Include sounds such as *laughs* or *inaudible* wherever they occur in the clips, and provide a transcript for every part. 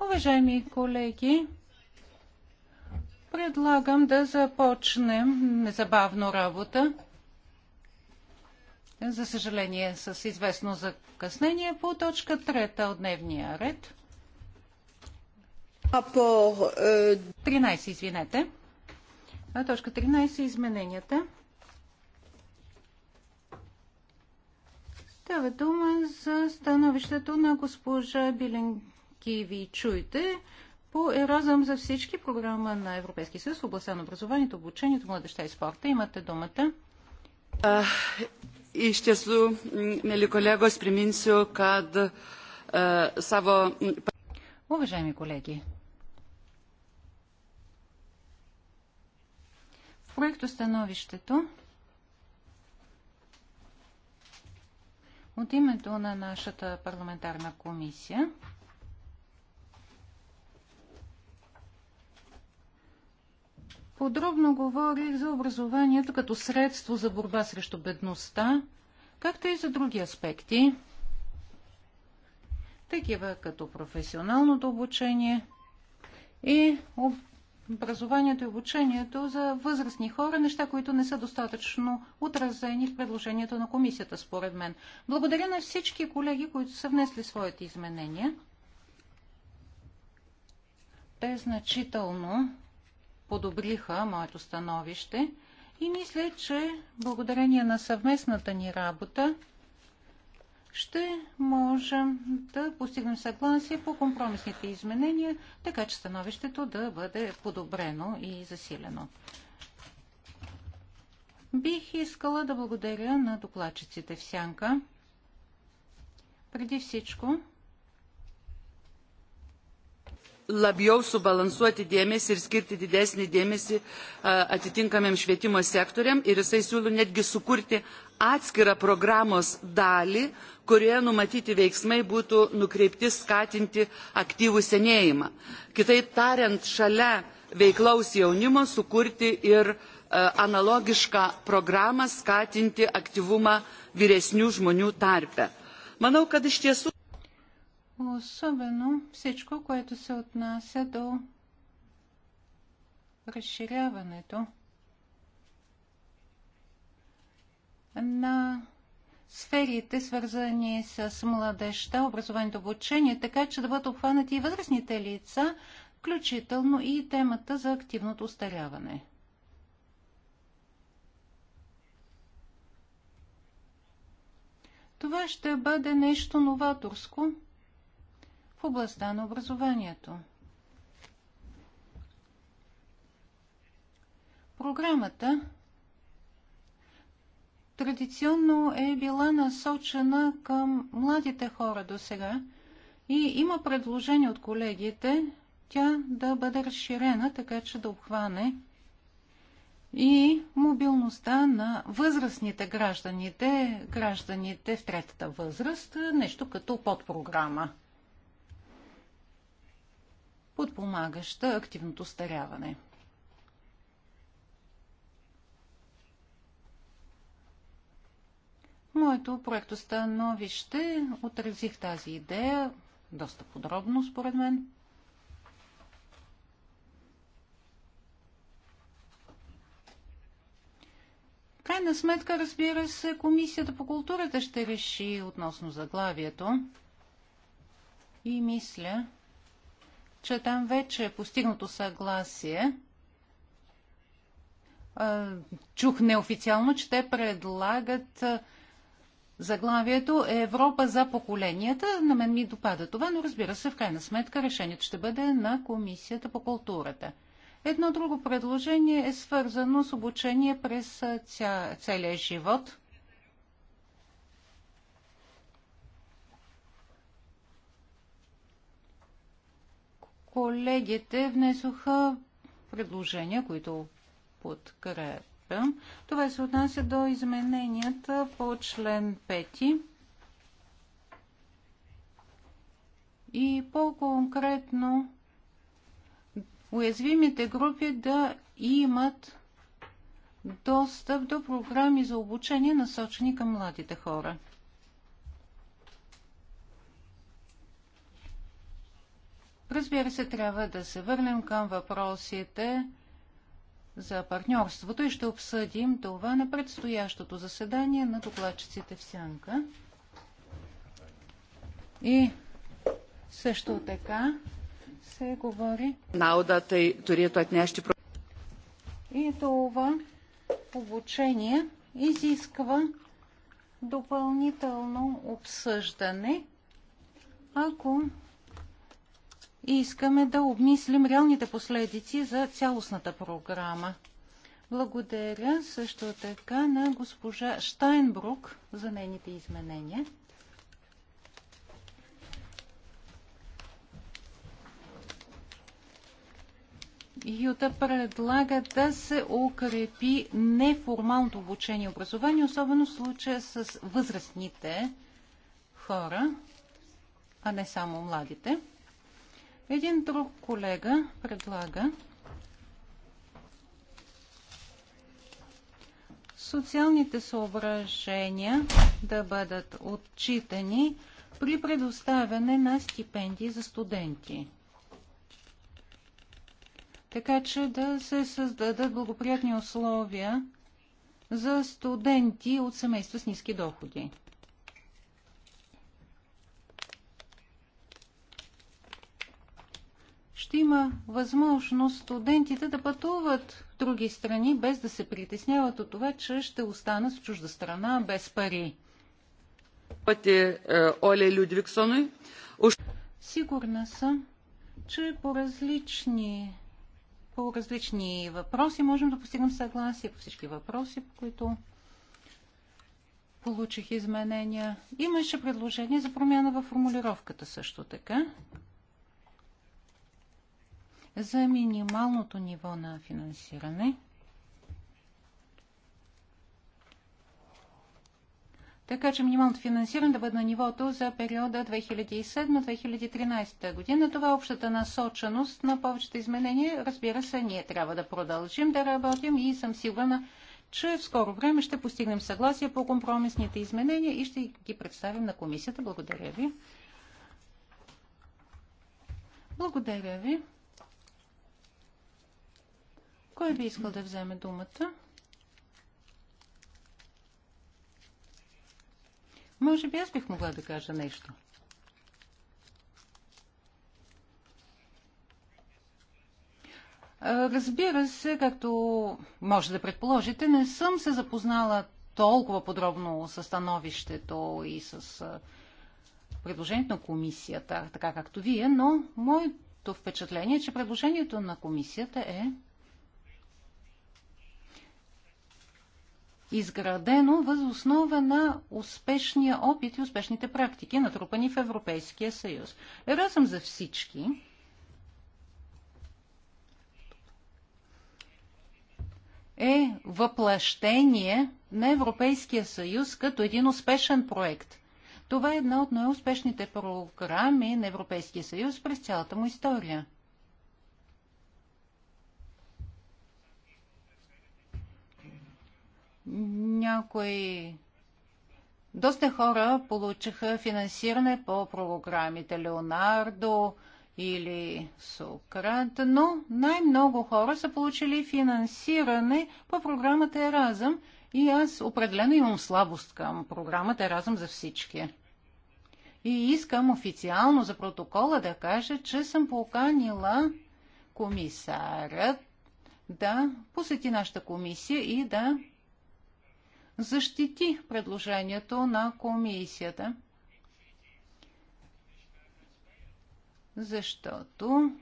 Уважаеми колеги, предлагам да започнем незабавно работа. За съжаление, с известно закъснение по точка трета от дневния ред. 13, извинете. Точка 13, измененията. Става дума за становището на госпожа Биленкиви. Чуйте по Еразъм за всички програма на Европейския съюз в областта на образованието, обучението, младеща и спорта. Имате думата. Iš tiesų, мили kolegos, priminsiu, kad uh, саво... Уважаеми колеги, в проекто становището От името на нашата парламентарна комисия подробно говорих за образованието като средство за борба срещу бедността, както и за други аспекти, такива като професионалното обучение и образованието и обучението за възрастни хора, неща, които не са достатъчно отразени в предложението на комисията, според мен. Благодаря на всички колеги, които са внесли своите изменения. Те значително подобриха моето становище и мисля, че благодарение на съвместната ни работа ще можем да постигнем съгласие по компромисните изменения, така че становището да бъде подобрено и засилено. Бих искала да благодаря на докладчиците в Сянка. Преди всичко, labiau subalansuoti dėmesį ir skirti didesnį dėmesį atitinkamiem švietimo sektoriam ir jisai siūlo netgi sukurti atskirą programos dalį, kurioje numatyti veiksmai būtų nukreipti skatinti aktyvų senėjimą. Kitaip tariant, šalia veiklaus jaunimo sukurti ir analogišką programą skatinti aktyvumą vyresnių žmonių tarpe. Manau, kad iš tiesų. Особено всичко, което се отнася до разширяването на сферите, свързани с младеща, образованието, обучение, така че да бъдат обхванати и възрастните лица, включително и темата за активното устаряване. Това ще бъде нещо новаторско в областта на образованието. Програмата традиционно е била насочена към младите хора до сега и има предложение от колегите тя да бъде разширена, така че да обхване и мобилността на възрастните гражданите, гражданите в третата възраст, нещо като подпрограма, подпомагаща активното старяване. моето проектостановище отразих тази идея доста подробно, според мен. крайна сметка, разбира се, Комисията по културата ще реши относно заглавието. И мисля, че там вече е постигнато съгласие. Чух неофициално, че те предлагат Заглавието е Европа за поколенията. На мен ми допада това, но разбира се, в крайна сметка решението ще бъде на Комисията по културата. Едно друго предложение е свързано с обучение през ця, целия живот. Колегите внесоха предложения, които подкрепят подкрепям. Това се отнася до измененията по член 5. И по-конкретно уязвимите групи да имат достъп до програми за обучение, насочени към младите хора. Разбира се, трябва да се върнем към въпросите за партньорството и ще обсъдим това на предстоящото заседание на докладчиците в Сянка. И също така се говори. Наудата турито отнящи. И това обучение изисква допълнително обсъждане, ако и искаме да обмислим реалните последици за цялостната програма. Благодаря също така на госпожа Штайнбрук за нейните изменения. Юта предлага да се укрепи неформалното обучение и образование, особено в случая с възрастните хора, а не само младите. Един друг колега предлага социалните съображения да бъдат отчитани при предоставяне на стипендии за студенти. Така че да се създадат благоприятни условия за студенти от семейства с ниски доходи. ще има възможност студентите да пътуват в други страни, без да се притесняват от това, че ще останат в чужда страна без пари. Пъти е, Оле Людвигсоной. Сигурна съм, че по различни, по различни въпроси можем да постигнем съгласие по всички въпроси, по които получих изменения. Имаше предложение за промяна във формулировката също така за минималното ниво на финансиране. Така че минималното финансиране да бъде на нивото за периода 2007-2013 година. Това е общата насоченост на повечето изменения. Разбира се, ние трябва да продължим да работим и съм сигурна, че в скоро време ще постигнем съгласие по компромисните изменения и ще ги представим на комисията. Благодаря ви. Благодаря ви. Кой би искал да вземе думата? Може би аз бих могла да кажа нещо. Разбира се, както може да предположите, не съм се запознала толкова подробно с становището и с предложението на комисията, така както вие, но моето впечатление е, че предложението на комисията е изградено въз основа на успешния опит и успешните практики, натрупани в Европейския съюз. Еразъм за всички е въплащение на Европейския съюз като един успешен проект. Това е една от най-успешните програми на Европейския съюз през цялата му история. някои доста хора получиха финансиране по програмите Леонардо или Сократ, но най-много хора са получили финансиране по програмата Еразъм и аз определено имам слабост към програмата Еразъм за всички. И искам официално за протокола да кажа, че съм поканила комисарят да посети нашата комисия и да защити предложението на комисията. Защото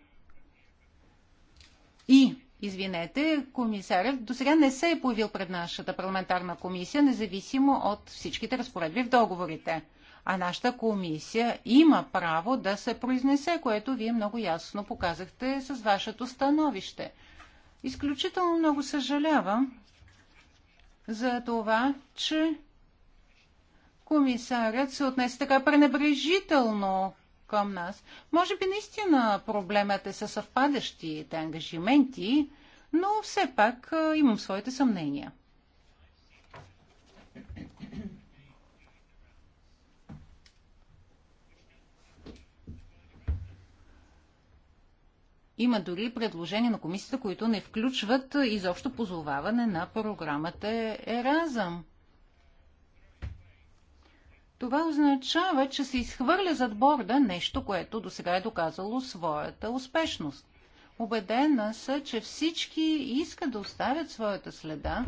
и, извинете, комисарят до сега не се е появил пред нашата парламентарна комисия, независимо от всичките разпоредби в договорите. А нашата комисия има право да се произнесе, което вие много ясно показахте с вашето становище. Изключително много съжалявам, за това, че комисарят се отнесе така пренебрежително към нас. Може би наистина проблемът е със съвпадащите ангажименти, но все пак имам своите съмнения. Има дори предложения на комисията, които не включват изобщо позоваване на програмата Еразъм. Това означава, че се изхвърля зад борда нещо, което до сега е доказало своята успешност. Обедена са, че всички искат да оставят своята следа.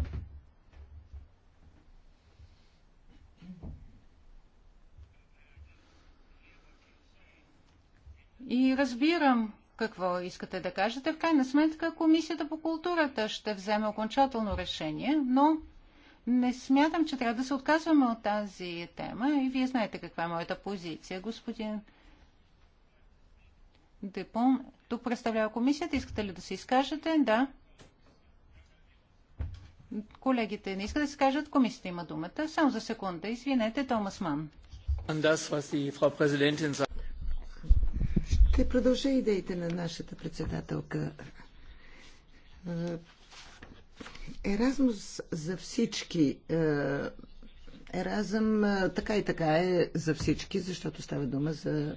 И разбирам какво искате да кажете. В крайна сметка Комисията по културата ще вземе окончателно решение, но не смятам, че трябва да се отказваме от тази тема и вие знаете каква е моята позиция, господин Депон. Тук представлява комисията. Искате ли да се изкажете? Да. Колегите не искат да се кажат. Комисията има думата. Само за секунда. Извинете, Томас Ман. Ще продължа идеите на нашата председателка. Е, Еразмус за всички. Е, Еразъм е, така и така е за всички, защото става дума за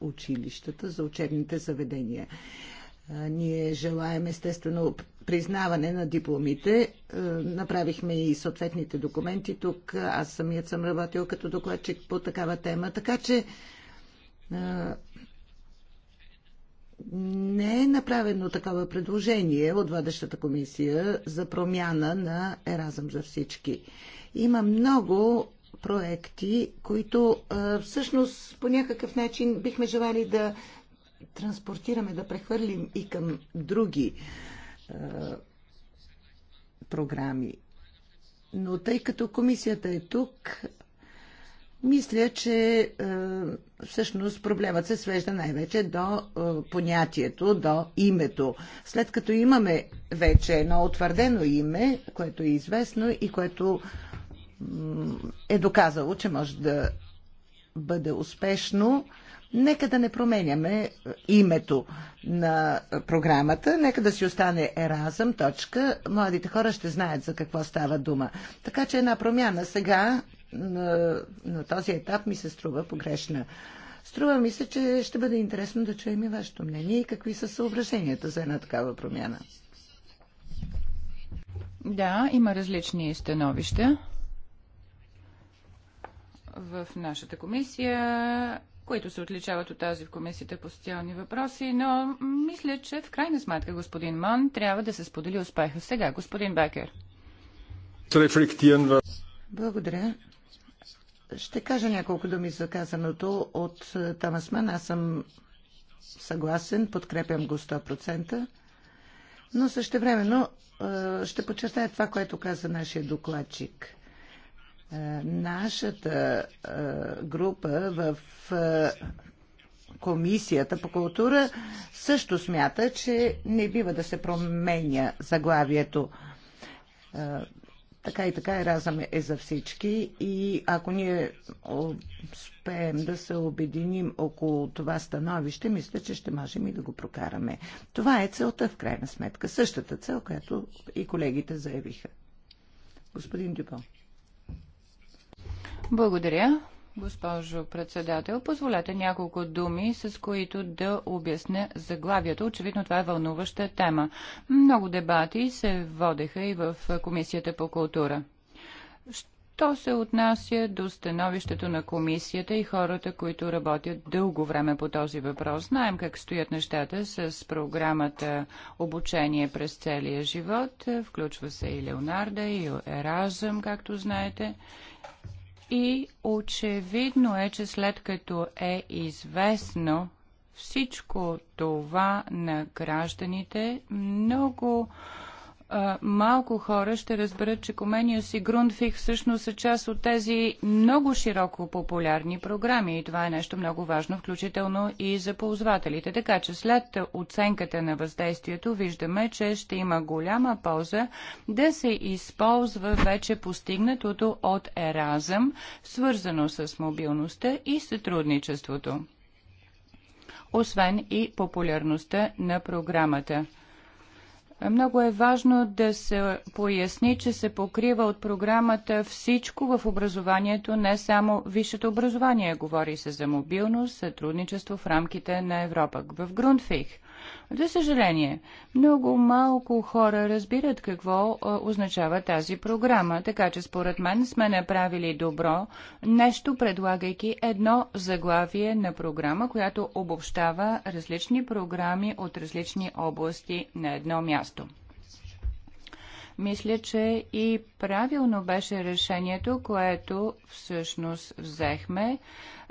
училищата, за учебните заведения. Ние желаем естествено признаване на дипломите. Направихме и съответните документи тук. Аз самият съм работил като докладчик по такава тема. Така че не е направено такова предложение от водещата комисия за промяна на Еразъм за всички. Има много проекти, които всъщност по някакъв начин бихме желали да транспортираме, да прехвърлим и към други програми. Но тъй като комисията е тук, мисля, че е, всъщност проблемът се свежда най-вече до е, понятието, до името. След като имаме вече едно утвърдено име, което е известно и което е доказало, че може да бъде успешно, нека да не променяме е, името на програмата, нека да си остане Еразъм, точка. Младите хора ще знаят за какво става дума. Така че една промяна сега на, на този етап ми се струва погрешна. Струва ми се, че ще бъде интересно да чуем и вашето мнение и какви са съображенията за една такава промяна. Да, има различни становища в нашата комисия, които се отличават от тази в комисията по социални въпроси, но мисля, че в крайна сметка господин Мон трябва да се сподели успеха сега. Господин Бекер. Благодаря. Ще кажа няколко думи за казаното от е, Тамасман. Аз съм съгласен, подкрепям го 100%, но същевременно е, ще подчертая това, което каза нашия докладчик. Е, нашата група в Комисията по култура също смята, че не бива да се променя заглавието така и така Еразъм е за всички и ако ние успеем да се обединим около това становище, мисля, че ще можем и да го прокараме. Това е целта в крайна сметка. Същата цел, която и колегите заявиха. Господин Дюпон. Благодаря госпожо председател. Позволете няколко думи, с които да обясня заглавието. Очевидно това е вълнуваща тема. Много дебати се водеха и в Комисията по култура. Що се отнася до становището на комисията и хората, които работят дълго време по този въпрос? Знаем как стоят нещата с програмата обучение през целия живот. Включва се и Леонарда, и Еразъм, както знаете. И очевидно е, че след като е известно всичко това на гражданите, много малко хора ще разберат, че комения и Grundfig всъщност са част от тези много широко популярни програми и това е нещо много важно, включително и за ползвателите. Така че след оценката на въздействието виждаме, че ще има голяма полза да се използва вече постигнатото от Еразъм, свързано с мобилността и сътрудничеството освен и популярността на програмата. Много е важно да се поясни, че се покрива от програмата всичко в образованието, не само висшето образование. Говори се за мобилност, сътрудничество в рамките на Европа. В Грунфих – за съжаление, много малко хора разбират какво а, означава тази програма, така че според мен сме направили добро нещо, предлагайки едно заглавие на програма, която обобщава различни програми от различни области на едно място. Мисля, че и правилно беше решението, което всъщност взехме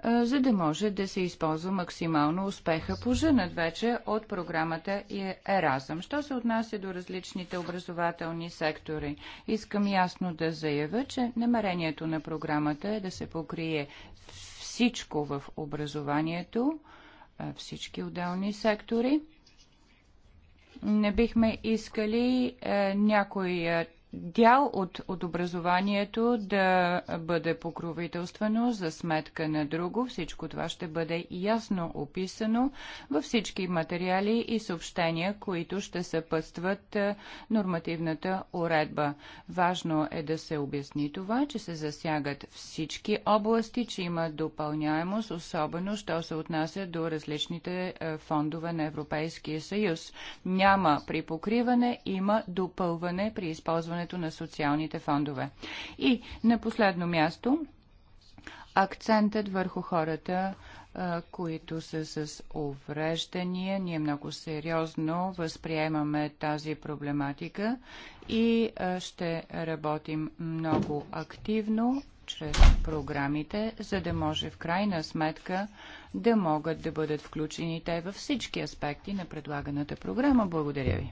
за да може да се използва максимално успеха женът вече от програмата Еразъм. Що се отнася до различните образователни сектори, искам ясно да заявя, че намерението на програмата е да се покрие всичко в образованието, всички отделни сектори. Не бихме искали е, дял от, от образованието да бъде покровителствено за сметка на друго. Всичко това ще бъде ясно описано във всички материали и съобщения, които ще съпътстват е, нормативната уредба. Важно е да се обясни това, че се засягат всички области, че има допълняемост, особено що се отнася до различните е, фондове на Европейския съюз. Няма припокриване, има допълване при използване използването на социалните фондове. И на последно място, акцентът върху хората, които са с увреждания. Ние много сериозно възприемаме тази проблематика и ще работим много активно чрез програмите, за да може в крайна сметка да могат да бъдат включени те във всички аспекти на предлаганата програма. Благодаря ви.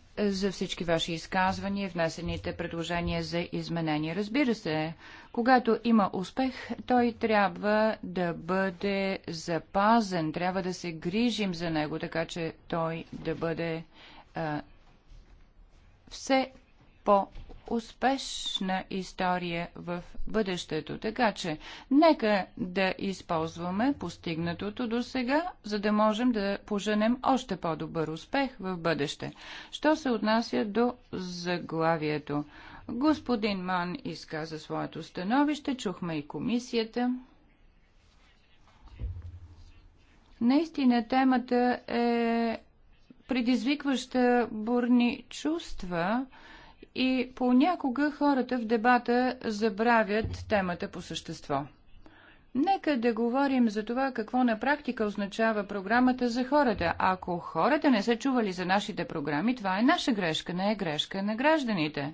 за всички ваши изказвания, внесените предложения за изменения. Разбира се, когато има успех, той трябва да бъде запазен, трябва да се грижим за него, така че той да бъде а, все по успешна история в бъдещето. Така че, нека да използваме постигнатото до сега, за да можем да поженем още по-добър успех в бъдеще. Що се отнася до заглавието? Господин Ман изказа своето становище, чухме и комисията. Наистина темата е предизвикваща бурни чувства, и понякога хората в дебата забравят темата по същество. Нека да говорим за това какво на практика означава програмата за хората. Ако хората не са чували за нашите програми, това е наша грешка, не е грешка на гражданите.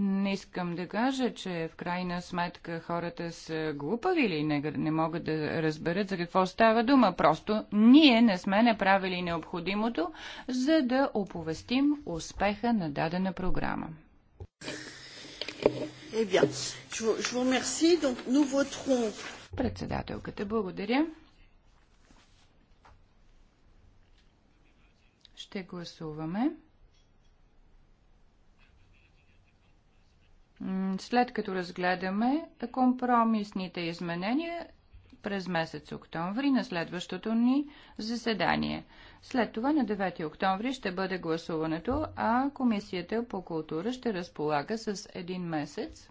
Не искам да кажа, че в крайна сметка хората са глупави или не, не могат да разберат за какво става дума. Просто ние не сме направили необходимото, за да оповестим успеха на дадена програма. Eh Председателката, благодаря. Ще гласуваме. след като разгледаме компромисните изменения през месец октомври на следващото ни заседание. След това на 9 октомври ще бъде гласуването, а Комисията по култура ще разполага с един месец,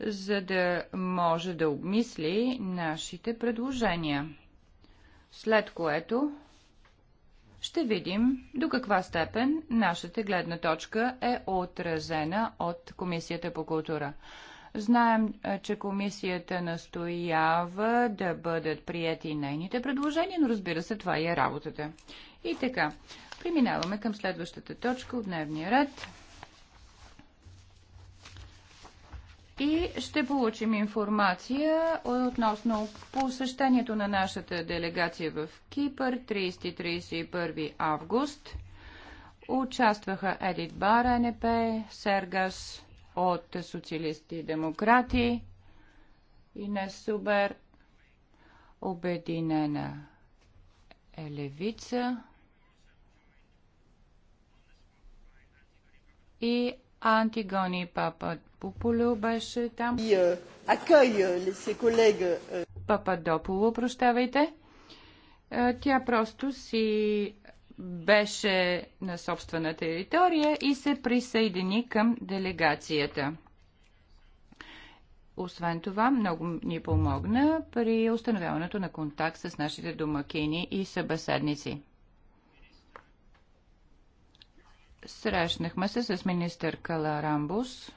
за да може да обмисли нашите предложения. След което ще видим до каква степен нашата гледна точка е отразена от Комисията по култура. Знаем, че комисията настоява да бъдат прияти нейните предложения, но разбира се, това и е работата. И така, преминаваме към следващата точка от дневния ред. и ще получим информация относно посещението на нашата делегация в Кипър 30-31 август. Участваха Едит Бара, НП, Сергас от Социалисти и Демократи, Инес Субер, Обединена Елевица и Антигони Папа Пополо беше там. И е, акъй е, колега. Е. прощавайте. Тя просто си беше на собствена територия и се присъедини към делегацията. Освен това, много ни помогна при установяването на контакт с нашите домакини и събеседници. Срещнахме се с министър Каларамбус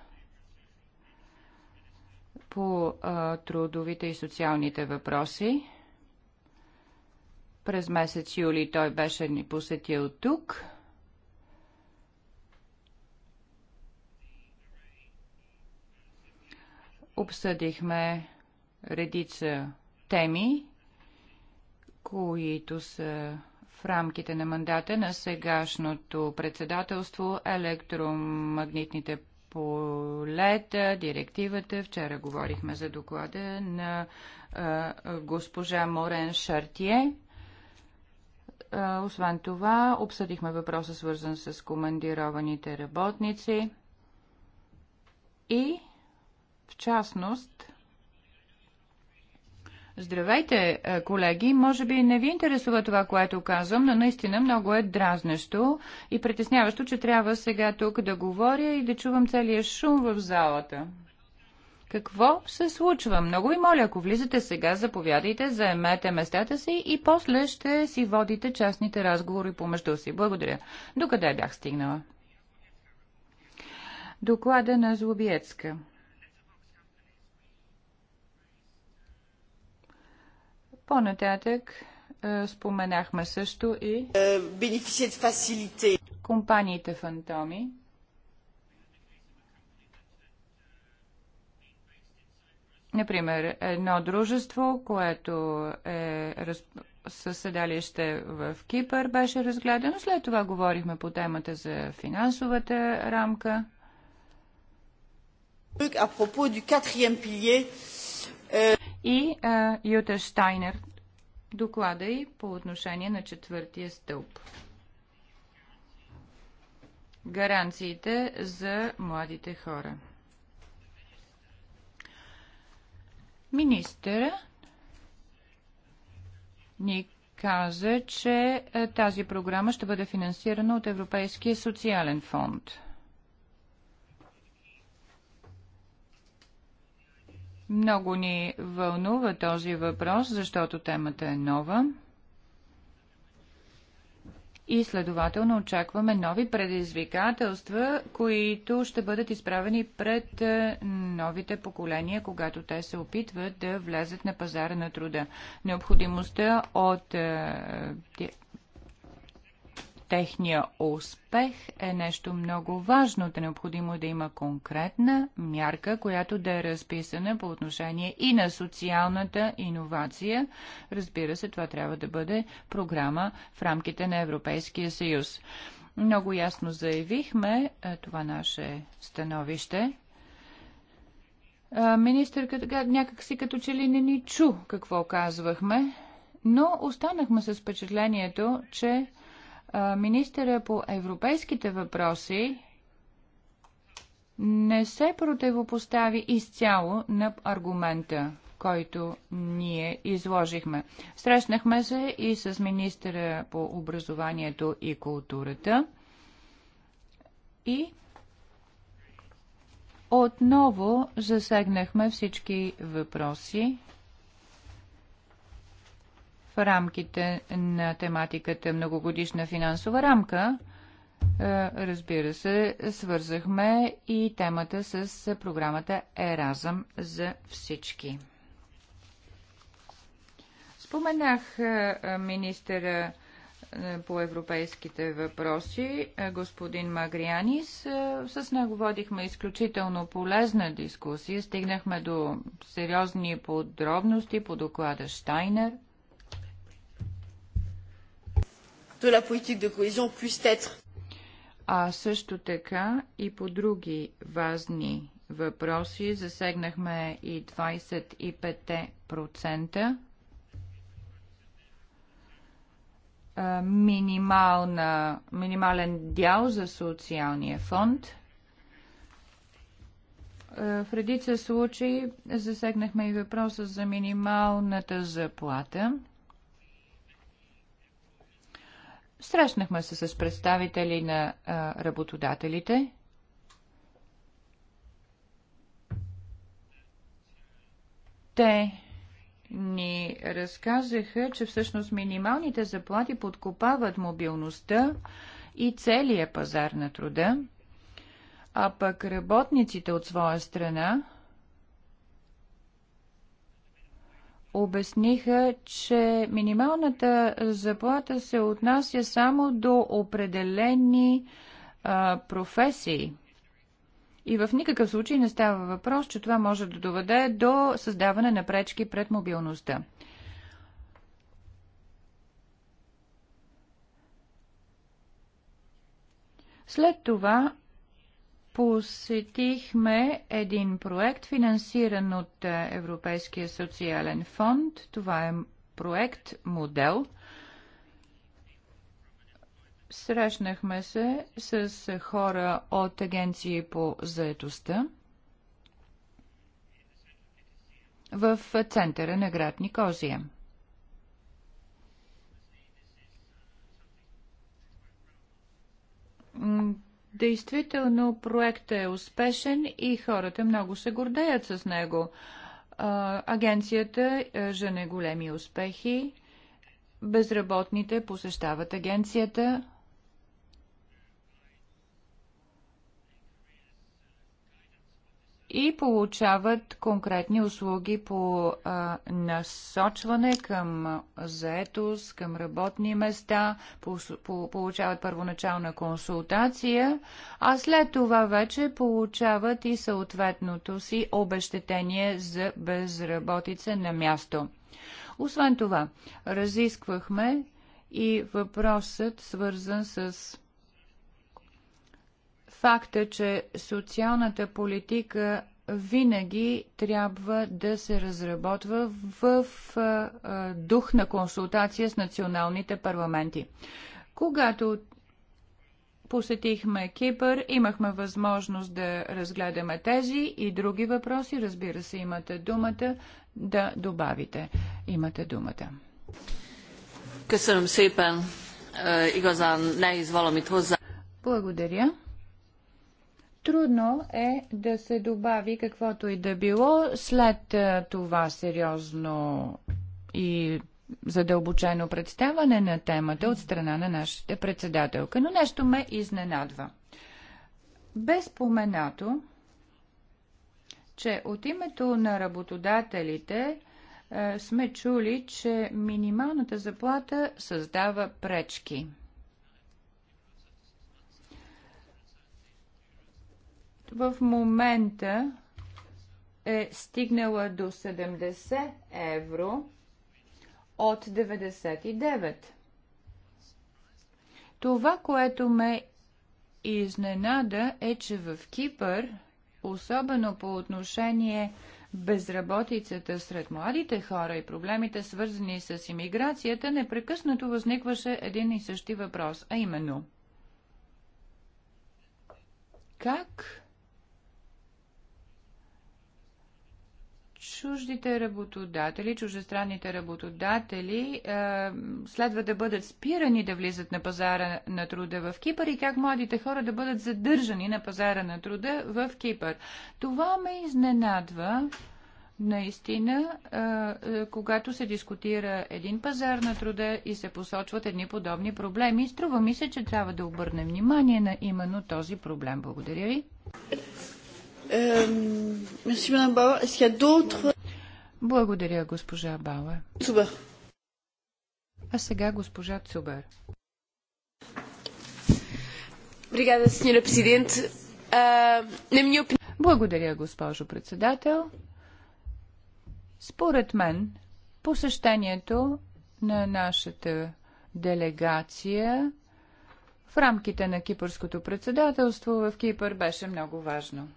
по а, трудовите и социалните въпроси. През месец юли той беше ни посетил тук. Обсъдихме редица теми, които са в рамките на мандата на сегашното председателство електромагнитните полета, директивата. Вчера говорихме за доклада на а, госпожа Морен Шартие. А, освен това, обсъдихме въпроса, свързан с командированите работници и, в частност, Здравейте, е, колеги! Може би не ви интересува това, което казвам, но наистина много е дразнещо и притесняващо, че трябва сега тук да говоря и да чувам целия шум в залата. Какво се случва? Много ви моля, ако влизате сега, заповядайте, заемете местата си и после ще си водите частните разговори помежду си. Благодаря. Докъде бях стигнала? Доклада на Злобиецка. По-нататък е, споменахме също и е, компаниите фантоми. Например, едно дружество, което е със седалище в Кипър, беше разгледано. След това говорихме по темата за финансовата рамка и а, Юта Штайнер доклада и по отношение на четвъртия стълб. Гаранциите за младите хора. Министъра ни каза, че тази програма ще бъде финансирана от Европейския социален фонд – Много ни вълнува този въпрос, защото темата е нова. И следователно очакваме нови предизвикателства, които ще бъдат изправени пред е, новите поколения, когато те се опитват да влезат на пазара на труда. Необходимостта от е, техния успех е нещо много важно. Да е необходимо да има конкретна мярка, която да е разписана по отношение и на социалната иновация. Разбира се, това трябва да бъде програма в рамките на Европейския съюз. Много ясно заявихме това наше становище. Министърката някак си като че ли не ни чу какво казвахме, но останахме с впечатлението, че министъра по европейските въпроси не се противопостави изцяло на аргумента, който ние изложихме. Срещнахме се и с министъра по образованието и културата и отново засегнахме всички въпроси, в рамките на тематиката многогодишна финансова рамка. Е, разбира се, свързахме и темата с програмата Еразъм за всички. Споменах е, министъра е, по европейските въпроси, господин Магрианис. С него водихме изключително полезна дискусия. Стигнахме до сериозни подробности по доклада Штайнер – de la politique de cohésion puissent être. А също така и по други важни въпроси засегнахме и 25% минимална, минимален дял за социалния фонд. В редица случаи засегнахме и въпроса за минималната заплата – Срещнахме се с представители на а, работодателите. Те ни разказаха, че всъщност минималните заплати подкопават мобилността и целия пазар на труда, а пък работниците от своя страна обясниха, че минималната заплата се отнася само до определени а, професии. И в никакъв случай не става въпрос, че това може да доведе до създаване на пречки пред мобилността. След това посетихме един проект, финансиран от е, Европейския социален фонд. Това е проект Модел. Срещнахме се с хора от агенции по заедостта в центъра на град Никозия. Действително проектът е успешен и хората много се гордеят с него. Агенцията жене големи успехи. Безработните посещават агенцията и получават конкретни услуги по а, насочване към заетост, към работни места, по, по, получават първоначална консултация, а след това вече получават и съответното си обещетение за безработица на място. Освен това, разисквахме и въпросът свързан с факта, че социалната политика винаги трябва да се разработва в дух на консултация с националните парламенти. Когато посетихме Кипър, имахме възможност да разгледаме тези и други въпроси. Разбира се, имате думата да добавите. Имате думата. Благодаря. Трудно е да се добави каквото и да било след е, това сериозно и задълбочено представане на темата от страна на нашата председателка, но нещо ме изненадва. Без споменато, че от името на работодателите е, сме чули, че минималната заплата създава пречки – в момента е стигнала до 70 евро от 99. Това, което ме изненада е, че в Кипър, особено по отношение безработицата сред младите хора и проблемите свързани с иммиграцията, непрекъснато възникваше един и същи въпрос, а именно как чуждите работодатели, чужестранните работодатели е, следва да бъдат спирани да влизат на пазара на труда в Кипър и как младите хора да бъдат задържани на пазара на труда в Кипър. Това ме изненадва наистина, е, е когато се дискутира един пазар на труда и се посочват едни подобни проблеми. Струва ми се, че трябва да обърнем внимание на именно този проблем. Благодаря ви. Euh, Благодаря, госпожа Бауер. А сега госпожа Цубер. Ah, Благодаря, госпожо председател. Според мен, посещението на нашата делегация в рамките на кипърското председателство в Кипър беше много важно.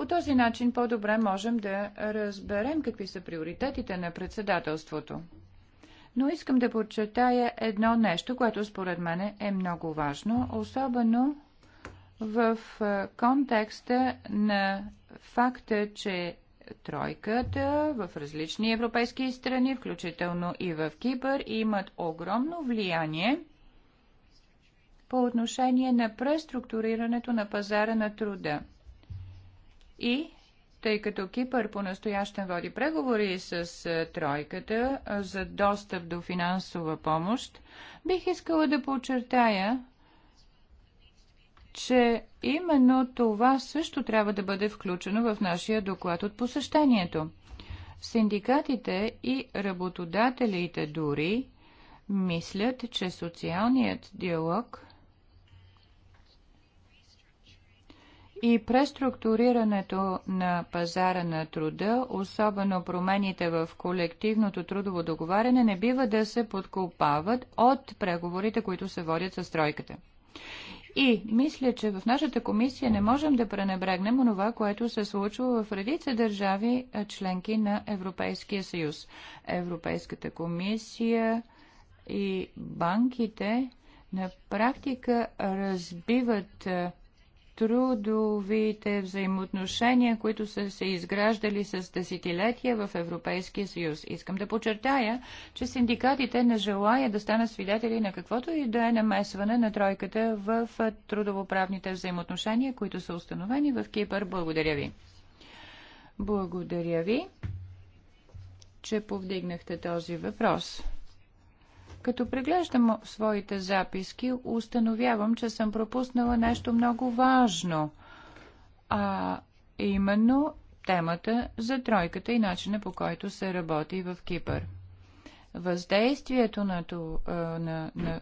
По този начин по-добре можем да разберем какви са приоритетите на председателството. Но искам да подчертая едно нещо, което според мен е много важно, особено в контекста на факта, че тройката в различни европейски страни, включително и в Кипър, имат огромно влияние по отношение на преструктурирането на пазара на труда. И тъй като Кипър по-настоящен води преговори с е, тройката е, за достъп до финансова помощ, бих искала да подчертая, че именно това също трябва да бъде включено в нашия доклад от посещението. Синдикатите и работодателите дори мислят, че социалният диалог – и преструктурирането на пазара на труда, особено промените в колективното трудово договаряне, не бива да се подкопават от преговорите, които се водят с тройката. И мисля, че в нашата комисия не можем да пренебрегнем онова, което се случва в редица държави, членки на Европейския съюз. Европейската комисия и банките на практика разбиват трудовите взаимоотношения, които са се изграждали с десетилетия в Европейския съюз. Искам да подчертая, че синдикатите не желая да станат свидетели на каквото и да е намесване на тройката в трудовоправните взаимоотношения, които са установени в Кипър. Благодаря ви. Благодаря ви, че повдигнахте този въпрос. Като преглеждам своите записки, установявам, че съм пропуснала нещо много важно, а именно темата за тройката и начина по който се работи в Кипър. Въздействието на, на, на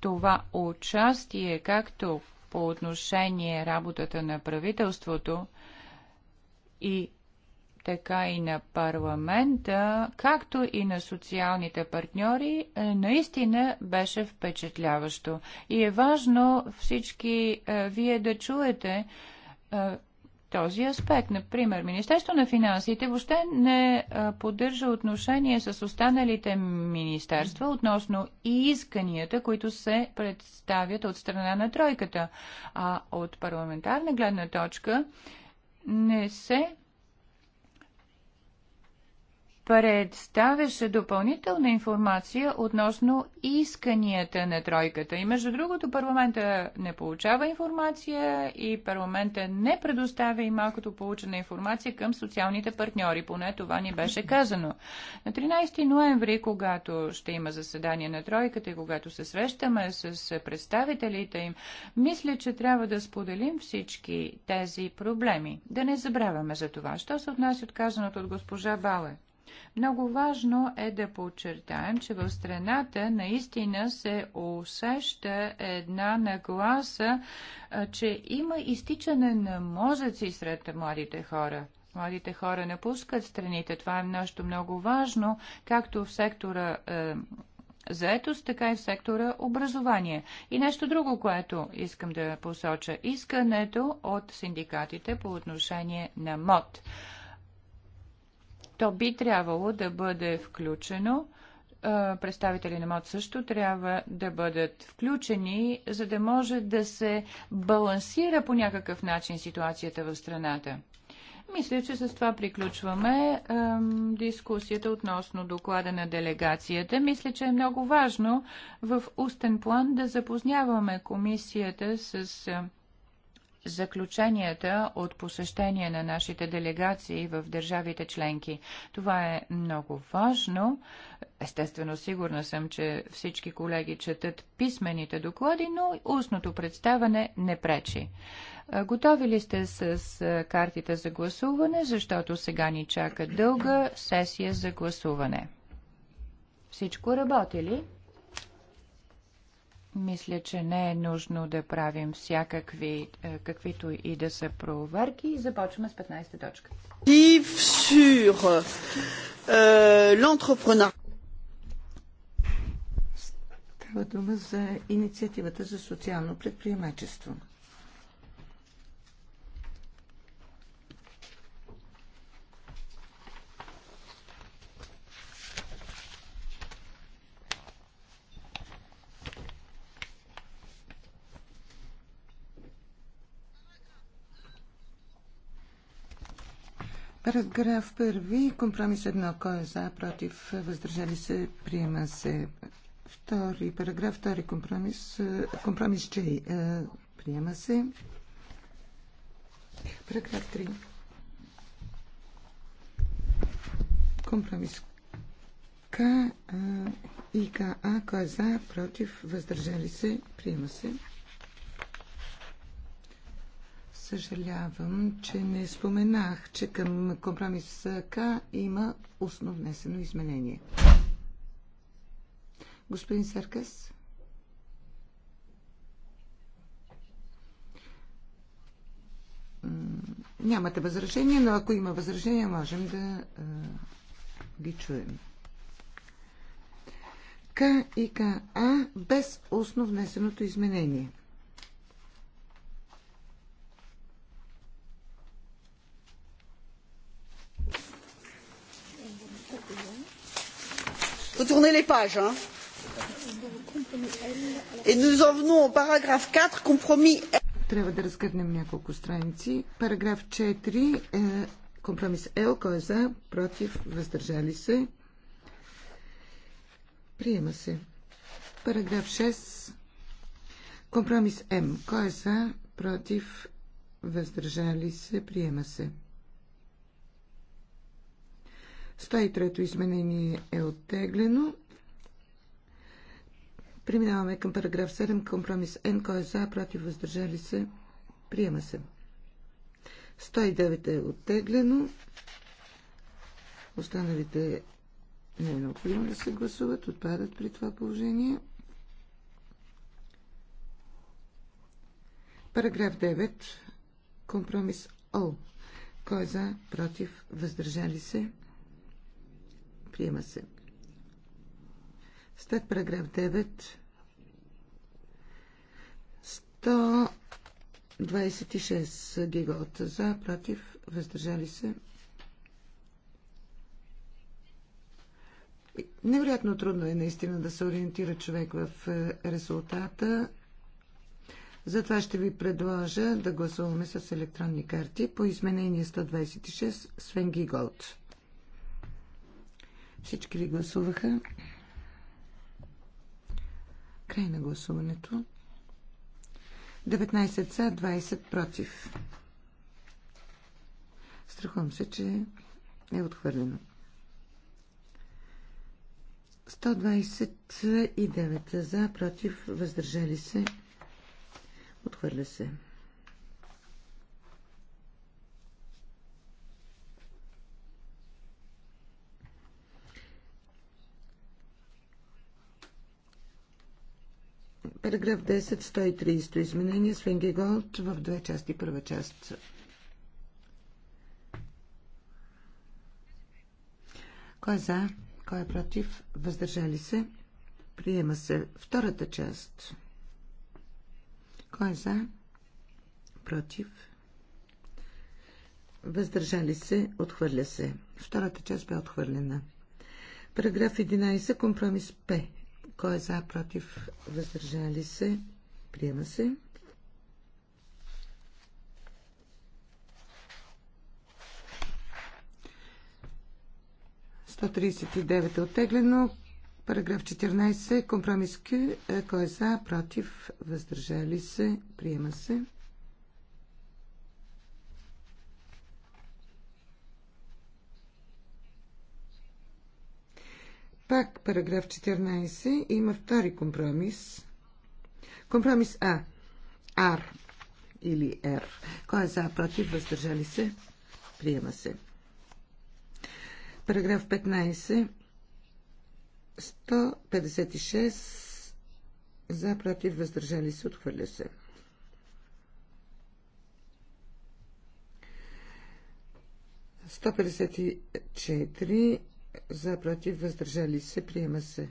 това участие, както по отношение работата на правителството и така и на парламента, както и на социалните партньори, е, наистина беше впечатляващо. И е важно всички е, вие да чуете е, този аспект. Например, Министерство на финансите въобще не поддържа отношение с останалите министерства относно исканията, които се представят от страна на тройката. А от парламентарна гледна точка не се представяше допълнителна информация относно исканията на тройката. И между другото, парламента не получава информация и парламента не предоставя и малкото получена информация към социалните партньори. Поне това ни беше казано. На 13 ноември, когато ще има заседание на тройката и когато се срещаме с представителите им, мисля, че трябва да споделим всички тези проблеми. Да не забравяме за това. Що се отнася от казаното от госпожа Бале? Много важно е да подчертаем, че в страната наистина се усеща една нагласа, че има изтичане на мозъци сред младите хора. Младите хора напускат страните. Това е нещо много важно, както в сектора е, заетост, така и в сектора образование. И нещо друго, което искам да посоча. Искането от синдикатите по отношение на МОД то би трябвало да бъде включено. Представители на МОД също трябва да бъдат включени, за да може да се балансира по някакъв начин ситуацията в страната. Мисля, че с това приключваме ем, дискусията относно доклада на делегацията. Мисля, че е много важно в устен план да запозняваме комисията с заключенията от посещение на нашите делегации в държавите членки. Това е много важно. Естествено, сигурна съм, че всички колеги четат писмените доклади, но устното представане не пречи. Готови ли сте с картите за гласуване, защото сега ни чака дълга сесия за гласуване? Всичко работи ли? Мисля, че не е нужно да правим всякакви, е, каквито и да са проверки. И започваме с 15-та точка. Sur, е, Става дума за инициативата за социално предприемачество. Параграф първи, компромис едно, кой е за, против, въздържали се, приема се. Втори, параграф втори, компромис, е, компромис J, е, приема се. Параграф три. Компромис К е, и КА, кой е за, против, въздържали се, приема се. Съжалявам, че не споменах, че към компромис К има устно внесено изменение. Господин Серкес. Нямате възражение, но ако има възражение, можем да а, ги чуем. К и КА без устно внесеното изменение. faut tourner les pages. Hein. Et nous en venons au paragraphe 4, compromis. Трябва да разгърнем няколко страници. Параграф 4, е, компромис Л, кой е за, против, въздържали се. Приема се. Параграф 6, компромис М, кой е за, против, въздържали се, приема се. 103-то изменение е оттеглено. Преминаваме към параграф 7. Компромис Н. Кой е за, против, въздържали се? Приема се. 109 е оттеглено. Останалите не е необходимо да се гласуват, отпадат при това положение. Параграф 9. Компромис О. Кой е за, против, въздържали се? Приема се. След параграф 9. 126 гигаота за, против, въздържали се. Невероятно трудно е наистина да се ориентира човек в е, резултата. Затова ще ви предложа да гласуваме с електронни карти по изменение 126 Свен Гиголд. Всички ли гласуваха? Край на гласуването. 19 за, 20 против. Страхувам се, че е отхвърлено. 129 за, против, въздържали се. Отхвърля се. Параграф 10, 130 изменение с Фенгеголд в две части. Първа част. Кой е за? Кой е против? Въздържали се? Приема се втората част. Кой е за? Против? Въздържали се? Отхвърля се. Втората част бе отхвърлена. Параграф 11. Компромис П. Кой е за, против, въздържали се? Приема се. Сто е оттеглено. Параграф 14. Компромис е, Кой е за, против, въздържали се? Приема се. Пак параграф 14 има втори компромис. Компромис А. Ар или Р. Кой е за, против, въздържали се? Приема се. Параграф 15. 156 за, против, въздържали се, отхвърля се. Сто за, против, въздържали се, приема се.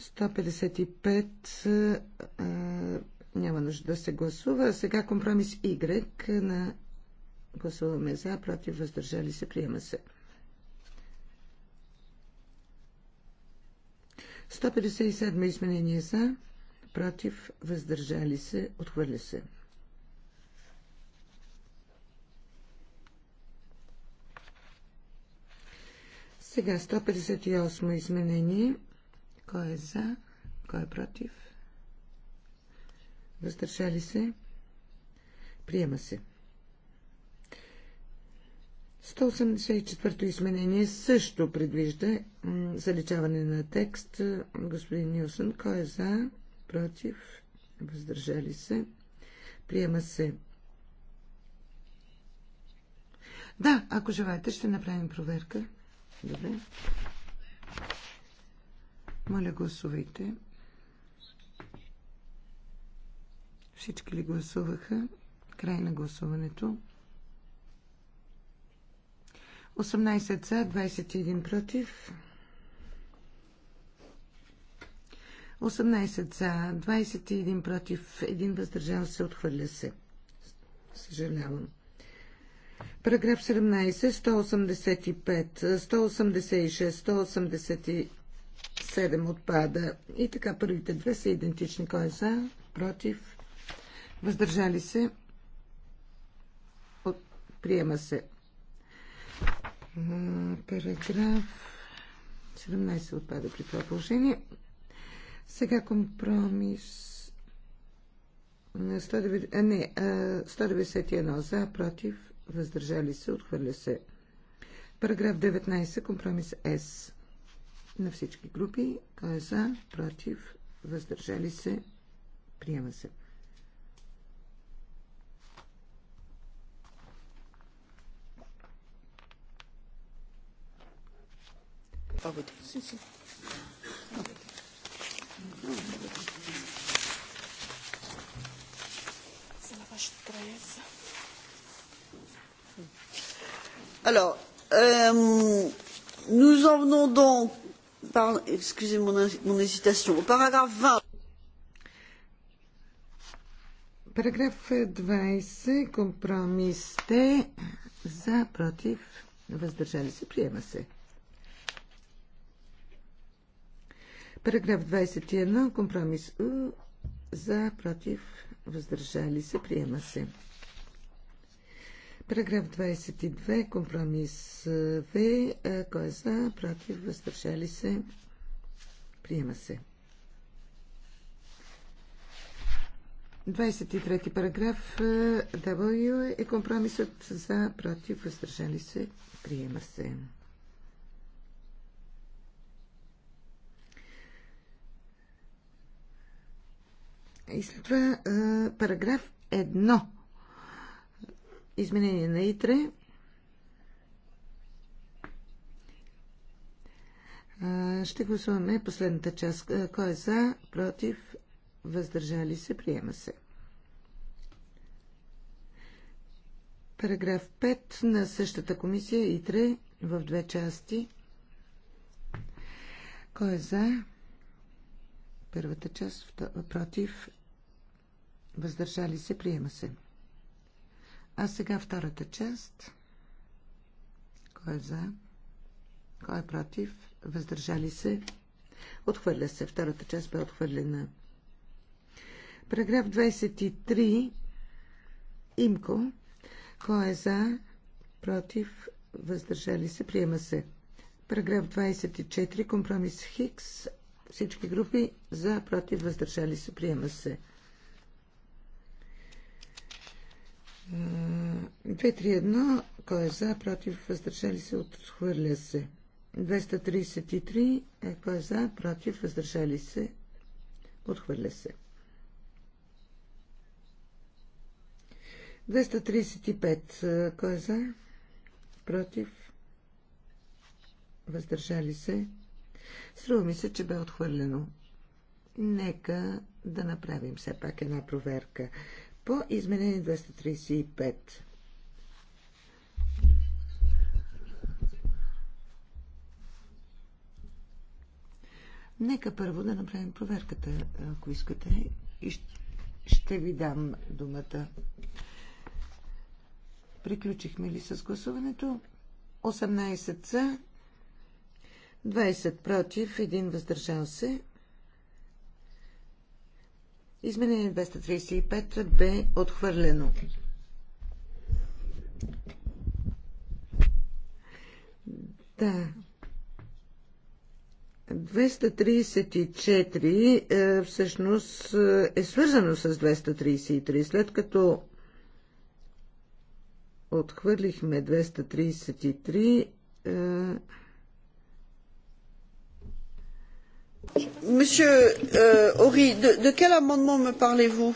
155 а, няма нужда да се гласува. Сега компромис Y на гласуваме за, против, въздържали се, приема се. 157 изменение за, против, въздържали се, отхвърля се. Сега 158 изменение. Кой е за? Кой е против? Въздържали се? Приема се. 184-то изменение също предвижда заличаване на текст. Господин Нилсън, кой е за? Против? Въздържали се? Приема се. Да, ако желаете, ще направим проверка. Добре. Моля, гласувайте. Всички ли гласуваха? Край на гласуването. 18 за, 21 против. 18 за, 21 против, един въздържал се, отхвърля се. Съжалявам. Параграф 17, 185, 186, 187 отпада. И така първите две са идентични. Кой е за? Против? Въздържали се? От... Приема се. Параграф 17 отпада при това положение. Сега компромис. Не, 191 за, против, въздържали се, отхвърля се. Параграф 19, компромис С на всички групи. Кой е за, против, въздържали се, приема се. Ça n'a Alors, euh, nous en venons donc, par, excusez mon, mon hésitation, au paragraphe 20. Параграф 20. Компромисте за, против, въздържали се, приема се. Параграф 21. Компромис У за, против, въздържали се, приема се. Параграф 22, компромис В, кой е за, против, въздържали се, приема се. 23 параграф W е компромисът за, против, въздържали се, приема се. И след това параграф 1 Изменение на ИТРЕ. Ще гласуваме последната част. Кой е за, против, въздържали се, приема се. Параграф 5 на същата комисия ИТРЕ в две части. Кой е за? Първата част, против, въздържали се, приема се. А сега втората част. Кой е за? Кой е против? Въздържали се? Отхвърля се. Втората част бе отхвърлена. Параграф 23. Имко. Кой е за? Против? Въздържали се? Приема се. Параграф 24. Компромис Хикс. Всички групи за, против, въздържали се. Приема се. 231, кой е за, против, въздържали се, отхвърля се. 233, е, кой е за, против, въздържали се, отхвърля се. 235, е, кой е за, против, въздържали се. Струва ми се, че бе отхвърлено. Нека да направим все пак една проверка по изменение 235. Нека първо да направим проверката, ако искате, и ще ви дам думата. Приключихме ли с гласуването? 18 са, 20 против, 1 въздържал се. Изменение 235 бе отхвърлено. Да. 234 е, всъщност е свързано с 233. След като отхвърлихме 233, Monsieur Ори, euh, de, quel amendement me parlez-vous?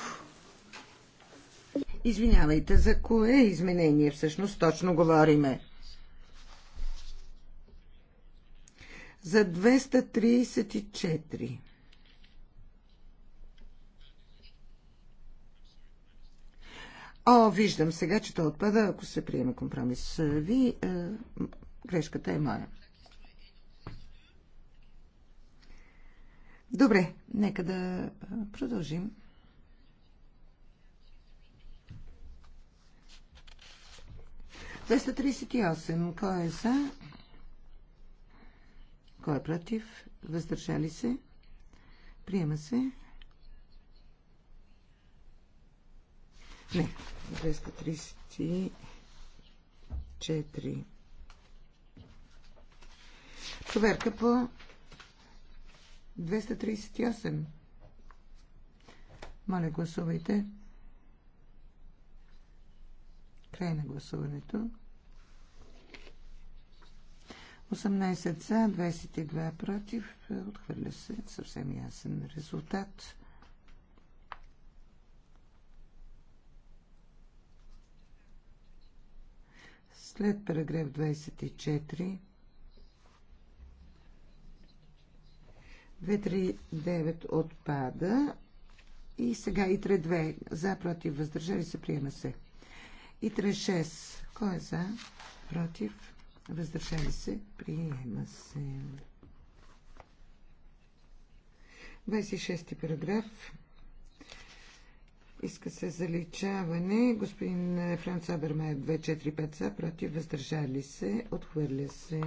Извинявайте, за кое изменение всъщност точно говориме? За 234. О, виждам сега, че то отпада, ако се приеме компромис. Ви, е, грешката е моя. Добре, нека да продължим. Двеста 38. Кой е за? Кой е против? Въздържали се? Приема се. Не, 234. Проверка по 238. Моля, гласувайте. Край на гласуването. 18 за, 22 против. Отхвърля се съвсем ясен резултат. След параграф 24 239 отпада. И сега ИТРЕ 2. За, против, въздържали се, приема се. ИТРЕ 6. Кой е за? Против, въздържали се, приема се. 26 параграф. Иска се заличаване. Господин Франц Абермайер 245 за, против, въздържали се, отхвърля се.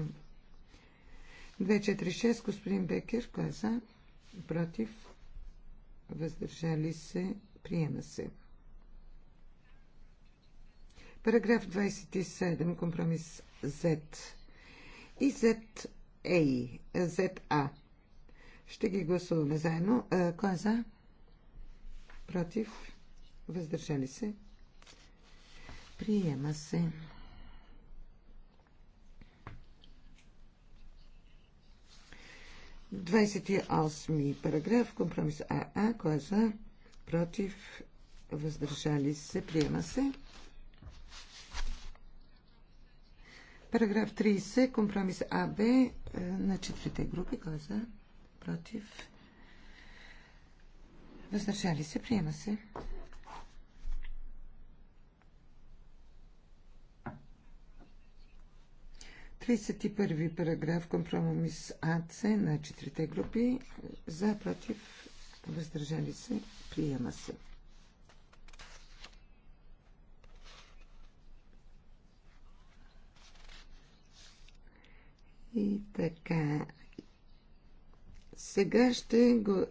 246, господин Бекер, кой е за? Против? Въздържали се? Приема се. Параграф 27, компромис Z и ZA, ZA. Е Ще ги гласуваме заедно. Кой е за? Против? Въздържали се? Приема се. 28 параграф, компромис АА, кой е за, против, въздържали се, приема се. Параграф 30, компромис АБ е, на четирите групи, кой е за, против, въздържали се, приема се. 31 параграф компромис АЦ на четирите групи за, против, въздържали се, приема се. И така. Сега ще го...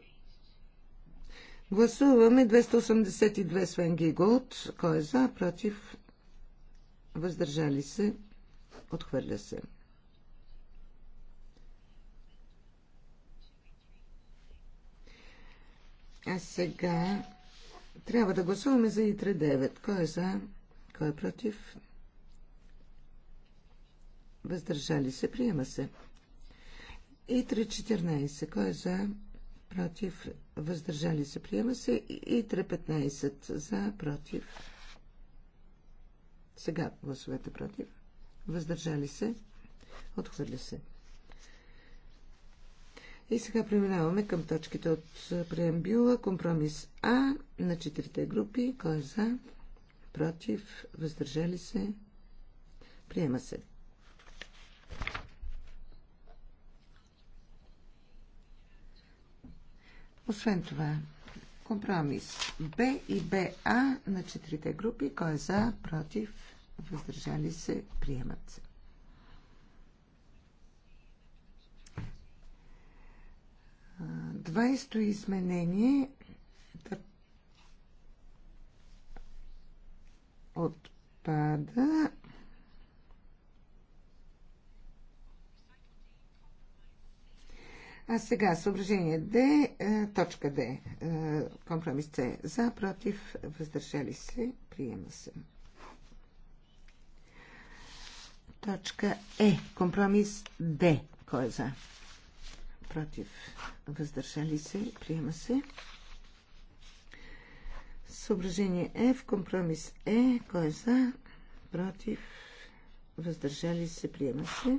гласуваме 282 Свенги Голд. Кой е за, против, въздържали се, Отхвърля се. А сега трябва да гласуваме за ИТРЕ 9. Кой е за? Кой е против? Въздържали се. Приема се. ИТРЕ 14. Кой е за? Против. Въздържали се. Приема се. ИТРЕ 15. За. Против. Сега гласовете против въздържали се, отхвърля се. И сега преминаваме към точките от преамбюла. Компромис А на четирите групи. Кой е за? Против? Въздържали се? Приема се. Освен това, компромис Б и БА на четирите групи. Кой е за? Против? въздържали се, приемат се. Двайсто изменение отпада А сега съображение Д, е, точка Д, е, компромис С. За, против, въздържали се, приема се. Точка Е. Компромис Д. Кой е за? Против. Въздържали се. Приема се. Съображение е. В Компромис Е. Кой е за? Против. Въздържали се. Приема се.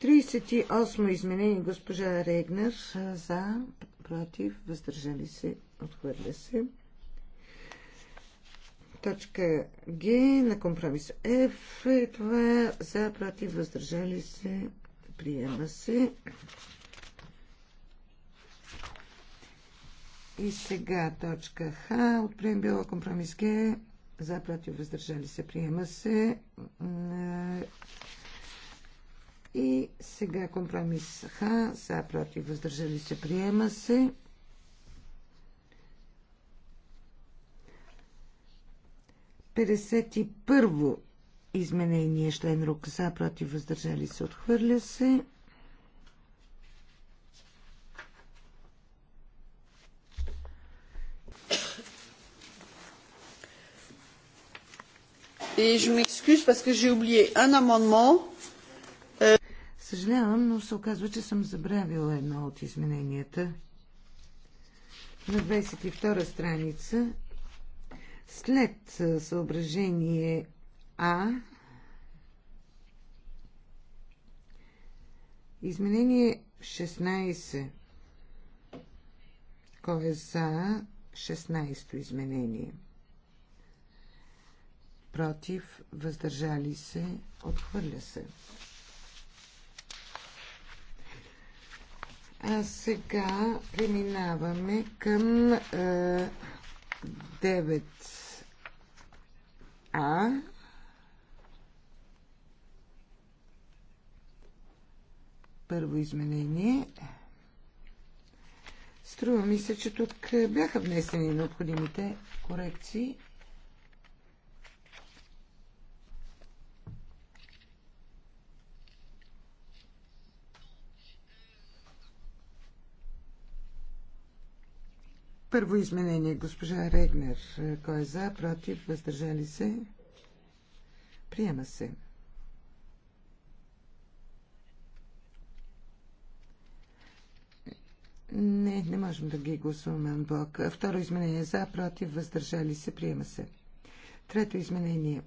38 изменение госпожа Регнер за, против, въздържали се, отхвърля се точка Г на компромис F и е това за против въздържали се приема се. И сега точка Х от била, компромис Г за против въздържали се приема се. И сега компромис Х за против въздържали се приема се. 51 изменение член рук за, против, въздържали се, отхвърля се. Et je m'excuse parce que j'ai oublié un amendement. Съжалявам, но се оказва, че съм забравила едно от измененията. На 22 страница след съображение А изменение 16 кой е за 16-то изменение? Против, въздържали се, отхвърля се. А сега преминаваме към е, 9 а. Първо изменение. Струва ми се, че тук бяха внесени необходимите корекции. Първо изменение, госпожа Регнер. Е, кой е за, против, въздържали се? Приема се. Не, не можем да ги гласуваме анблок. Второ изменение за, против, въздържали се, приема се. Трето изменение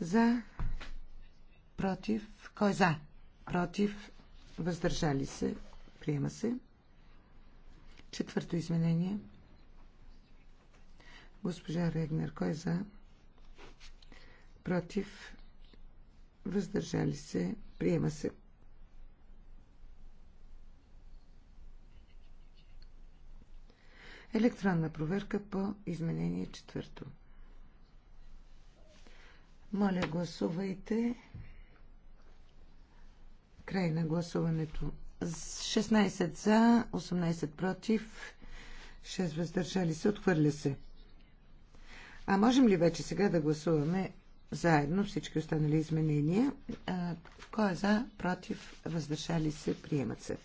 за, против, кой е за? Против, въздържали се, приема се. Четвърто изменение – Госпожа Регнер, кой е за? Против? Въздържали се? Приема се. Електронна проверка по изменение четвърто. Моля, гласувайте. Край на гласуването. 16 за, 18 против, 6 въздържали се, отхвърля се. А можем ли вече сега да гласуваме заедно всички останали изменения? Кой е за, против, въздържали се, приемат се.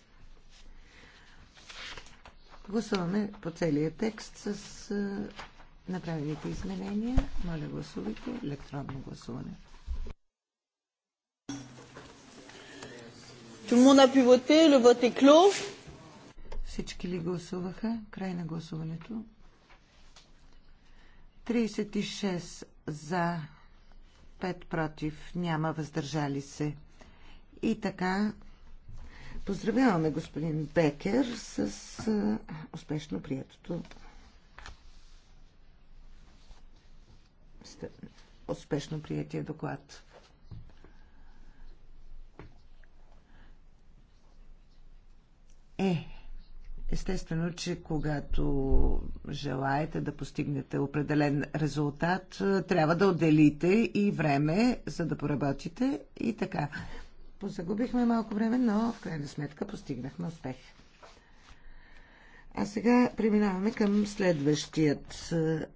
Гласуваме по целия текст с направените изменения. Моля, гласувайте електронно гласуване. Всички ли гласуваха? Край на гласуването. 36 за, 5 против, няма въздържали се. И така, поздравяваме господин Бекер с успешно приятото успешно приятия доклад. Е, Естествено, че когато желаете да постигнете определен резултат, трябва да отделите и време, за да поработите и така. Позагубихме малко време, но в крайна сметка постигнахме успех. А сега преминаваме към следващият е,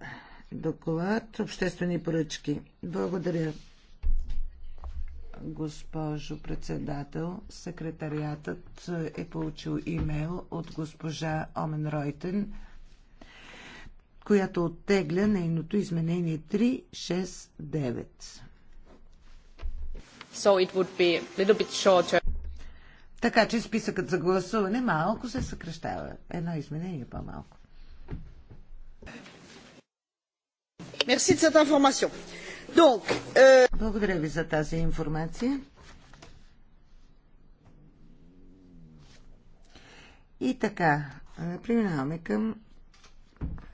доклад Обществени поръчки. Благодаря, госпожо председател. Секретариатът е получил имейл от госпожа Омен Ройтен, която оттегля нейното изменение 369. So it would be a little bit shorter. Така че списъкът за гласуване малко се съкръщава. Едно изменение по-малко. Merci de cette information. Donc, euh... Благодаря ви за тази информация. И така, преминаваме към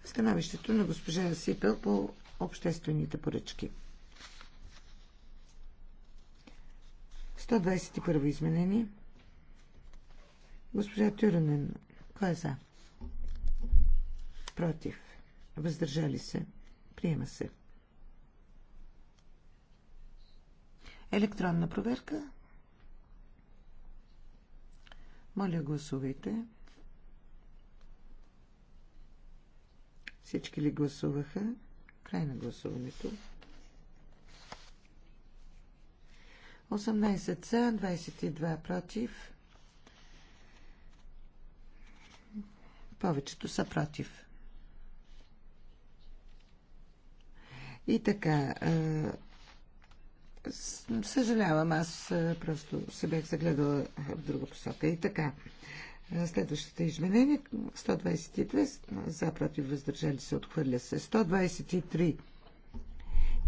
становището на госпожа Сипел по обществените поръчки. 121 изменение. Госпожа Тюрнен, кой е за? Против. Въздържали се. Приема се. Електронна проверка. Моля, гласувайте. Всички ли гласуваха? Край на гласуването. 18 са, 22 против. Повечето са против. И така, Съжалявам, аз просто се бях загледала в друга посока. И така, следващите изменения 122 за против въздържали се отхвърля се 123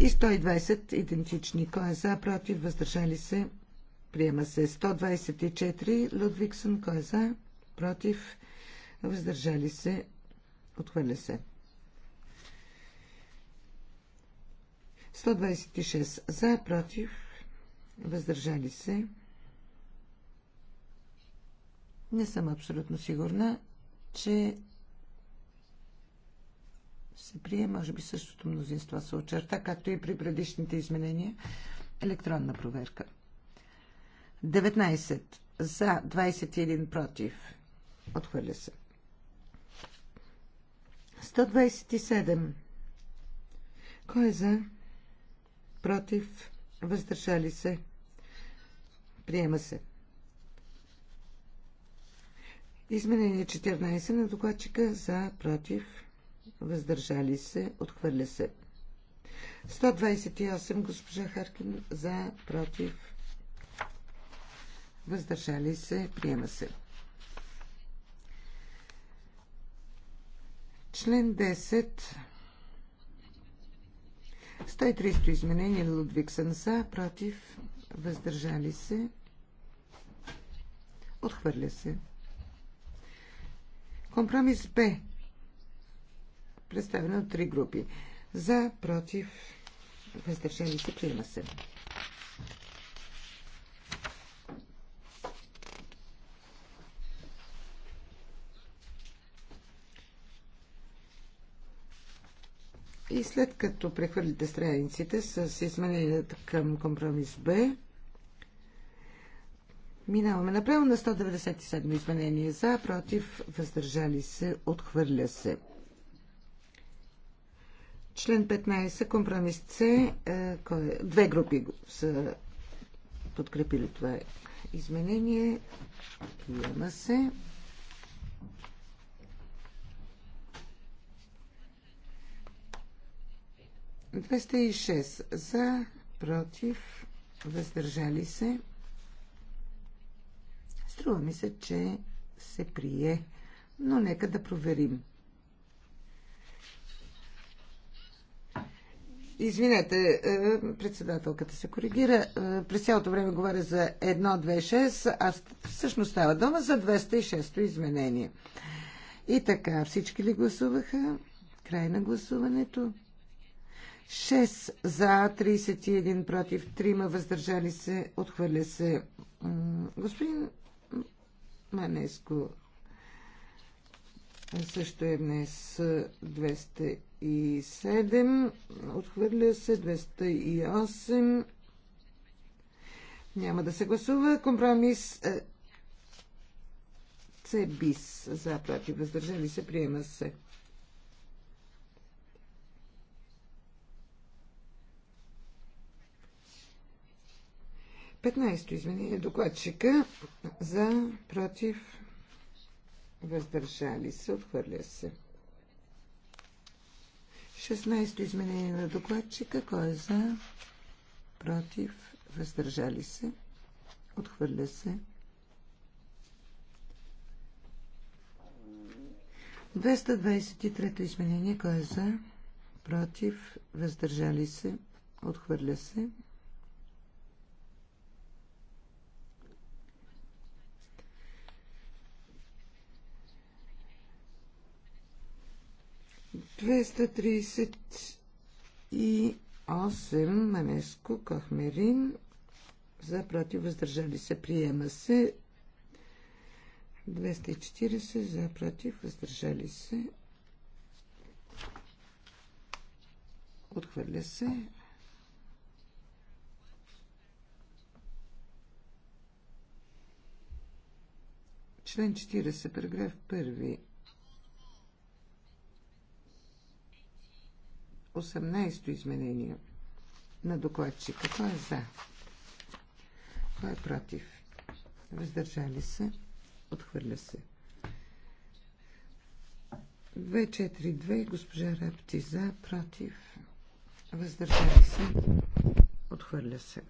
и 120 идентични. Кой е за, против, въздържали се? Приема се 124. Лудвиксън, кой е за, против, въздържали се? Отхвърля се. 126 за, против, въздържали се. Не съм абсолютно сигурна, че се прие, може би същото мнозинство се очерта, както и при предишните изменения. Електронна проверка. 19 за, 21 против. Отхвърля се. 127. Кой е за? против, въздържали се, приема се. Изменение 14 на докладчика за, против, въздържали се, отхвърля се. 128 госпожа Харкин за, против, въздържали се, приема се. Член 10 130 изменение Лудвиг Санса против, въздържали се, отхвърля се. Компромис Б, представен от три групи. За, против, въздържали се, приема се. И след като прехвърлите страниците с измененията към компромис Б, минаваме направо на 197 изменение за, против, въздържали се, отхвърля се. Член 15, компромис С, е, е? две групи са подкрепили това изменение. Приема се. 206 за, против, въздържали се. Струва ми се, че се прие, но нека да проверим. Извинете, е, председателката се коригира. Е, през цялото време говоря за 1.2.6, а всъщност става дума за 206-то изменение. И така, всички ли гласуваха? Край на гласуването. 6 за, 31 против, 3 въздържали се, отхвърля се. Господин Манеско също е днес 207, отхвърля се 208. Няма да се гласува. Компромис С е, бис за против въздържали се приема се. 15-то извинение докладчика за против въздържали се, отхвърля се. 16-то изменение на докладчика, кой е за против въздържали се, отхвърля се. 223-то изменение, кой е за против въздържали се, отхвърля се. 238 Манеско Кахмерин за против въздържали се приема се 240 за против въздържали се отхвърля се член 40 параграф 1 18-то изменение на докладчика. Кой е за? Кой е против? Въздържали се? Отхвърля се. 2, 4, 2, госпожа Рапти за, против, въздържали се, отхвърля се.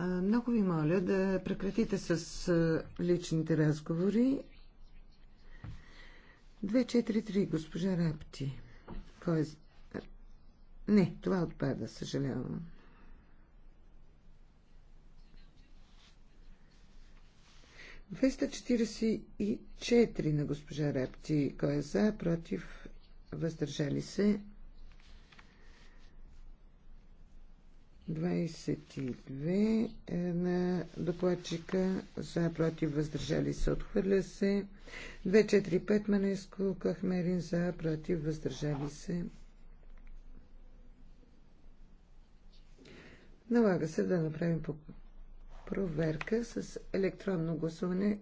Много ви моля да прекратите с личните разговори. 243, госпожа Рапти. Кой е... Не, това отпада, съжалявам. 44 на госпожа Рапти. Кой е за, против, въздържали се, 22 е, на докладчика за против въздържали се отхвърля се 245 Манеско Кахмерин за против въздържали се Налага се да направим проверка с електронно гласуване.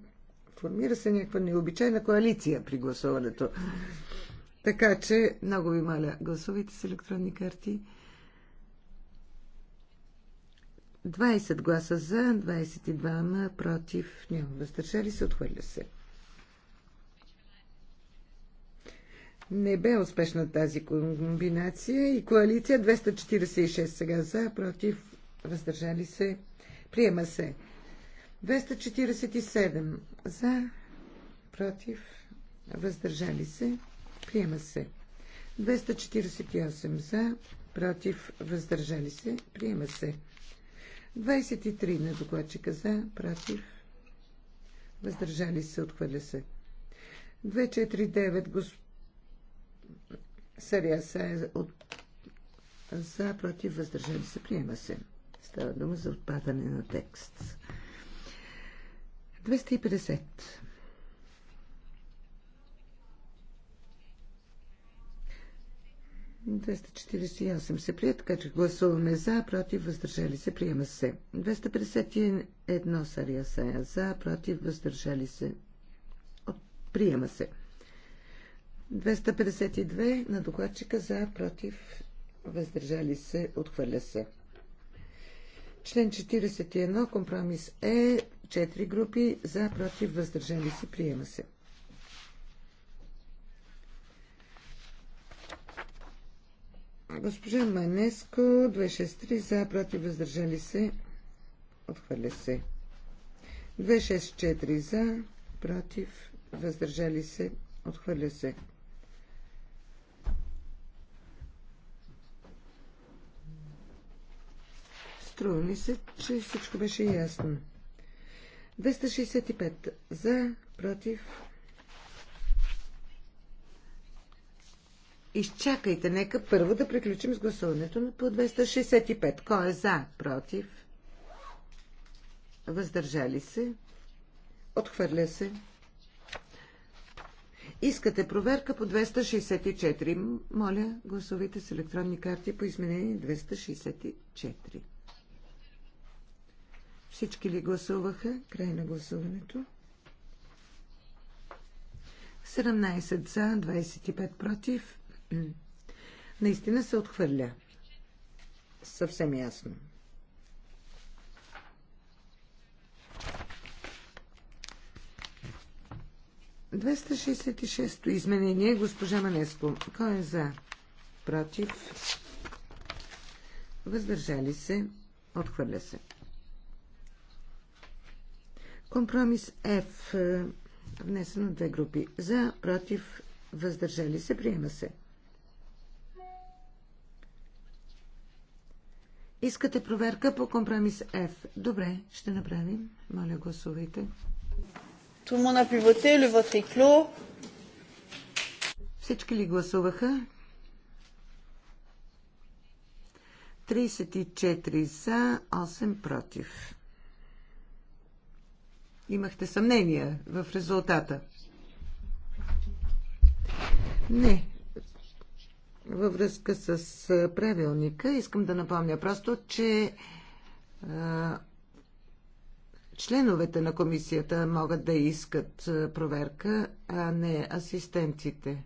Формира се някаква необичайна коалиция при гласуването. Така че, много ви маля, гласувайте с електронни карти. 20 гласа за, 22 против, няма въздържали се, отхвърля се. Не бе успешна тази комбинация и коалиция 246 сега за, против, въздържали се, приема се. 247 за, против, въздържали се, приема се. 248 за, против, въздържали се, приема се. 23 на докладчика за, против, въздържали се, отхвърля се. 249 серия Сариаса е от... за, против, въздържали се, приема се. Става дума за отпадане на текст. 250. 248 се прие, така че гласуваме за, против, въздържали се, приема се. 251 Сария Сая за, против, въздържали се, приема се. 252 на докладчика за, против, въздържали се, отхвърля се. Член 41, компромис Е, 4 групи за, против, въздържали се, приема се. Госпожа Манеско, 263 за, против, въздържали се, отхвърля се. 264 за, против, въздържали се, отхвърля се. Струва ми се, че всичко беше ясно. 265 за, против, Изчакайте, нека първо да приключим с гласуването на по 265. Кой е за, против? Въздържали се? Отхвърля се? Искате проверка по 264. Моля, гласувайте с електронни карти по изменение 264. Всички ли гласуваха? Край на гласуването. 17 за, 25 против. Наистина се отхвърля. Съвсем ясно. Двеста изменение. Госпожа Манеско. Кой е за? Против? Въздържали се? Отхвърля се. Компромис F, Внесено две групи. За, против, въздържали се, приема се. Искате проверка по компромис F. Добре, ще направим. Моля, гласувайте. Tout le monde a Всички ли гласуваха? 34 за, 8 против. Имахте съмнения в резултата. Не, във връзка с правилника искам да напомня просто, че членовете на комисията могат да искат проверка, а не асистентите.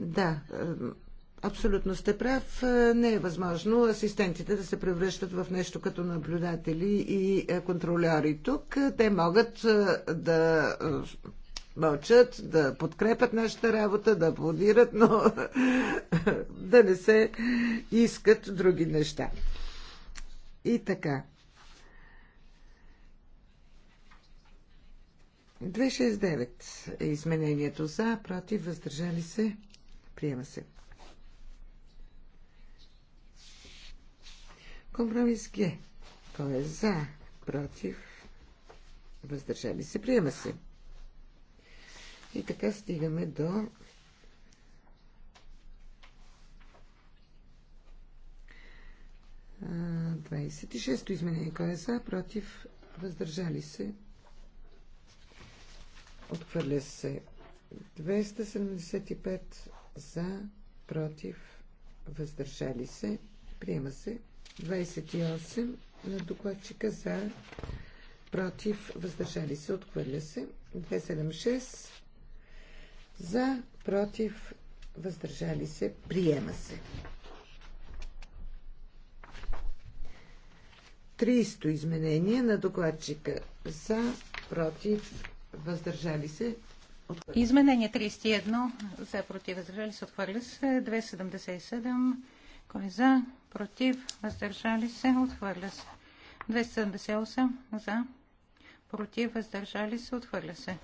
Да, абсолютно сте прав. Не е възможно асистентите да се превръщат в нещо като наблюдатели и контролери тук. Те могат да мълчат, да подкрепят нашата работа, да аплодират, но *laughs* да не се искат други неща. И така. 269 е изменението за, против, въздържали се, приема се. Компромис Г. Той е за, против, въздържали се, приема се. И така стигаме до а, 26-то изменение. Кой е за, против, въздържали се. Отхвърля се 275 за, против, въздържали се. Приема се 28 на докладчика за, против, въздържали се. Отхвърля се 276 за, против, въздържали се, приема се. Триисто изменение на докладчика. За, против, въздържали се. Отхвърля. Изменение 31. За, против, въздържали се, отхвърля се. 277. Кой е за, против, въздържали се, отхвърля се. 278. За, против, въздържали се, отхвърля се.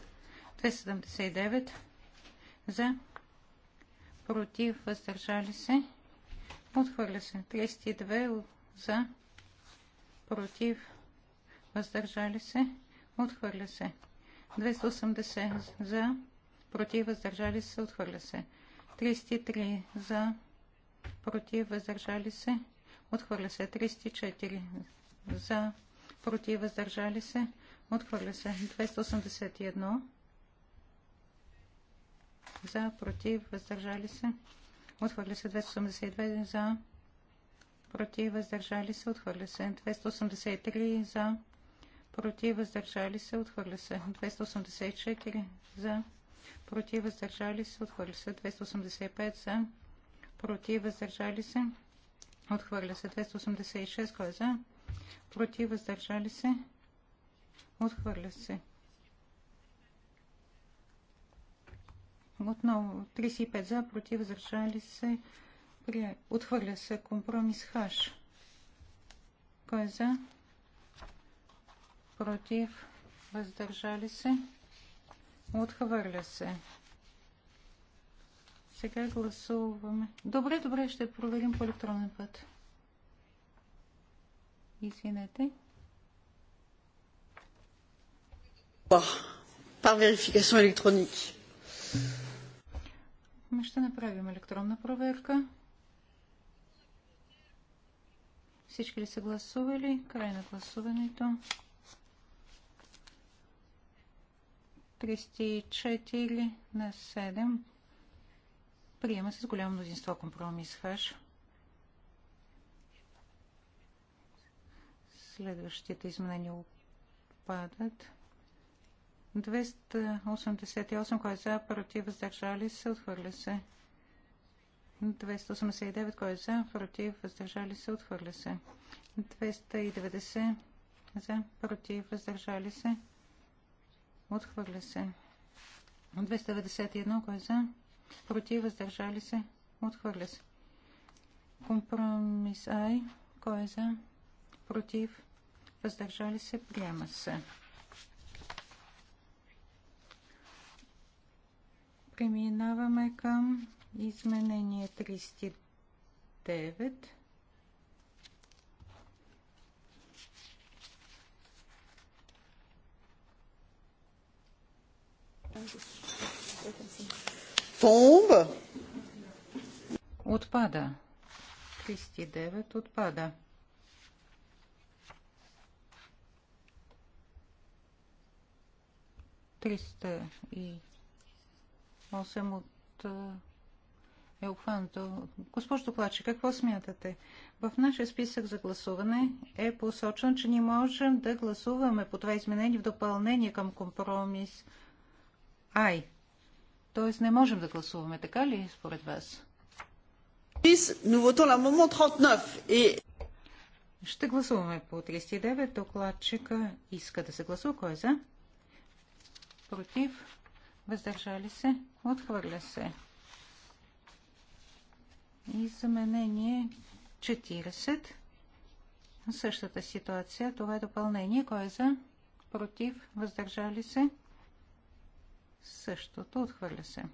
279 за, против, въздържали се, отхвърля се. 32 за, против, въздържали се, отхвърля се. 280 за, против, въздържали се, отхвърля се. 33 за, против, въздържали се, отхвърля се. 34 за, против, въздържали се, отхвърля се. 281 за, против, въздържали се. Отхвърля се 282 за, против, въздържали се. Отхвърля се 283 за, против, въздържали се. Отхвърля се 284 за, против, въздържали се. Отхвърля се 285 за, против, въздържали се. Отхвърля се 286, кой е за? Против, въздържали се. Отхвърля се Отново 35 за, против, въздържали се. Отхвърля се компромис хаш. Кой е за? Против, въздържали се. Отхвърля се. Сега гласуваме. Добре, добре, ще проверим по електронен път. Извинете. Па верификация électronique. Ми ще направим електронна проверка. Всички ли са гласували? Край на гласуването. 34 на 7. Приема се с голямо мнозинство компромис ХАШ. Следващите изменения опадат. 288, кой е за, против, въздържали се, отхвърля се. 289, кой е за, против, въздържали се, отхвърля се. 290, за, против, въздържали се, отхвърля се. 291, кой е за, против, въздържали се, отхвърля се. Компромис Ай, кой е за, против, въздържали се, приема се. Преминаваме към изменение 39. Томба. Отпада. 39 отпада. Триста и 8 от е, е обхванато. Госпожо Доклаче, какво смятате? В нашия списък за гласуване е посочено, че не можем да гласуваме по това изменение в допълнение към компромис Ай. Тоест не можем да гласуваме, така ли, според вас? Ще гласуваме по 39. Докладчика иска да се гласува. Кой е за? Против? въздържали се, отхвърля се. Изменение 40. Същата ситуация. Това е допълнение. Кой е за? Против? Въздържали се? Същото. Отхвърля се.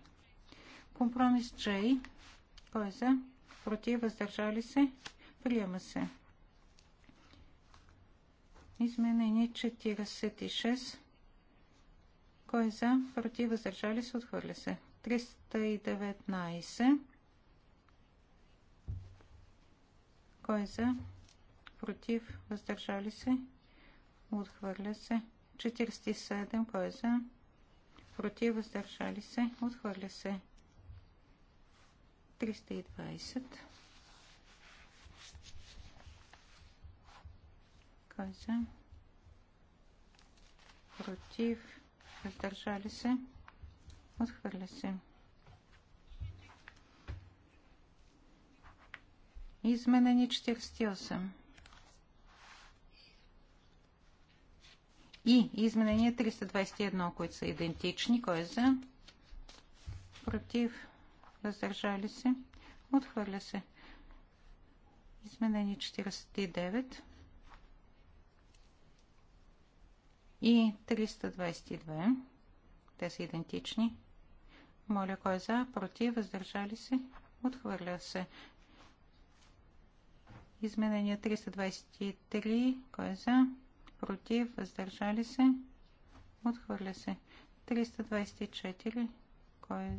Компромис J. Кой е за? Против? Въздържали се? Приема се. Изменение 46. Кой е за? Против? Въздържали се? Отхвърля се. 319. Кой е за? Против? Въздържали се? Отхвърля се. 47. Кой е за? Против? Въздържали се? Отхвърля се. 320. Кой е за? Против? въздържали се, отхвърля се. Изменени 48. И изменение 321, които са идентични. Кой е за? Против. Въздържали се. Отхвърля се. Изменение 49. и 322. Те са идентични. Моля, кой е за, против, въздържали се, отхвърля се. Изменение 323. Кой е за, против, въздържали се, отхвърля се. 324. Кой е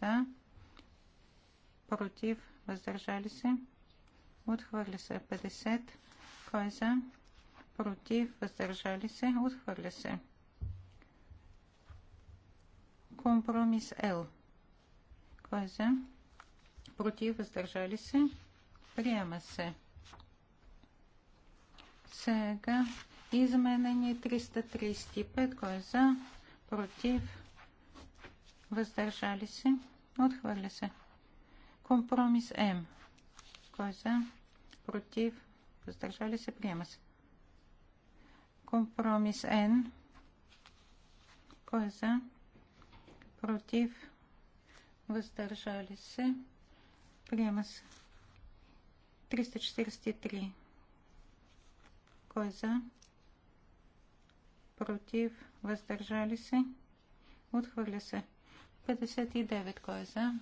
за, против, въздържали се, отхвърля се. 50. Кой е за, против, въздържали се, отхвърля се. Компромис Л. Кой е за? Против, въздържали се, приема се. Сега изменение 335. Кой е за? Против, въздържали се, отхвърля се. Компромис М. Кой е за? Против, въздържали се, приема се. Компромис Н. Кой е за? Против? Въздържали се? Приема се. 343. Кой е за? Против? Въздържали се? Отхвърля се. 59. Кой е за?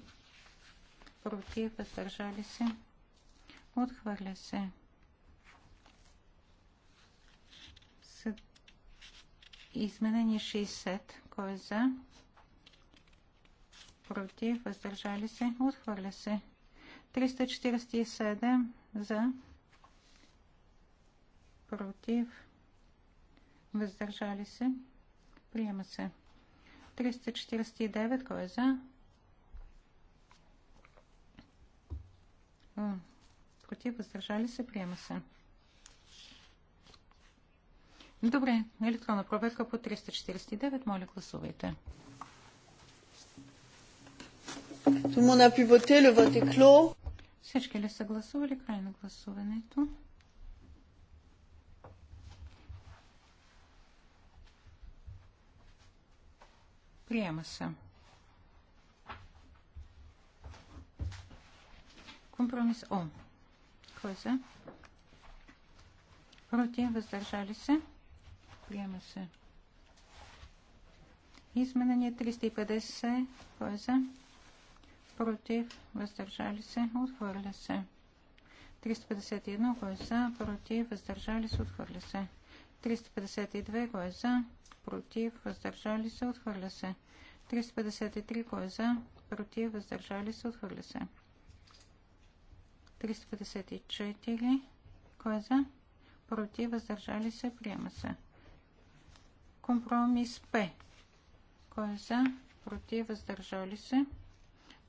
Против? Въздържали се? Отхвърля се. Изменение 60. Кой е за? Против. Въздържали се. Отхвърля се. 347 за. Против. Въздържали се. Приема се. 349. Кой е за? Против. Въздържали се. Приема се. Добре, електронна проверка по 349. Моля, гласувайте. Всички ли са гласували? Край на гласуването. Приема се. Компромис О. Кой е за? Против, въздържали се. Приема се. Изменение 350. Кой е за? Против. Въздържали се. Отхвърля се. 351. Кой е за? Против. Въздържали се. Отхвърля се. 352. Кой е за? Против. Въздържали се. Отхвърля се. 353. Кой е за? Против. Въздържали се. Отхвърля се. 354. Кой е за? Против. Въздържали се. Приема се. Компромис П. Кой е за? Против? Въздържали се?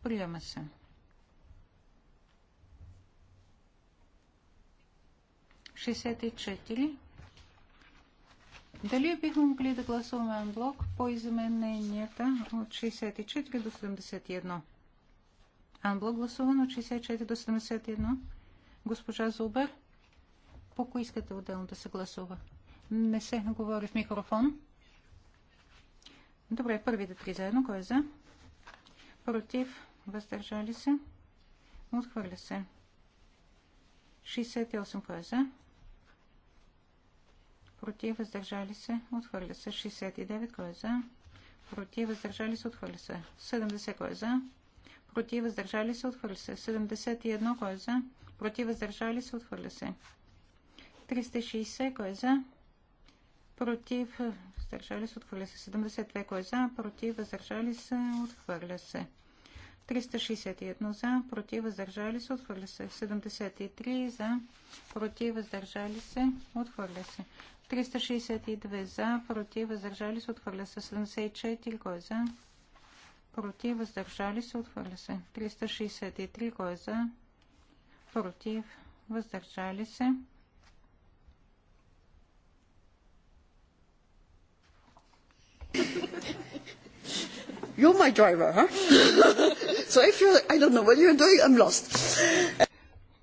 Приема се. Дали бихме могли да гласуваме блок по измененията от 64 до 71? Анблок гласувано от 64 до 71. Госпожа Зубер, по кои искате отделно да се гласува? Не се говори в микрофон. Добре, първите три заедно. Кой е за? Против. Въздържали се. Отхвърля се. 68. Кой е за? Против. Въздържали се. Отхвърля се. 69. Кой е за? Против. Въздържали се. Отхвърля се. 70. Кой е за? Против. Въздържали се. Отхвърля се. 71. Кой е за? Против. Въздържали се. Отхвърля се. 360. Кой е за? Против въздържали се, отхвърля се. 72 кой е за, против, въздържали се, отхвърля се. 361 за, против, въздържали се, отхвърля се. 73 за, против, въздържали се, отхвърля се. 362 за, против, въздържали се, отхвърля се. 74 кой е за, против, въздържали се, отхвърля се. 363 кой е за, против, въздържали се, You're my driver, huh? so if you're, I don't know what you're doing, I'm lost.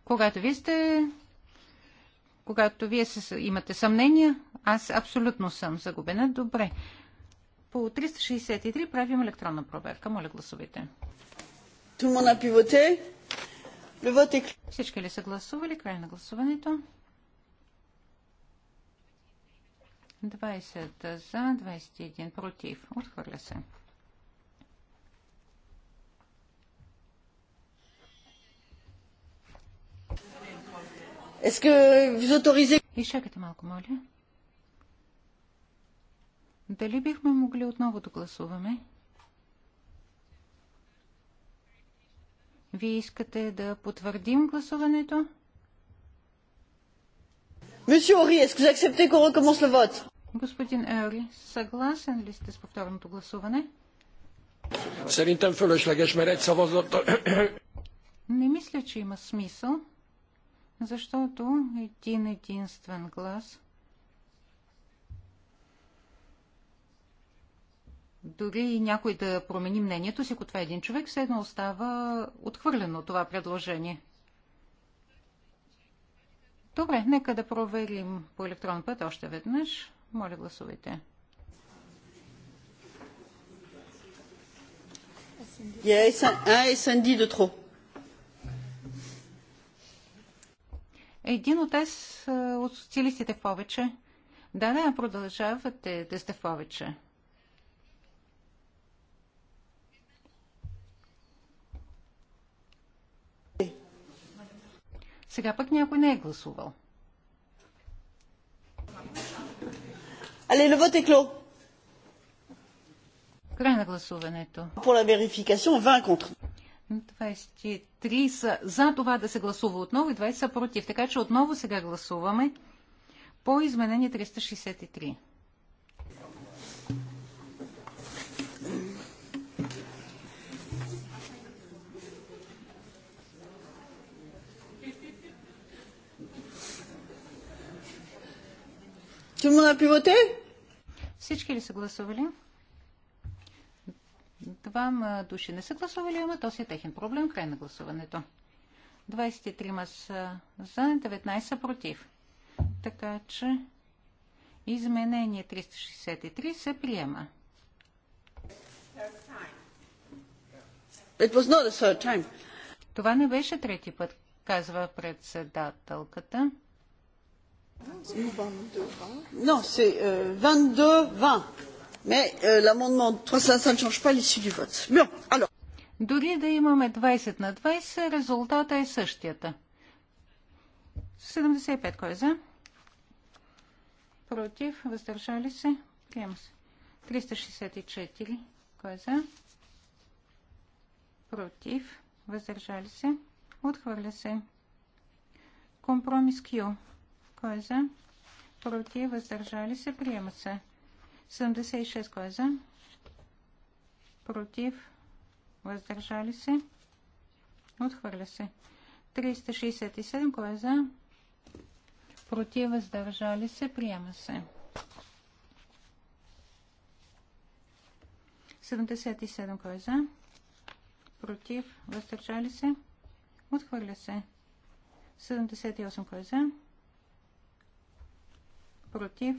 Когато вие сте, когато вие имате съмнения, аз абсолютно съм загубена. Добре. По 363 правим електронна проверка. Моля, гласувайте. Всички ли са гласували? Край на гласуването. 20 за, 21 против. Отхвърля се. Est-ce que Изчакайте малко, моля. Дали бихме могли отново да гласуваме? Вие искате да потвърдим гласуването? Monsieur Ori, ескъзе акцепте, que vous acceptez qu'on Господин Ери, съгласен ли сте с повторното гласуване? Szerintem fölösleges, mert egy *clears throat* Не мисля, че има смисъл, защото един единствен глас дори и някой да промени мнението си, ако това е един човек, все едно остава отхвърлено това предложение. Добре, нека да проверим по електронен път още веднъж. Моля, гласувайте. Един от ес от социалистите повече. Да, да, продължавате да сте в повече. Сега пък някой не е гласувал. Allez, le vote est clos. Край на гласуването. Три са за това да се гласува отново и 20 са против. Така че отново сега гласуваме по изменение 363. Tout le monde a pu voter всички ли са гласували? Двама души не са гласували, ама то си е техен проблем. Край на гласуването. 23 са за, 19 са против. Така че изменение 363 се приема. Това не беше трети път, казва председателката. Non, c'est euh, 22-20. Mais euh, l'amendement 305 ne change pas l'issue du vote. Bien, alors. Дори да имаме 20 на 20, резултата е същията. 75 кой е за? Против, въздържали се, приема се. 364 кой е за? Против, въздържали се, отхвърля се. Компромис Q кой е за? Против, въздържали се, приема се. 76. Кой за? Против, въздържали се, отхвърля се. 367. Кой за? Против, въздържали се, приема се. 77. Кой е за? Против, въздържали се, отхвърля се. 78. Кой е за? против,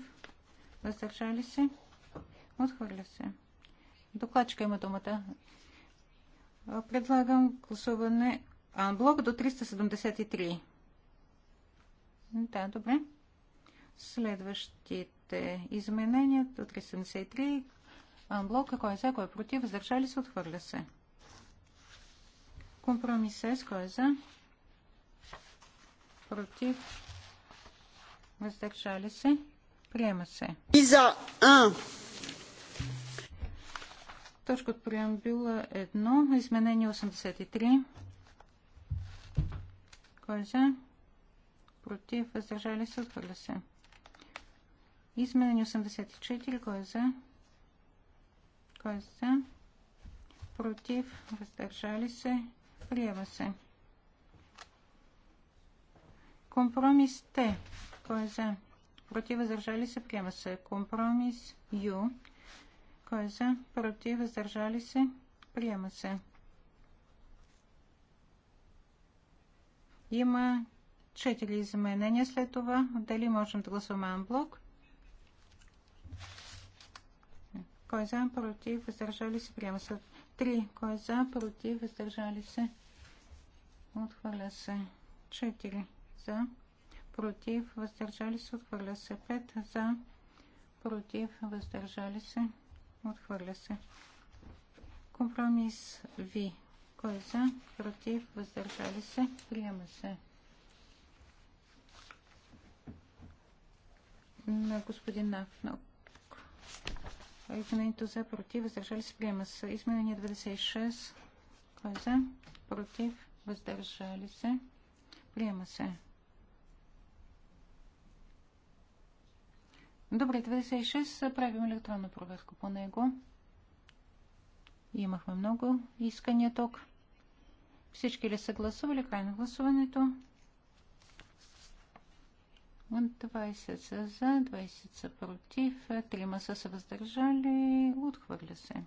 въздържали се, отхвърля се. Докладчика има думата. Предлагам гласуване анблок до 373. Да, добре. Следващите изменения до 373. Анблок, кой е за, кой е против, въздържали се, отхвърля се. Компромис кой е за, против, въздържали се, приема се. за 1. Точка от преамбюла 1, изменение 83. Кой е за? Против, въздържали се, отхвърля се. Изменение 84, кой е за? Кой е за? Против, въздържали се, приема се. Компромис Т. Кой е за? Против, въздържали се, приема се. Компромис Ю. Кой е за? Против, въздържали се, приема се. Има четири изменения след това. Дали можем да гласуваме блок? Кой е за? Против, въздържали се, приема се. Три. Кой е за? Против, въздържали се. Отхвърля се. Четири. За против, въздържали се, отхвърля се. 5 за, против, въздържали се, отхвърля се. Компромис Ви. Кой е за, против, въздържали се, приема се. На господин Нафнок. Изменението за, против, въздържали се, приема се. Изменение 96. Кой е за, против, въздържали се, приема се. Добре, 96. Правим електронна проверка по него. Имахме много искания тук. Всички ли са гласували? Край на гласуването. 20 са за, 20 са против, 3 са се въздържали, отхвърля се.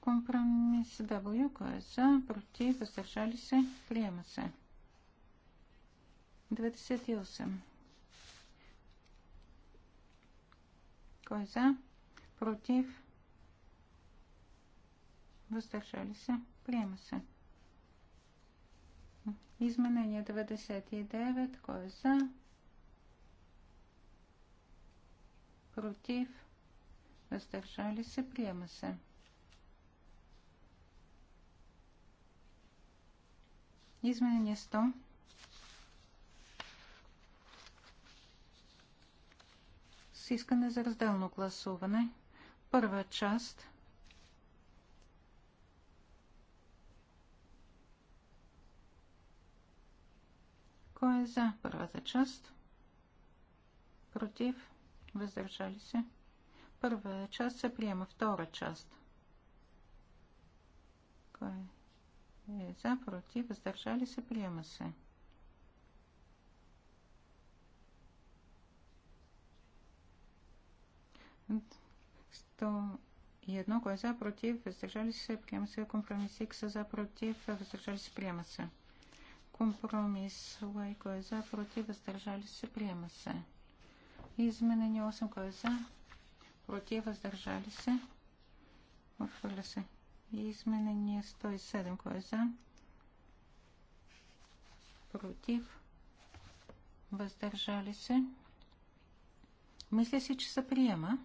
Компромис W, кой е за, против, въздържали се, приема се. 98. Кой за? Против? Въздържали се? Приема се. Изменение 99. Кой е за? Против? Въздържали се? Приема се. Изменение 100. с искане за разделно гласуване. Първа част. Кой е за първата част? Против? Въздържали се? Първа част се приема. Втора част. Кой е за? Против? Въздържали се? Приема се. 101, кое за, против, въздържали се, приема се. Компромис X е за, против, въздържали се, приема се. Компромис Y, кой е за, против, въздържали се, приема се. Изменение 8, кой е за, против, въздържали се, отхвърля се. Изменение 107, кой за, против, въздържали се. Мисля си, че се приема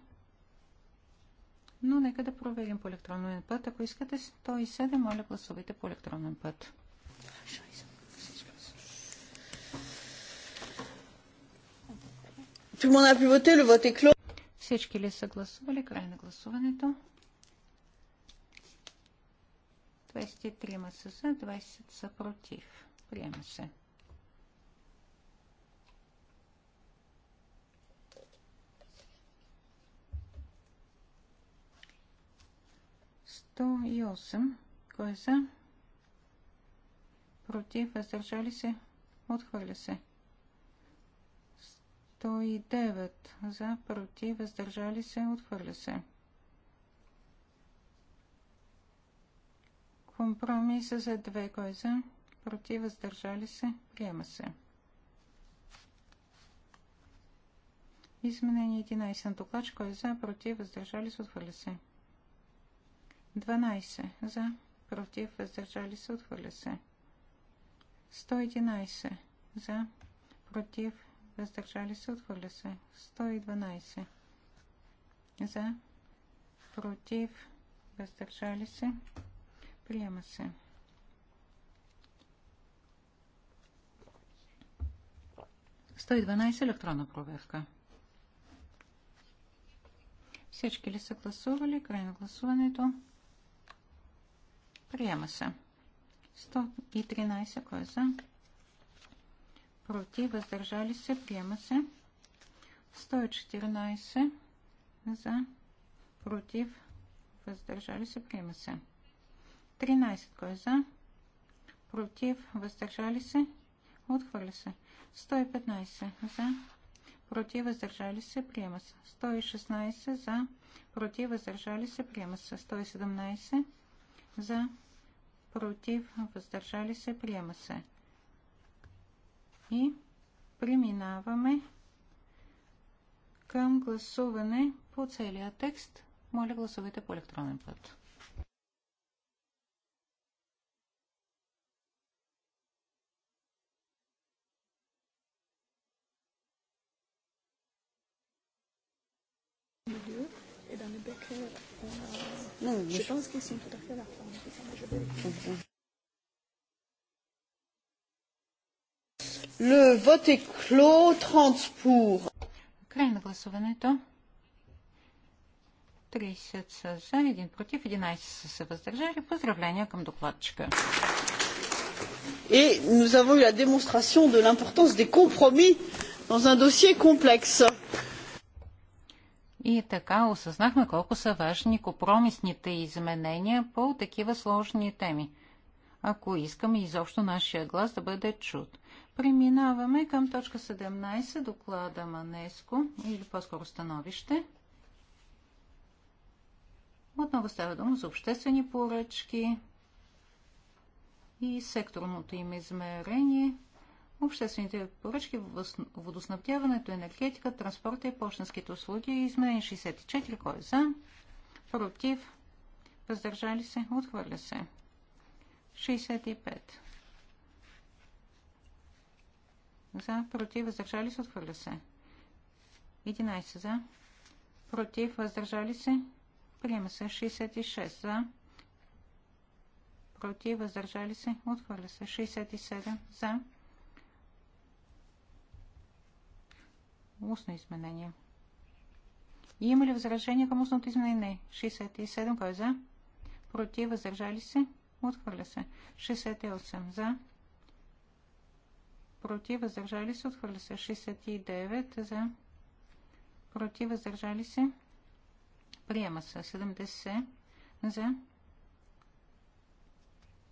но нека да проверим по електронен път. Ако искате 107, моля гласувайте по електронен път. Всички ли са гласували? Край на гласуването. 23 са за, 20 са против. Приема се. 108. Кой е за? Против. Въздържали се. Отхвърля се. 109. За. Против. Въздържали се. Отхвърля се. Компромиса за 2. Кой е за? Против. Въздържали се. Приема се. Изменение 11 на докладчик. Кой е за? Против. Въздържали се. Отхвърля се. 12 за, против, въздържали се, отхвърля се. 111 за, против, въздържали се, отхвърля се. 112 за, против, въздържали се, приема се. Сто електронна проверка. Всички ли са гласували? Край на гласуването. Приема се. 113. Кой е за? Против. Въздържали се. Приема се. 114. За. Против. Въздържали се. Приема се. 13. Кой е за? Против. Въздържали се. Отхвърля се. 115. За. Против. Въздържали се. Приема се. 116. За. Против. Въздържали се. Приема се. 117 за, против, въздържали се, приема се. И преминаваме към гласуване по целия текст. Моля, гласувайте по електронен път. Non, non, je pense qu'ils sont tout à fait là. Le vote est clos, 30 pour. Край гласуването. 30 са за, 1 против, 11 са се въздържали. Поздравления към докладчика. Et nous avons eu la démonstration de l'importance des compromis dans un dossier complexe. И така осъзнахме колко са важни компромисните изменения по такива сложни теми, ако искаме изобщо нашия глас да бъде чут. Преминаваме към точка 17, доклада Манеско, или по-скоро становище. Отново става дума за обществени поръчки и секторното им измерение – обществените поръчки, водоснабдяването, енергетика, транспорта и почтенските услуги. Изменение 64. Кой е за? Против? Въздържали се? Отхвърля се. 65. За, против, въздържали се, отхвърля се. 11 за. Против, въздържали се. Приема се 66 за. Против, въздържали се. Отхвърля се. 67 за. Устно изменение. Има ли възражение към устното изменение? 67. Кой е за? Против. Въздържали се? Отхвърля се. 68. За. Против. Въздържали се? Отхвърля се. 69. За. Против. Въздържали се? Приема се. 70. За.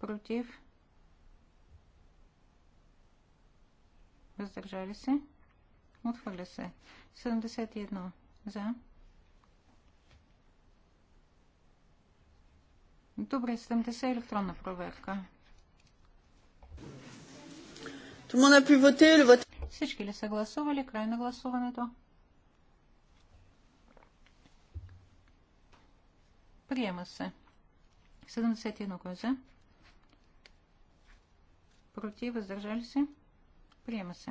Против. Въздържали се? Отхвърля се. 71 за. Добре, 70 електронна проверка. Всички ли са гласували? Край на гласуването. Приема се. 71 кой е за? Против, въздържали се? Приема се.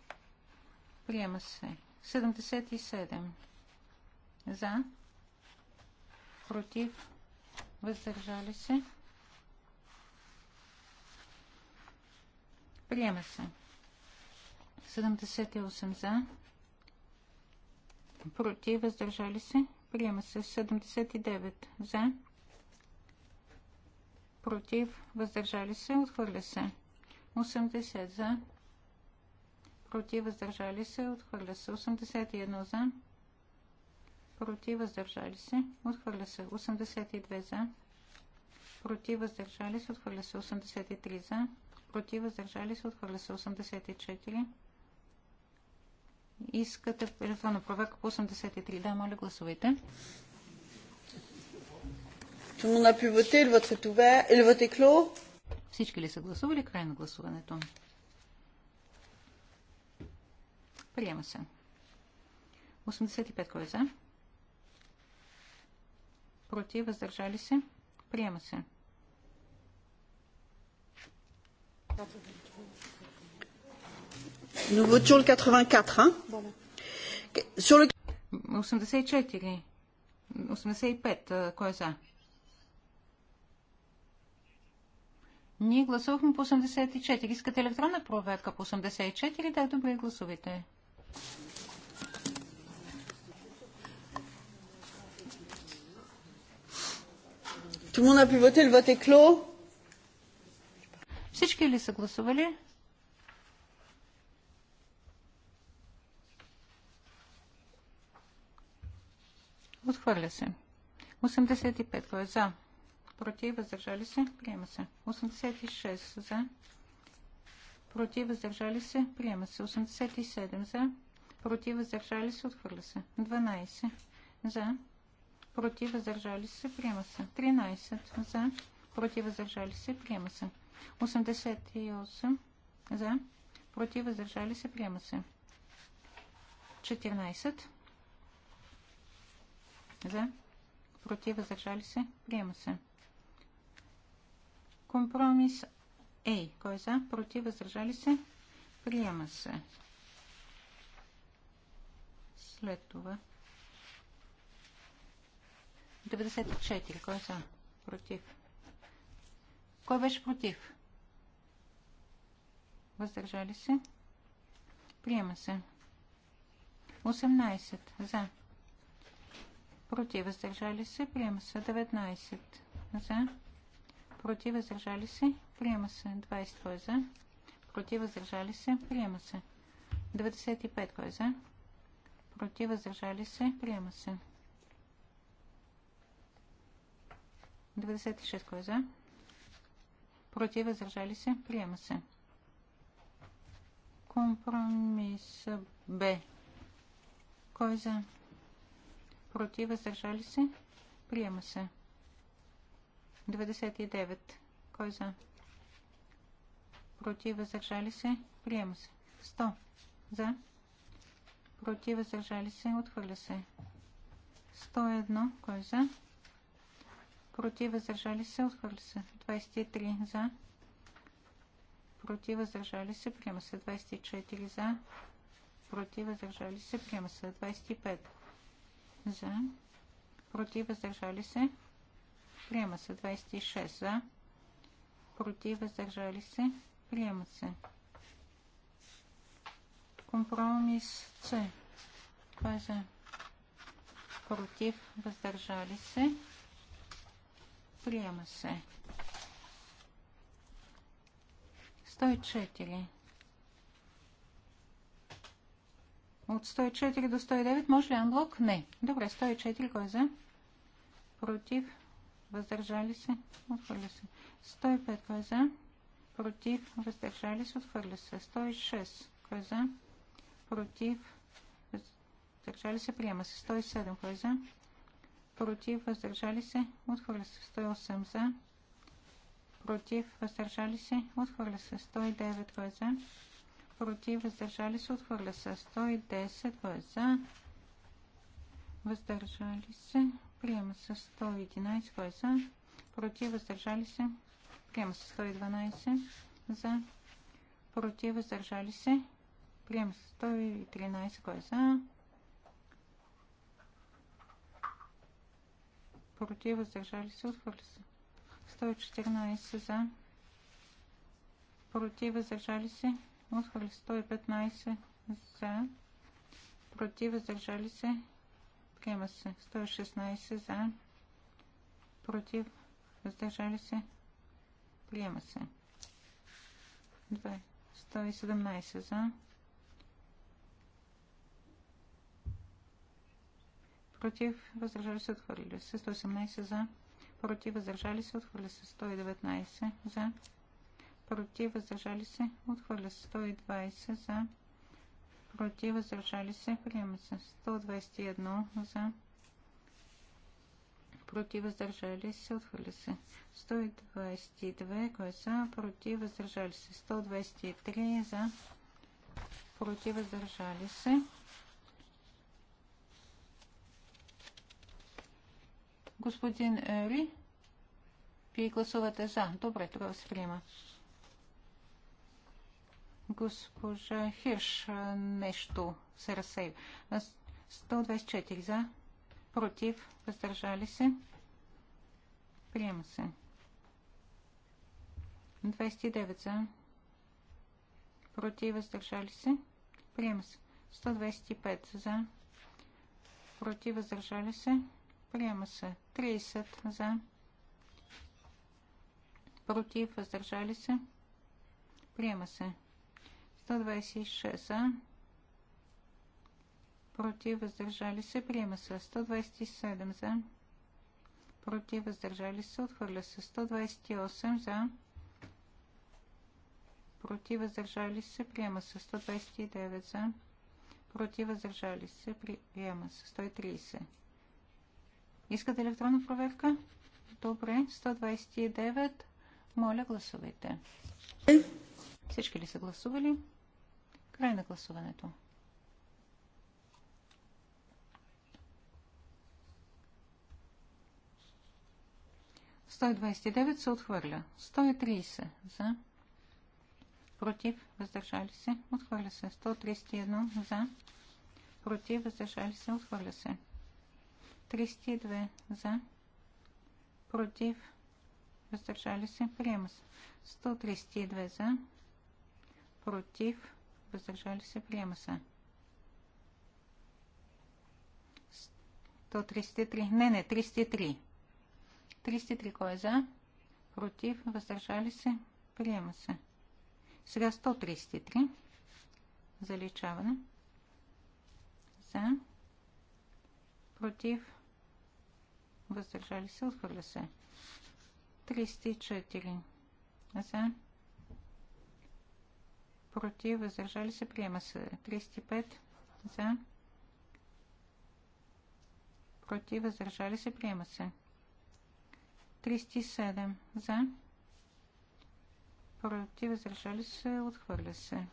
Приема се. 77. За. Против. Въздържали се. Приема се. 78 за. Против. Въздържали се. Приема се. 79 за. Против. Въздържали се. Отхвърля се. 80 за против, въздържали се, отхвърля се. 81 за, против, въздържали се, отхвърля се. 82 за, против, въздържали се, отхвърля се. 83 за, против, въздържали се, отхвърля се. 84. Искате електронна проверка по 83. Да, моля, гласувайте. Всички ли са гласували край на гласуването? Приема се. 85 кой е за? Против, въздържали се. Приема се. Nous votions le 84, hein Sur le... 84. 85. Кой е за? Ние гласувахме по 84. Искате електронна проверка по 84? Да, добре, гласувайте. Tout le monde a pu voter, le vote est clos. Всички ли са гласували? Отхвърля се. 85. Кой е за? Против? Въздържали се? Приема се. 86. За? против, въздържали се, приема се. 87 за, против, въздържали се, отхвърля се. 12 за, против, въздържали се, приема се. 13 за, против, въздържали се, приема се. 88 за, против, въздържали се, приема се. 14 за, против, въздържали се, приема се. Компромис Ей, кой е за? Против, въздържали се? Приема се. След това. 94. Кой е за? Против. Кой беше против? Въздържали се? Приема се. 18. За. Против. Въздържали се? Приема се. 19. За. Против. Въздържали се? Приема се. 20. Кой е за? Против. Въздържали се. Приема се. 95. Кой е за? Против. Въздържали се. Приема се. 96. Кой е за? Против. Въздържали се. Приема се. Компромис Б. Кой е за? Против. Въздържали се. Приема се. 99. Кой е за? против, въздържали се, приема се. 100 за, против, въздържали се, отхвърля се. 101, кой е за? Против, въздържали се, отхвърля се. 23 за, против, въздържали се, приема се. 24 за, против, въздържали се, приема се. 25 за, против, въздържали се, приема се. 26 за, против, въздържали се, Приема се. Компромис С. Това е за против, въздържали се. Приема се. 104. От 104 до 109 може ли анблок? Не. Добре, 104 кой е за? Против, въздържали се, отхвърля се. 105 кой е за? против, въздържали се, отхвърля се. 106, кой е за, против, въздържали се, приема се. 107, кой е за, против, въздържали се, отхвърля се. 108 за, против, въздържали се, отхвърля се. 109, кой е за, против, въздържали се, отхвърля се. 110, кой за, въздържали се, приема се. 111, кой за, против, въздържали се, Приема се 112 за. Против. Въздържали се. Приема се 113. Кой е за? Против. Въздържали се. Отхвърли се. 114 за. Против. Въздържали се. се. 115 за. Против. Въздържали се. Приема се 116 за. Против. Въздържали се. Приема се. 2. 117 за. Против. Въздържали се. Отхвърли се. 118 за. Против. Въздържали се. Отхвърли се. 119 за. Против. Въздържали се. Отхвърля се. 120 за. Против. Въздържали се. Приема се. 121 за против, въздържали се, отхвърля се. 122, гласа, е против, въздържали се. 123 за, против, въздържали се. Господин Ери, вие гласувате за. Добре, тогава се приема. Госпожа Хирш нещо се разсейва. 124 за против, въздържали се, приема се. 29 за, против, въздържали се, приема се. 125 за, против, въздържали се, приема се. 30 за, против, въздържали се, приема се. 126 за, против, въздържали се, приема се 127 за, против, въздържали се, отхвърля се 128 за, против, въздържали се, приема се 129 за, против, въздържали се, приема се 130. Искате електронна проверка? Добре, 129. Моля, гласувайте. Е? Всички ли са гласували? Край на гласуването. 129 се отхвърля. 130 за. Против. Въздържали се. Отхвърля се. 131 за. Против. Въздържали се. Отхвърля се. 302 за. Против. Въздържали се. Приема се. 132 за. Против. Въздържали се. Приема се. 133. Не, не, 33. 33 кой е за? Против. Въздържали се. Приема се. Сега 133. Заличаване. За. Против. Въздържали се. Отхвърля се. 304. За. Против. Въздържали се. Приема се. 305. За. Против. Въздържали се. Приема се. 306. 37 за. Против, въздържали се, отхвърля се.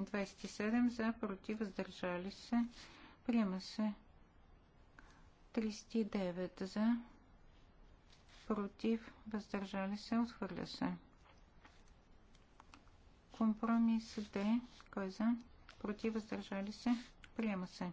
27 за, против, въздържали се, приема се. 39 за, против, въздържали се, отхвърля се. Компромис Д, кой е за, против, въздържали се, приема се.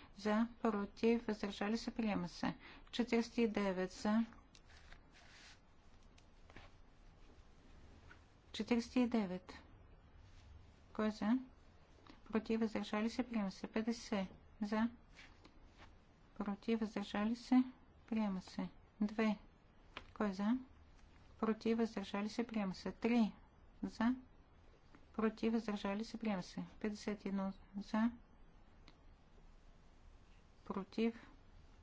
за, против, въздържали се, приема се. 49 за. 49. Кой е за? Против, въздържали се, приема се. 50 за. Против, въздържали се, приема се. 2. Кой е за? Против, въздържали се, приема се. 3 за. Против, въздържали се, приема се. 51 за против,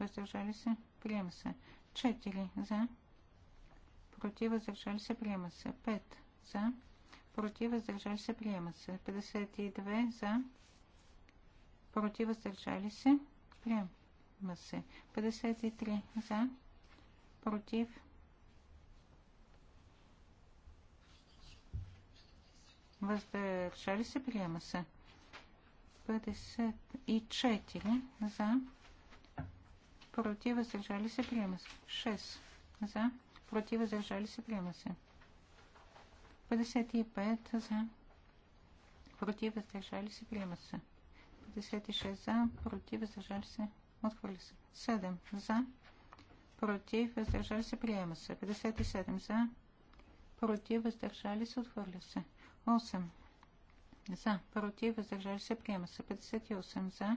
въздържали се, приема се. 4 за, против, въздържали се, приема се. 5 за, против, въздържали се, приема се. 52 за, против, въздържали се, приема се. 53 за, против, въздържали се, приема се. 54 за, против, въздържали се, приема се. 6 за, против, въздържали се, приема се. 55 за, против, въздържали се, приема се. 56 за, против, въздържали се, отхвърли се. 7 за, против, въздържали се, приема се. 57 за, против, въздържали се, отхвърли се. 8 за, против, въздържали се, приема се. 58 за,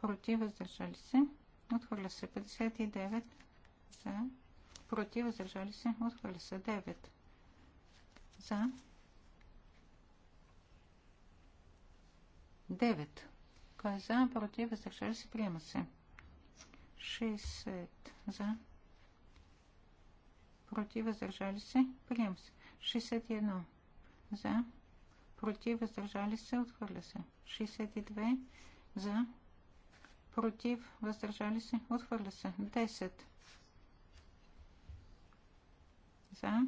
против, въздържали се, Отхвърля се 59 за. Против. Въздържали се. Отхвърля се 9 за. 9. Кой е за? Против. Въздържали се. Приема се. 60 за. Против. Въздържали се. Приема се. 61 за. Против. Въздържали се. Отхвърля се. 62 за против, въздържали се, отхвърля се. 10 за,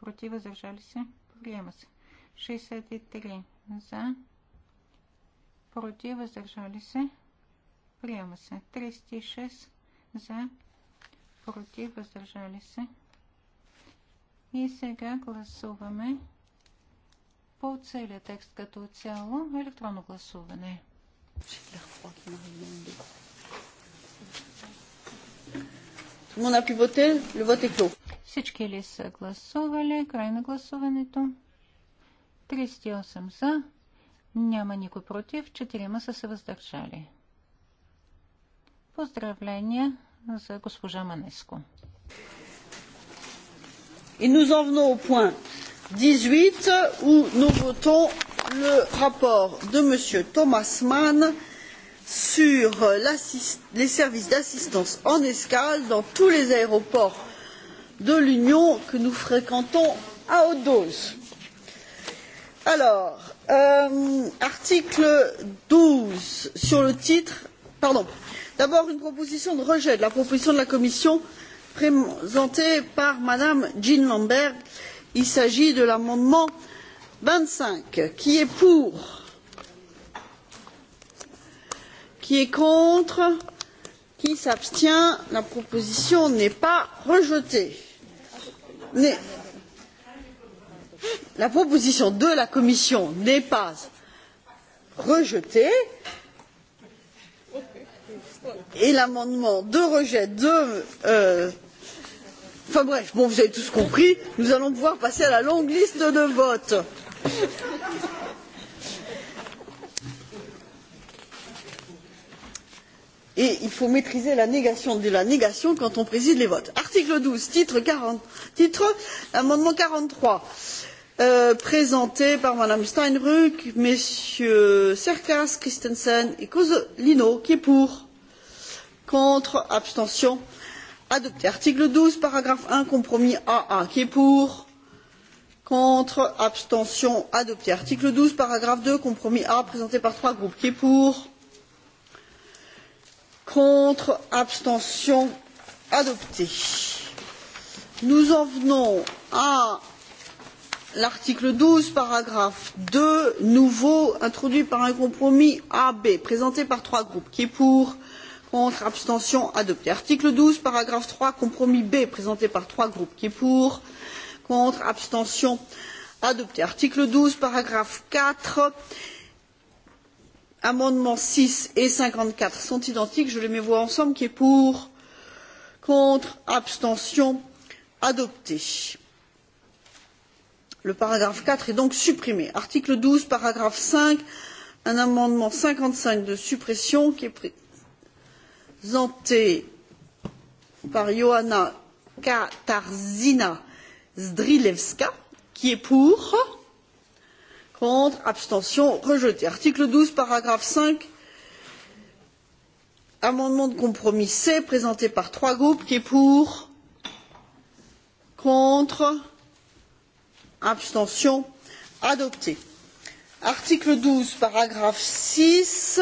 против, въздържали се, приема се. 63 за, против, въздържали се, приема се. 36 за, против, въздържали се. И сега гласуваме по целият текст като цяло електронно гласуване. Всички ли са гласували? Край на гласуването. 38 за. Няма никой против. 4 са се въздържали. Поздравления за госпожа Манеско. И nous en venons au point 18 où nous votons le rapport de m. thomas mann sur les services d'assistance en escale dans tous les aéroports de l'union que nous fréquentons à haute dose. alors article douze sur le titre pardon d'abord une proposition de rejet de la proposition de la commission présentée par mme jean lambert il s'agit de l'amendement n vingt cinq qui est pour qui est contre qui s'abstient la proposition n'est pas rejetée la proposition de la commission n'est pas rejetée et l'amendement de rejet de enfin bref vous avez tous compris nous allons pouvoir passer à la longue liste de votes. et il faut maîtriser la négation de la négation quand on préside les votes. article douze titre amendement quarante trois présenté par madame steinruck mm cercas christensen et Cosolino, qui est pour contre abstention adopté. Article douze, paragraphe un, compromis AA, qui est pour Contre, abstention, adopté. Article douze, paragraphe deux, compromis A, présenté par trois groupes, qui est pour Contre, abstention, adopté. Nous en venons à l'article douze, paragraphe deux, nouveau, introduit par un compromis AB, présenté par trois groupes, qui est pour contre abstention adopté. article douze paragraphe trois compromis b présenté par trois groupes qui est pour contre abstention adopté. article douze paragraphe quatre amendements six et cinquante quatre sont identiques je les mets voix ensemble qui est pour contre abstention adopté. le paragraphe quatre est donc supprimé. article douze paragraphe cinq un amendement cinquante cinq de suppression qui est Zanté par Johanna Katarzyna Zdrilewska, qui est pour, contre, abstention, rejeté. Article douze, paragraphe cinq, amendement de compromis C, présenté par trois groupes, qui est pour, contre, abstention, adopté. Article douze, paragraphe six,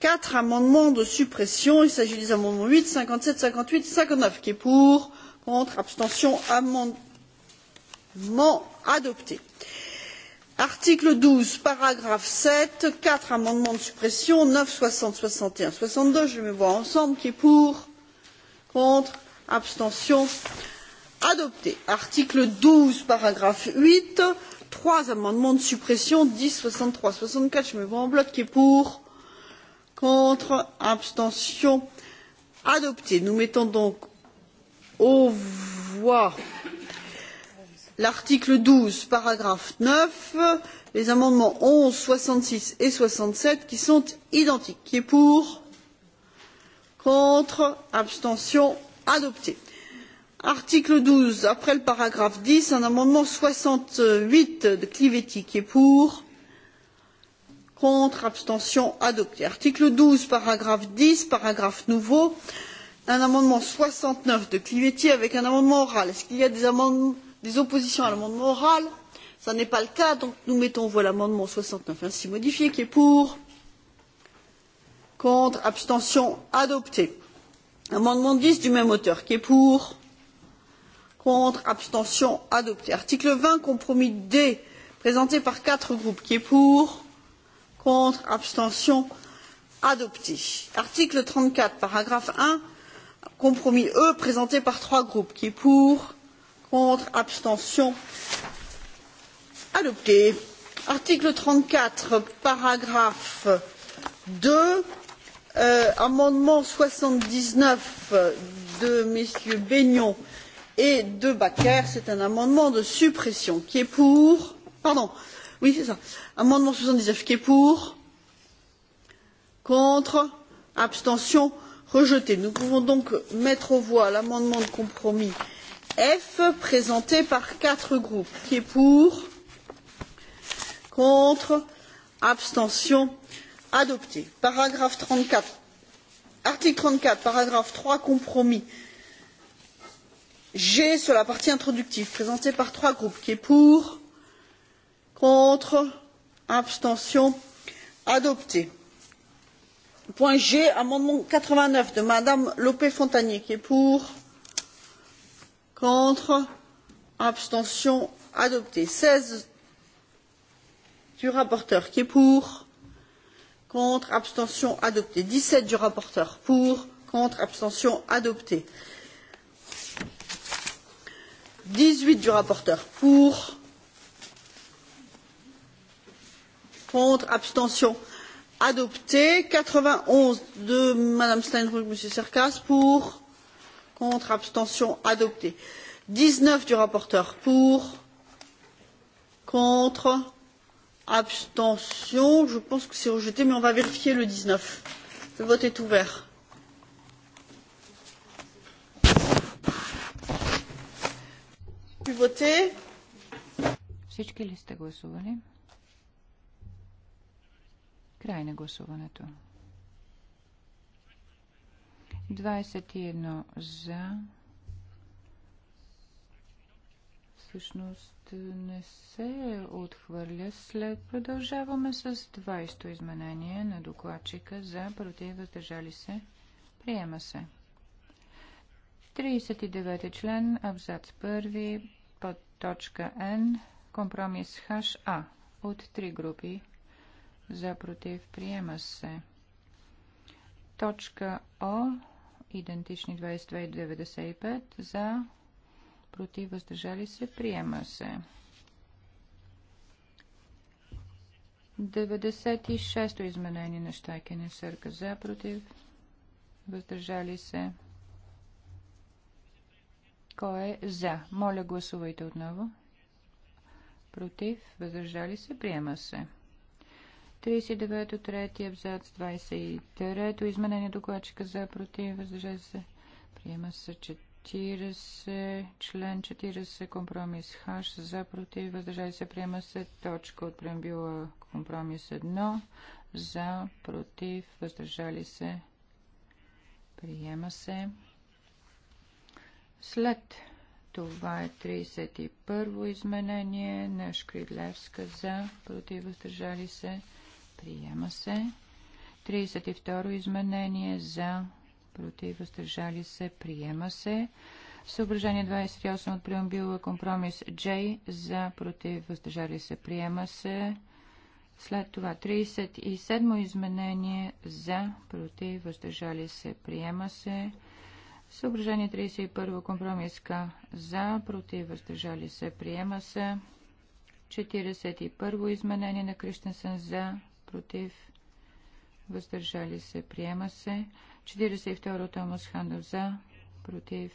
quatre amendements de suppression il s'agit des amendements huit cinquante sept cinquante huit et cinquante neuf qui est pour contre abstention amendement adopté. article douze paragraphe sept quatre amendements de suppression neuf soixante soixante et un soixante deux je les mets aux voix ensemble qui est pour contre abstention adopté. article douze paragraphe huit trois amendements de suppression dix soixante trois soixante quatre je mets aux voix en bloc qui est pour contre, abstention adopté. Nous mettons donc aux voix l'article douze paragraphe neuf les amendements onze soixante six et soixante sept qui sont identiques. qui est pour? contre? abstention adopté. article douze après le paragraphe dix un amendement soixante huit de clivetti qui est pour? contre, abstention adopté. Article douze, paragraphe dix, paragraphe nouveau, un amendement soixante neuf de Clivetti avec un amendement oral. Est-ce qu'il y a des, oppositions à l'amendement oral Ce n'est pas le cas, donc nous mettons aux voix l'amendement soixante neuf ainsi modifié qui est pour, contre, abstention adopté. Amendement dix du même auteur qui est pour, contre, abstention adopté. Article vingt, compromis D présenté par quatre groupes qui est pour contre, abstention, adopté. Article trente quatre, paragraphe un, compromis E présenté par trois groupes, qui est pour, contre, abstention, adopté. Article trente quatre, paragraphe deux, amendement soixante dix neuf de messieurs Bennion et de Bacquer, c'est un amendement de suppression. Qui est pour Pardon. Euh, Oui, c'est ça. Amendement 79 qui est pour Contre Abstention Rejeté. Nous pouvons donc mettre aux voix l'amendement de compromis F présenté par quatre groupes. Qui est pour Contre Abstention Adopté. Paragraphe 34. Article 34, paragraphe 3, compromis. G sur la partie introductive, présenté par trois groupes. Qui est pour Contre. Abstention. Adopté. Point G, amendement quatre-vingt-neuf de Madame Lopé Fontanier, qui est pour, contre, abstention, adopté. Seize du rapporteur, qui est pour, contre, abstention, adopté. Dix sept du rapporteur, pour, contre, abstention, adopté. Dix huit du rapporteur, pour, contre abstention adopté quatre vingt onze de Madame steinruck m. cercas pour contre abstention adopté dix neuf du rapporteur pour contre abstention je pense que c'est rejeté mais on va vérifier le dix neuf le vote est ouvert Всички ли сте гласували? Край на гласуването. 21 за. Всъщност не се отхвърля. След продължаваме с 20-то изменение на докладчика за против въздържали се. Приема се. 39 член, абзац 1, под точка Н, компромис ХА от три групи за против приема се. Точка О, идентични 22 и 95, за против въздържали се, приема се. 96-то изменение на Штайкене Сърка за против. Въздържали се. Кой е за? Моля гласувайте отново. Против. Въздържали се. Приема се. 39-то, трети абзац, 23-то, изменение докладчика за против, въздържа се, приема се 40, член 40, компромис хаш, за против, въздържа се, приема се точка от преамбюла компромис 1, за против, въздържали се, приема се. След това е 31-во изменение на Шкридлевска за против въздържали се. Приема се. 32 изменение за против, въздържали се, приема се. Съображение 28 от преамбила компромис J за против, въздържали се, приема се. След това 37 изменение за против, въздържали се, приема се. Съображение 31 компромиска за против, въздържали се, приема се. 41 изменение на Кристенсен за против, въздържали се, приема се. 42 Томас Хандов за, против.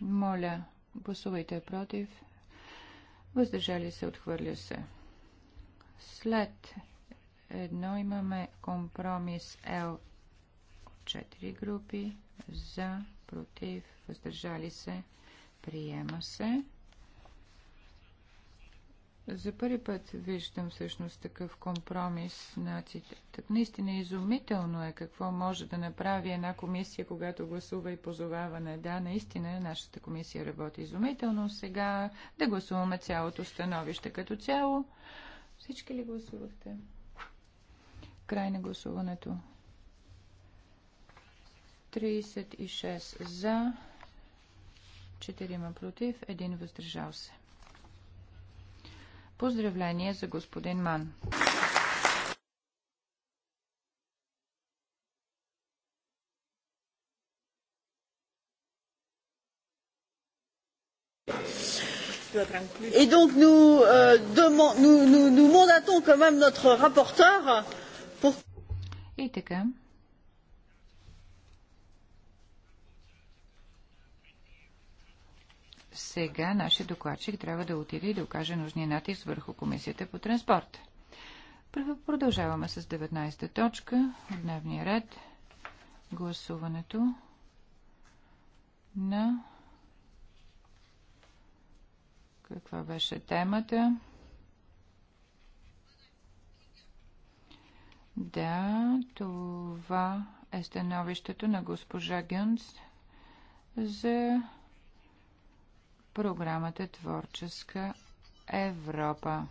Моля, гласувайте против. Въздържали се, отхвърля се. След едно имаме компромис L от 4 групи за, против, въздържали се, приема се. За първи път виждам всъщност такъв компромис на Так наистина изумително е какво може да направи една комисия, когато гласува и позовава на да, наистина нашата комисия работи изумително. Сега да гласуваме цялото становище като цяло. Всички ли гласувахте? Край на гласуването. 36 за, 4 против, 1 въздържал се. Поздравление за господин Ман. Et donc nous, euh, nous, nous, nous mandatons quand même notre rapporteur pour. Et така, сега нашия докладчик трябва да отиде и да окаже нужния натиск върху Комисията по транспорт. Продължаваме с 19-та точка от дневния ред. Гласуването на каква беше темата? Да, това е становището на госпожа Гюнс за програмата Творческа Европа.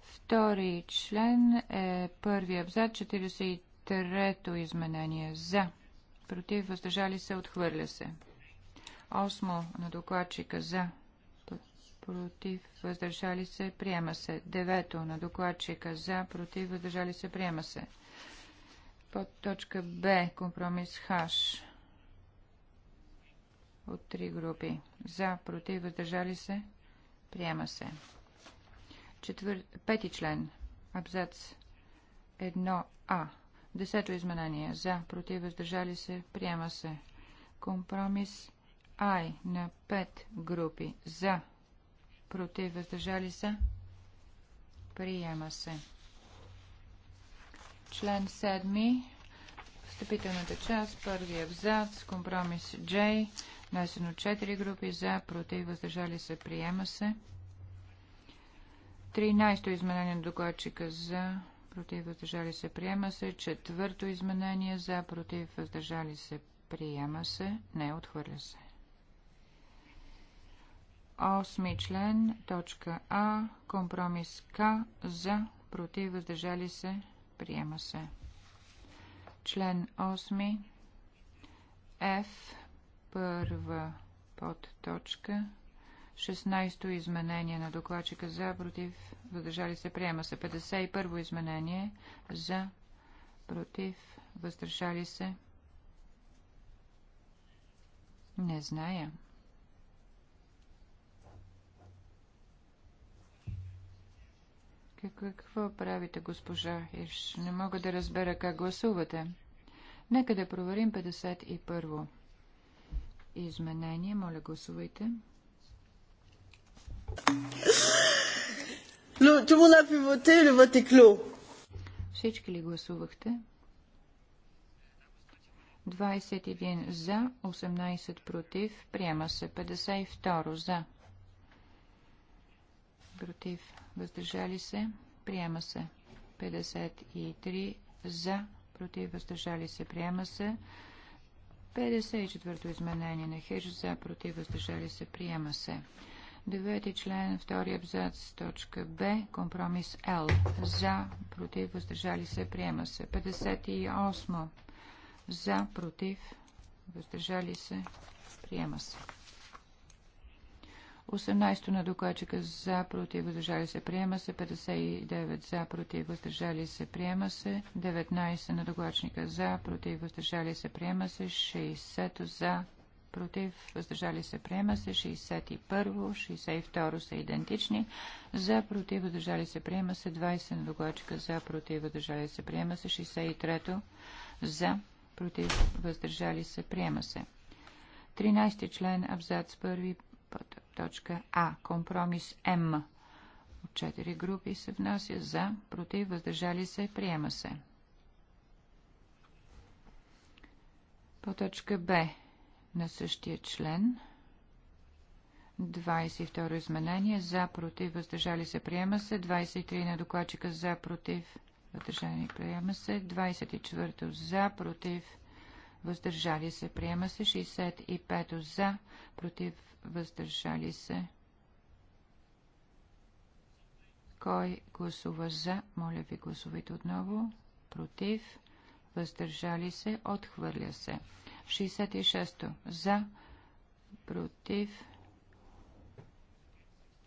Втори член е първи абзац, 43-то изменение за. Против, въздържали се, отхвърля се. Осмо на докладчика за. Против, въздържали се, приема се. Девето на докладчика за. Против, въздържали се, приема се. Под точка Б, компромис Хаш от три групи. За, против, въздържали се, приема се. Четвър... Пети член, абзац 1а. Десето изменение. За, против, въздържали се, приема се. Компромис Ай на пет групи. За, против, въздържали се, приема се. Член 7. Встъпителната част, първи абзац, компромис J Внесено 4 групи за, против, въздържали се, приема се. 13-то изменение на докладчика за, против, въздържали се, приема се. Четвърто изменение за, против, въздържали се, приема се. Не, отхвърля се. Осми член, точка А, компромис К, за, против, въздържали се, приема се. Член 8, F, първа подточка. 16-то изменение на докладчика за, против, въздържали се, приема се. 51-во изменение за, против, въздържали се. Не зная. Какво правите, госпожа Ирш? Не мога да разбера как гласувате. Нека да проверим 51-во изменение. Моля, гласувайте. Всички ли гласувахте? 21 за, 18 против. Приема се 52 за. Против. Въздържали се. Приема се. 53 за. Против. Въздържали се. Приема се. 54-то изменение на Хеж за против въздържали се приема се. Девети член, втори абзац, точка Б, компромис Л. За, против, въздържали се, приема се. 58. За, против, въздържали се, приема се. 18 на докладчика за, против, въздържали се, приема се. 59 за, против, въздържали се, приема се. 19 на докладчика за, против, въздържали се, приема се. 60 за, против, въздържали се, приема се. 61, 62 са идентични. За, против, въздържали се, приема се. 20 на докладчика за, против, въздържали се, приема се. 63 за, против, въздържали се, приема се. 13 член, абзац първи точка А. Компромис М. От четири групи се внася за, против, въздържали се, приема се. По точка Б на същия член. 22 изменение за, против, въздържали се, приема се. 23 на докладчика за, против, въздържали, приема се. 24 за, против, въздържали се, приема се 65 за, против, въздържали се. Кой гласува за, моля ви гласувайте отново, против, въздържали се, отхвърля се. 66 за, против,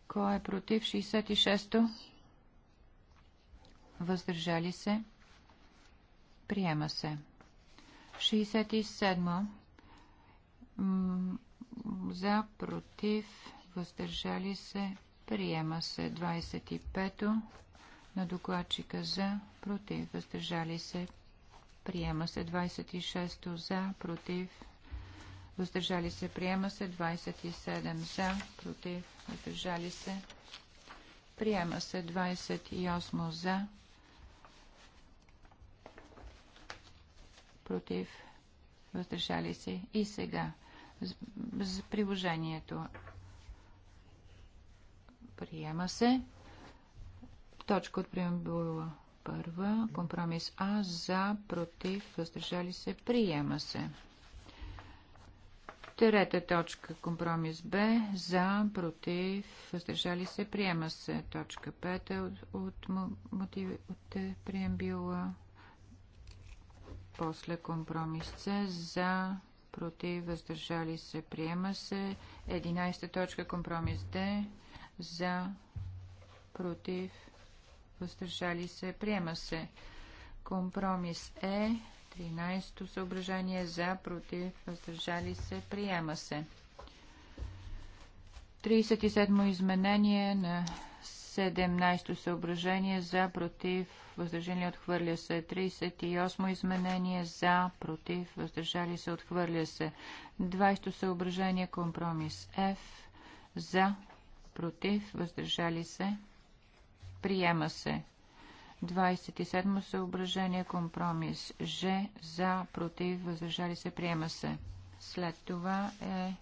кой е против 66-то? Въздържали се. Приема се. 67 за, против, въздържали се, приема се 25 на докладчика за, против, въздържали се, приема се 26 за, против, въздържали се, приема се 27 за, против, въздържали се, приема се 28 за, против, въздържали се. И сега за приложението приема се. Точка от преамбула първа. Компромис А за, против, въздържали се, приема се. Трета точка. Компромис Б за, против, въздържали се, приема се. Точка пета от, от, от, от е, преамбюла после компромис С за, против, въздържали се, приема се. 11 та точка компромис Д за, против, въздържали се, приема се. Компромис Е 13 то съображение за, против, въздържали се, приема се. 37 изменение на 17 то съображение за, против, въздържали отхвърля се. 38 изменение за, против, въздържали се, отхвърля се. 20 съображение компромис F за, против, въздържали се, приема се. 27 съображение компромис Ж за, против, въздържали се, приема се. След това е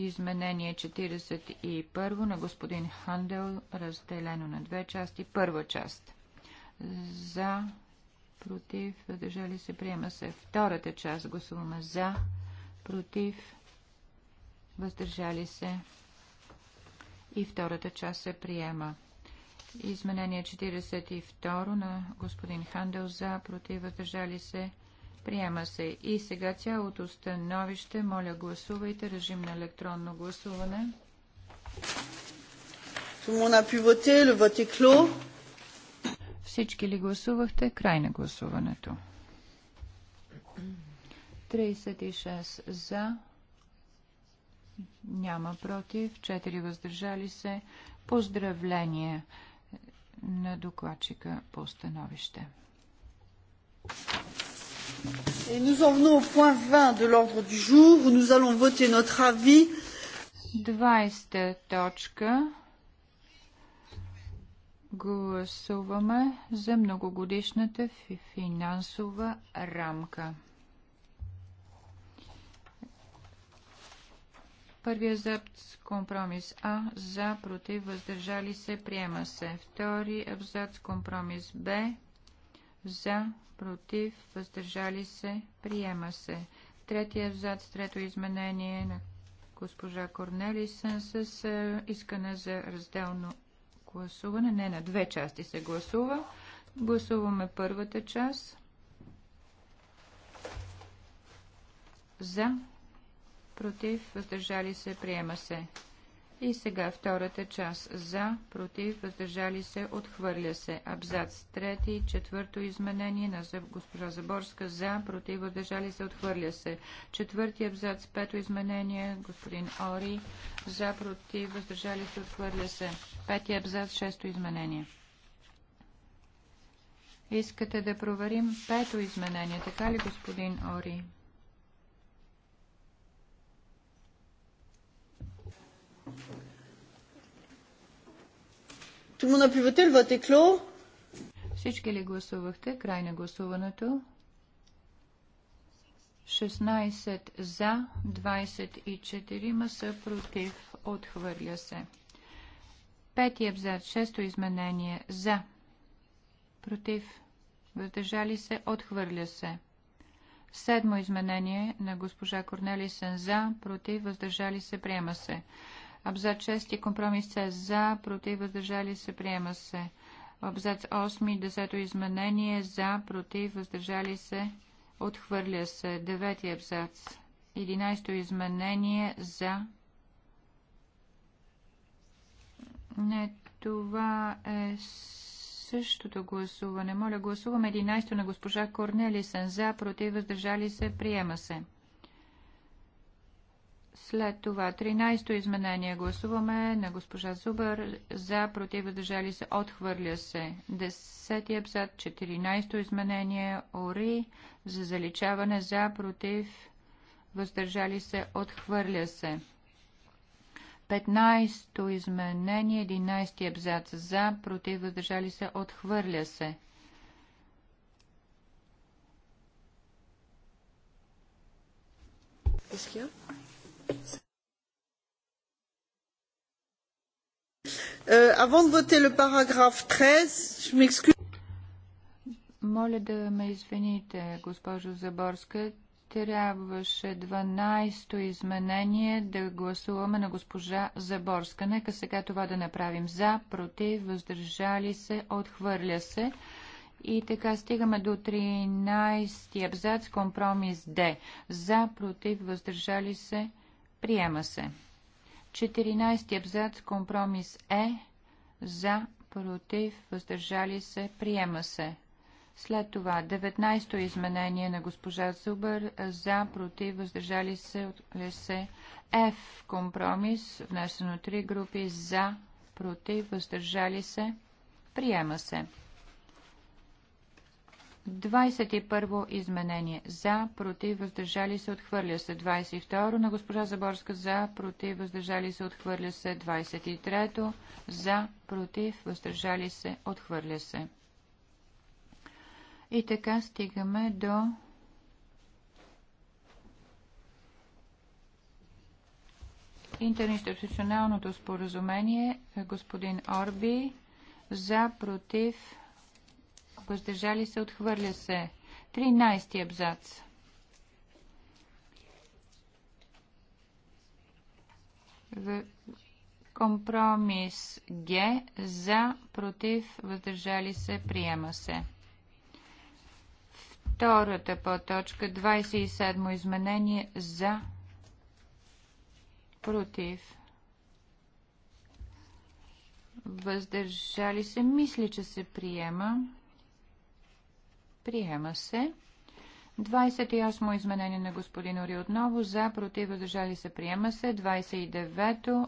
Изменение 41 на господин Хандел, разделено на две части. Първа част. За, против, въздържали се, приема се. Втората част гласуваме за, против, въздържали се. И втората част се приема. Изменение 42 на господин Хандел за, против, въздържали се. Приема се. И сега цялото становище. Моля, гласувайте. Режим на електронно гласуване. Всички ли гласувахте? Край на гласуването. 36 за, няма против, 4 въздържали се. Поздравление на докладчика по становище. Et nous en venons au point 20 de l'ordre du jour où nous allons voter notre avis. 20 точка. Гласуваме за многогодишната финансова рамка. Първия абзац компромис А за против въздържали се приема се. Втори абзац компромис Б за, против, въздържали се, приема се. Третия е взад, трето изменение на госпожа Корнелисън с е, искане за разделно гласуване. Не, на две части се гласува. Гласуваме първата част. За, против, въздържали се, приема се. И сега втората част. За, против, въздържали се, отхвърля се. Абзац трети, четвърто изменение на госпожа Заборска. За, против, въздържали се, отхвърля се. Четвърти абзац, пето изменение, господин Ори. За, против, въздържали се, отхвърля се. Пети абзац, шесто изменение. Искате да проверим пето изменение, така ли, господин Ори? Всички ли гласувахте? Край на гласуването. 16 за, 24 са против. Отхвърля се. Пети абзац, шесто изменение. За. Против. Въздържали се. Отхвърля се. Седмо изменение на госпожа Корнелисен за, против, въздържали се, приема се. Абзац 6 компромис С за, против, въздържали се, приема се. Абзац 8 и 10 изменение за, против, въздържали се, отхвърля се. Девети абзац. 11 изменение за. Не, това е същото гласуване. Моля, гласуваме 11 на госпожа Корнелисен за, против, въздържали се, приема се. След това 13-то изменение гласуваме на госпожа Зубър. За, против, въздържали се, отхвърля се. 10-ти абзац, 14-то изменение, ОРИ, за заличаване, за, против, въздържали се, отхвърля се. 15-то изменение, 11-ти абзац, за, против, въздържали се, отхвърля се. Is here? Euh, avant de voter le paragraphe 13, je m'excuse. Моля да ме извините, госпожо Заборска. Трябваше 12-то изменение да гласуваме на госпожа Заборска. Нека сега това да направим. За, против, въздържали се, отхвърля се. И така стигаме до 13-ти абзац, компромис Д. За, против, въздържали се, приема се. 14 абзац компромис Е за, против, въздържали се, приема се. След това 19-то изменение на госпожа Зубър за, против, въздържали се, ли се Ф компромис, внесено три групи за, против, въздържали се, приема се. 21 изменение. За, против, въздържали се, отхвърля се. 22 на госпожа Заборска. За, против, въздържали се, отхвърля се. 23 за, против, въздържали се, отхвърля се. И така стигаме до интернационалното споразумение. Господин Орби, за, против, въздържали се, отхвърля се. 13 абзац. В компромис Г за, против, въздържали се, приема се. Втората точка, 27 изменение за, против, въздържали се, мисли, че се приема. Приема се. 28 изменение на господин Ори отново. За, против, въздържали се. Приема се. 29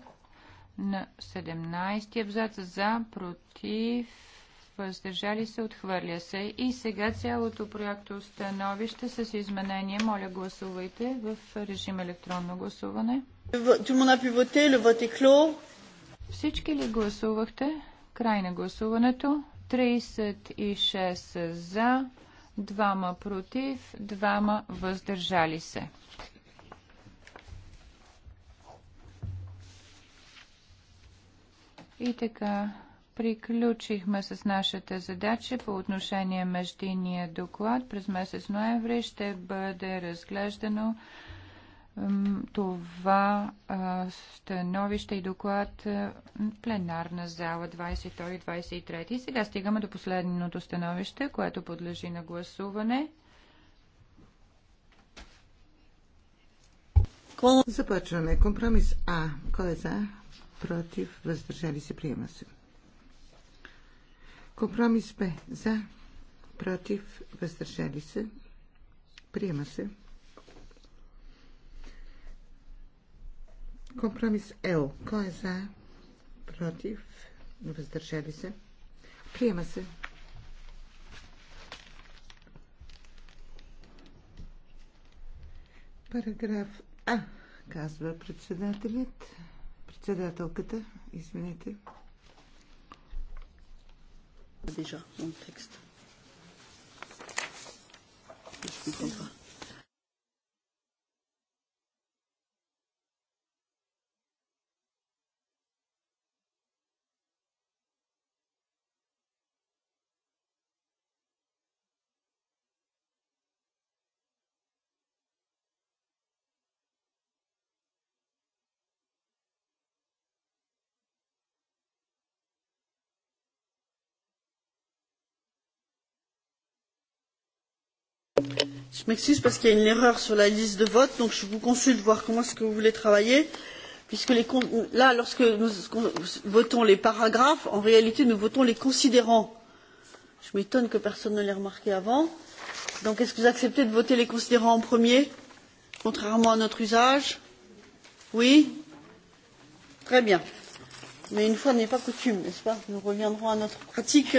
на 17 абзац. За, против, въздържали се. Отхвърля се. И сега цялото проекто становище с изменение. Моля, гласувайте в режим електронно гласуване. Всички ли гласувахте? Край на гласуването. 36 за, двама против, двама въздържали се. И така, приключихме с нашата задача по отношение междинния доклад. През месец ноември ще бъде разглеждано това становище и доклад пленарна зала 22 и 23. Сега стигаме до последното становище, което подлежи на гласуване. Започваме. Компромис А. Кой е за? Против. Въздържали се. Приема се. Компромис Б. За. Против. Въздържали се. Приема се. Компромис Л. Кой е за? Против? Въздържали се? Приема се. Параграф А, казва председателят. Председателката, извинете. Déjà, mon texte. Je comprends pas. Je m'excuse parce qu'il y a une erreur sur la liste de vote, donc je vous consulte voir comment est-ce que vous voulez travailler, puisque là, lorsque nous votons les paragraphes, en réalité, nous votons les considérants. Je m'étonne que personne ne l'ait remarqué avant. Donc, est-ce que vous acceptez de voter les considérants en premier, contrairement à notre usage Oui Très bien. Mais une fois n'est pas coutume, n'est-ce pas Nous reviendrons à notre pratique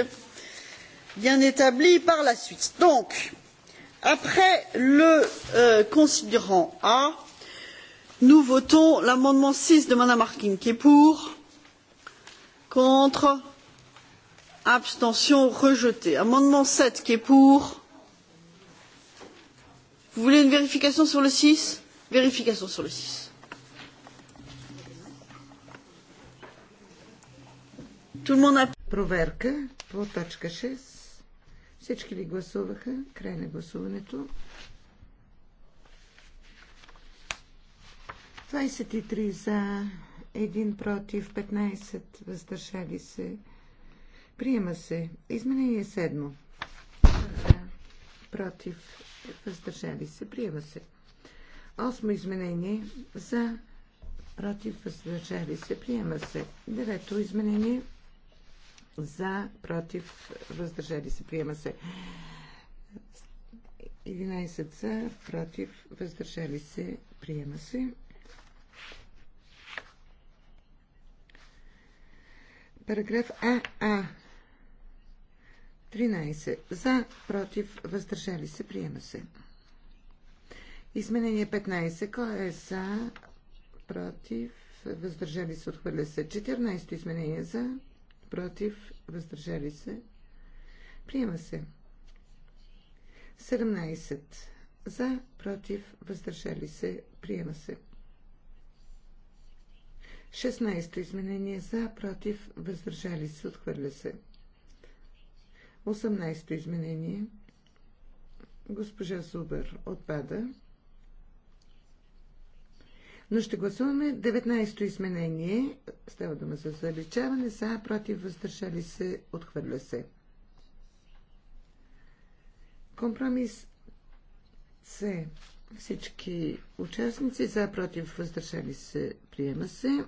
bien établie par la suite. Donc, après le considérant a nous votons l'amendement six de mme harkin qui est pour contre abstention rejeté amendement sept qui est pour vous voulez une vérification sur le six vérification sur le six tout le monde a 6. Всички ли гласуваха? Край на гласуването. 23 за, 1 против, 15 въздържали се. Приема се. Изменение 7. За, против, въздържали се. Приема се. Осмо изменение за против въздържали се. Приема се. Девето изменение за, против, въздържали се, приема се. 11 за, против, въздържали се, приема се. Параграф АА. 13. За, против, въздържали се, приема се. Изменение 15. Кой е за, против, въздържали се, отхвърля се. 14. Изменение за, против, въздържали се, приема се. 17. За, против, въздържали се, приема се. 16. Изменение за, против, въздържали се, отхвърля се. 18. Изменение. Госпожа Зубър отпада. Но ще гласуваме 19-то изменение. Става дума за заличаване. За, против, въздържали се, отхвърля се. Компромис С. Всички участници за, против, въздържали се, приема се.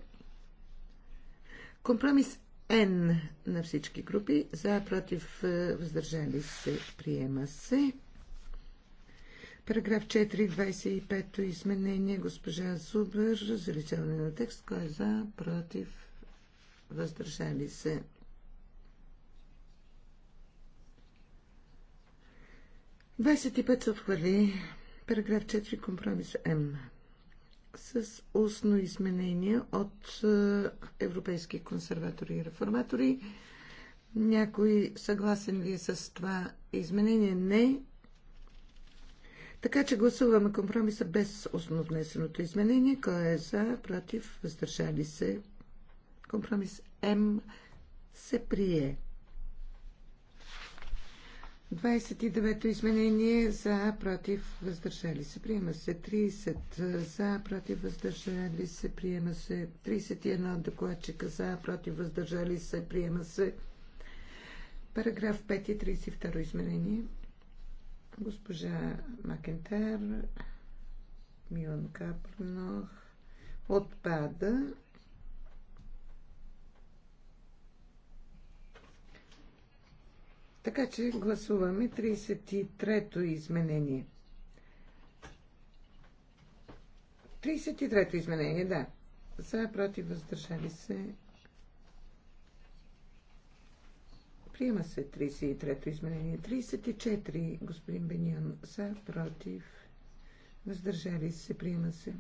Компромис Н на всички групи. За, против, въздържали се, приема се. Параграф 4, 25-то изменение, госпожа Зубър, заличаване на текст, кой е за, против, въздържали се. Двадесет и пет се отхвърли. Параграф 4, компромис М. С устно изменение от е, европейски консерватори и реформатори. Някой съгласен ли е с това изменение? Не. Така че гласуваме компромиса без основнесеното изменение. Кой е за, против, въздържали се. Компромис М се прие. 29-то изменение за, против, въздържали се. Приема се 30 за, против, въздържали се. Приема се 31 докладчика за, против, въздържали се. Приема се. Параграф 5 и 32 изменение госпожа Макентар, Милан Капрнох, отпада. Така че гласуваме 33-то изменение. 33-то изменение, да. За, против, въздържали се, Приема се 33-то изменение. 34, господин Бениан, за, против, въздържали се, приема се.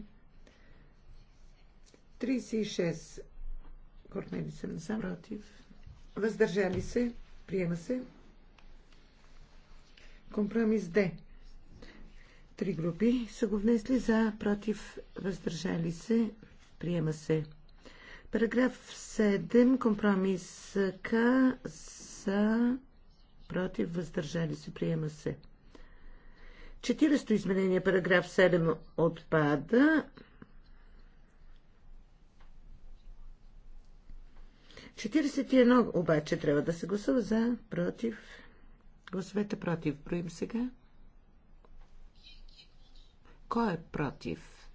36, са за, против, въздържали се, приема се. Компромис Д. Три групи са го внесли за, против, въздържали се, приема се. Параграф 7, компромис К, за, против, въздържали се, приема се. 40 изменение, параграф 7 отпада. 41 обаче трябва да се гласува за, против. Гласовете против. Броим сега. Кой е против?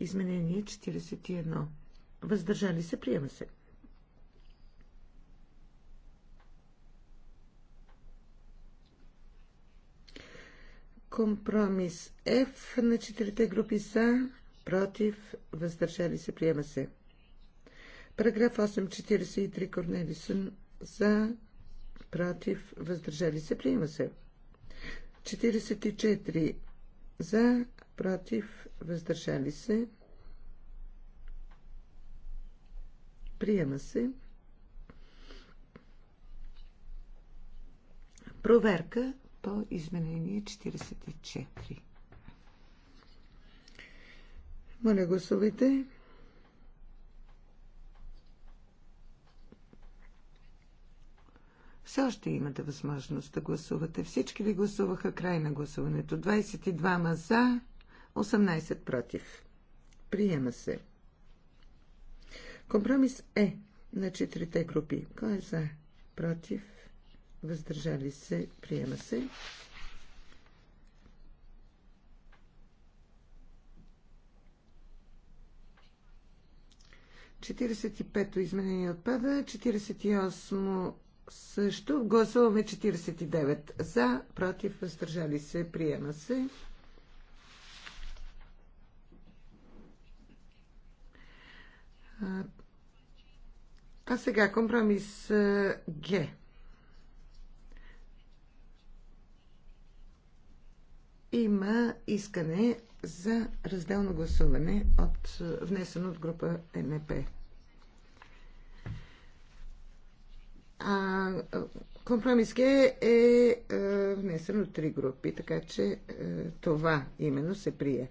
Изменение 41. Въздържали се, приема се. Компромис F на четирите групи са против, въздържали се, приема се. Параграф 843 Корнелисън за против, въздържали се, приема се. 44 за против, въздържали се, приема се. Проверка по изменение 44. Моля, гласувайте. Все още имате възможност да гласувате. Всички ви гласуваха край на гласуването. 22 ма за, 18 против. Приема се. Компромис е на четирите групи. Кой е за? Против? въздържали се, приема се. Четиридесет и пето изменение отпада, 48 също. Гласуваме 49 за, против, въздържали се, приема се. А сега компромис Г. има искане за разделно гласуване от внесен от група НП. А, компромиске е, внесен от три групи, така че е, това именно се прие.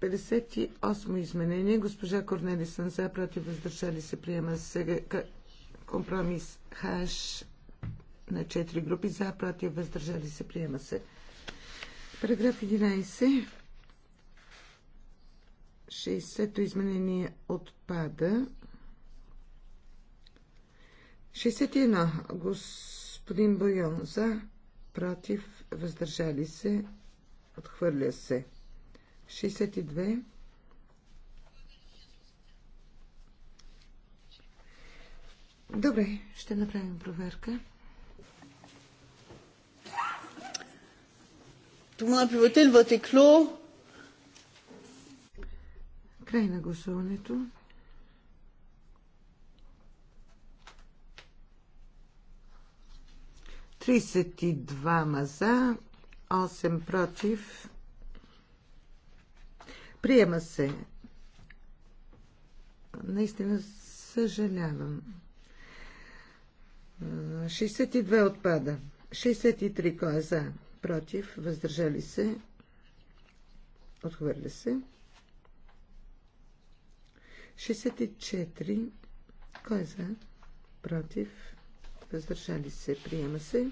Петдесет и осмо изменение. Госпожа Корнелисън за против въздържали се приема сега Компромис хаш на 4 групи за, против, въздържали се, приема се. Параграф 11. 60-то изменение отпада. 61. Господин Бойон за, против, въздържали се, отхвърля се. 62. Добре, ще направим проверка. Тома в вътекло. Край на гласуването. Тридесет и два за, осем против. Приема се. Наистина съжалявам. 62 отпада. 63 кой е за? Против. Въздържали се. Отхвърля се. 64 кой е за? Против. Въздържали се. Приема се.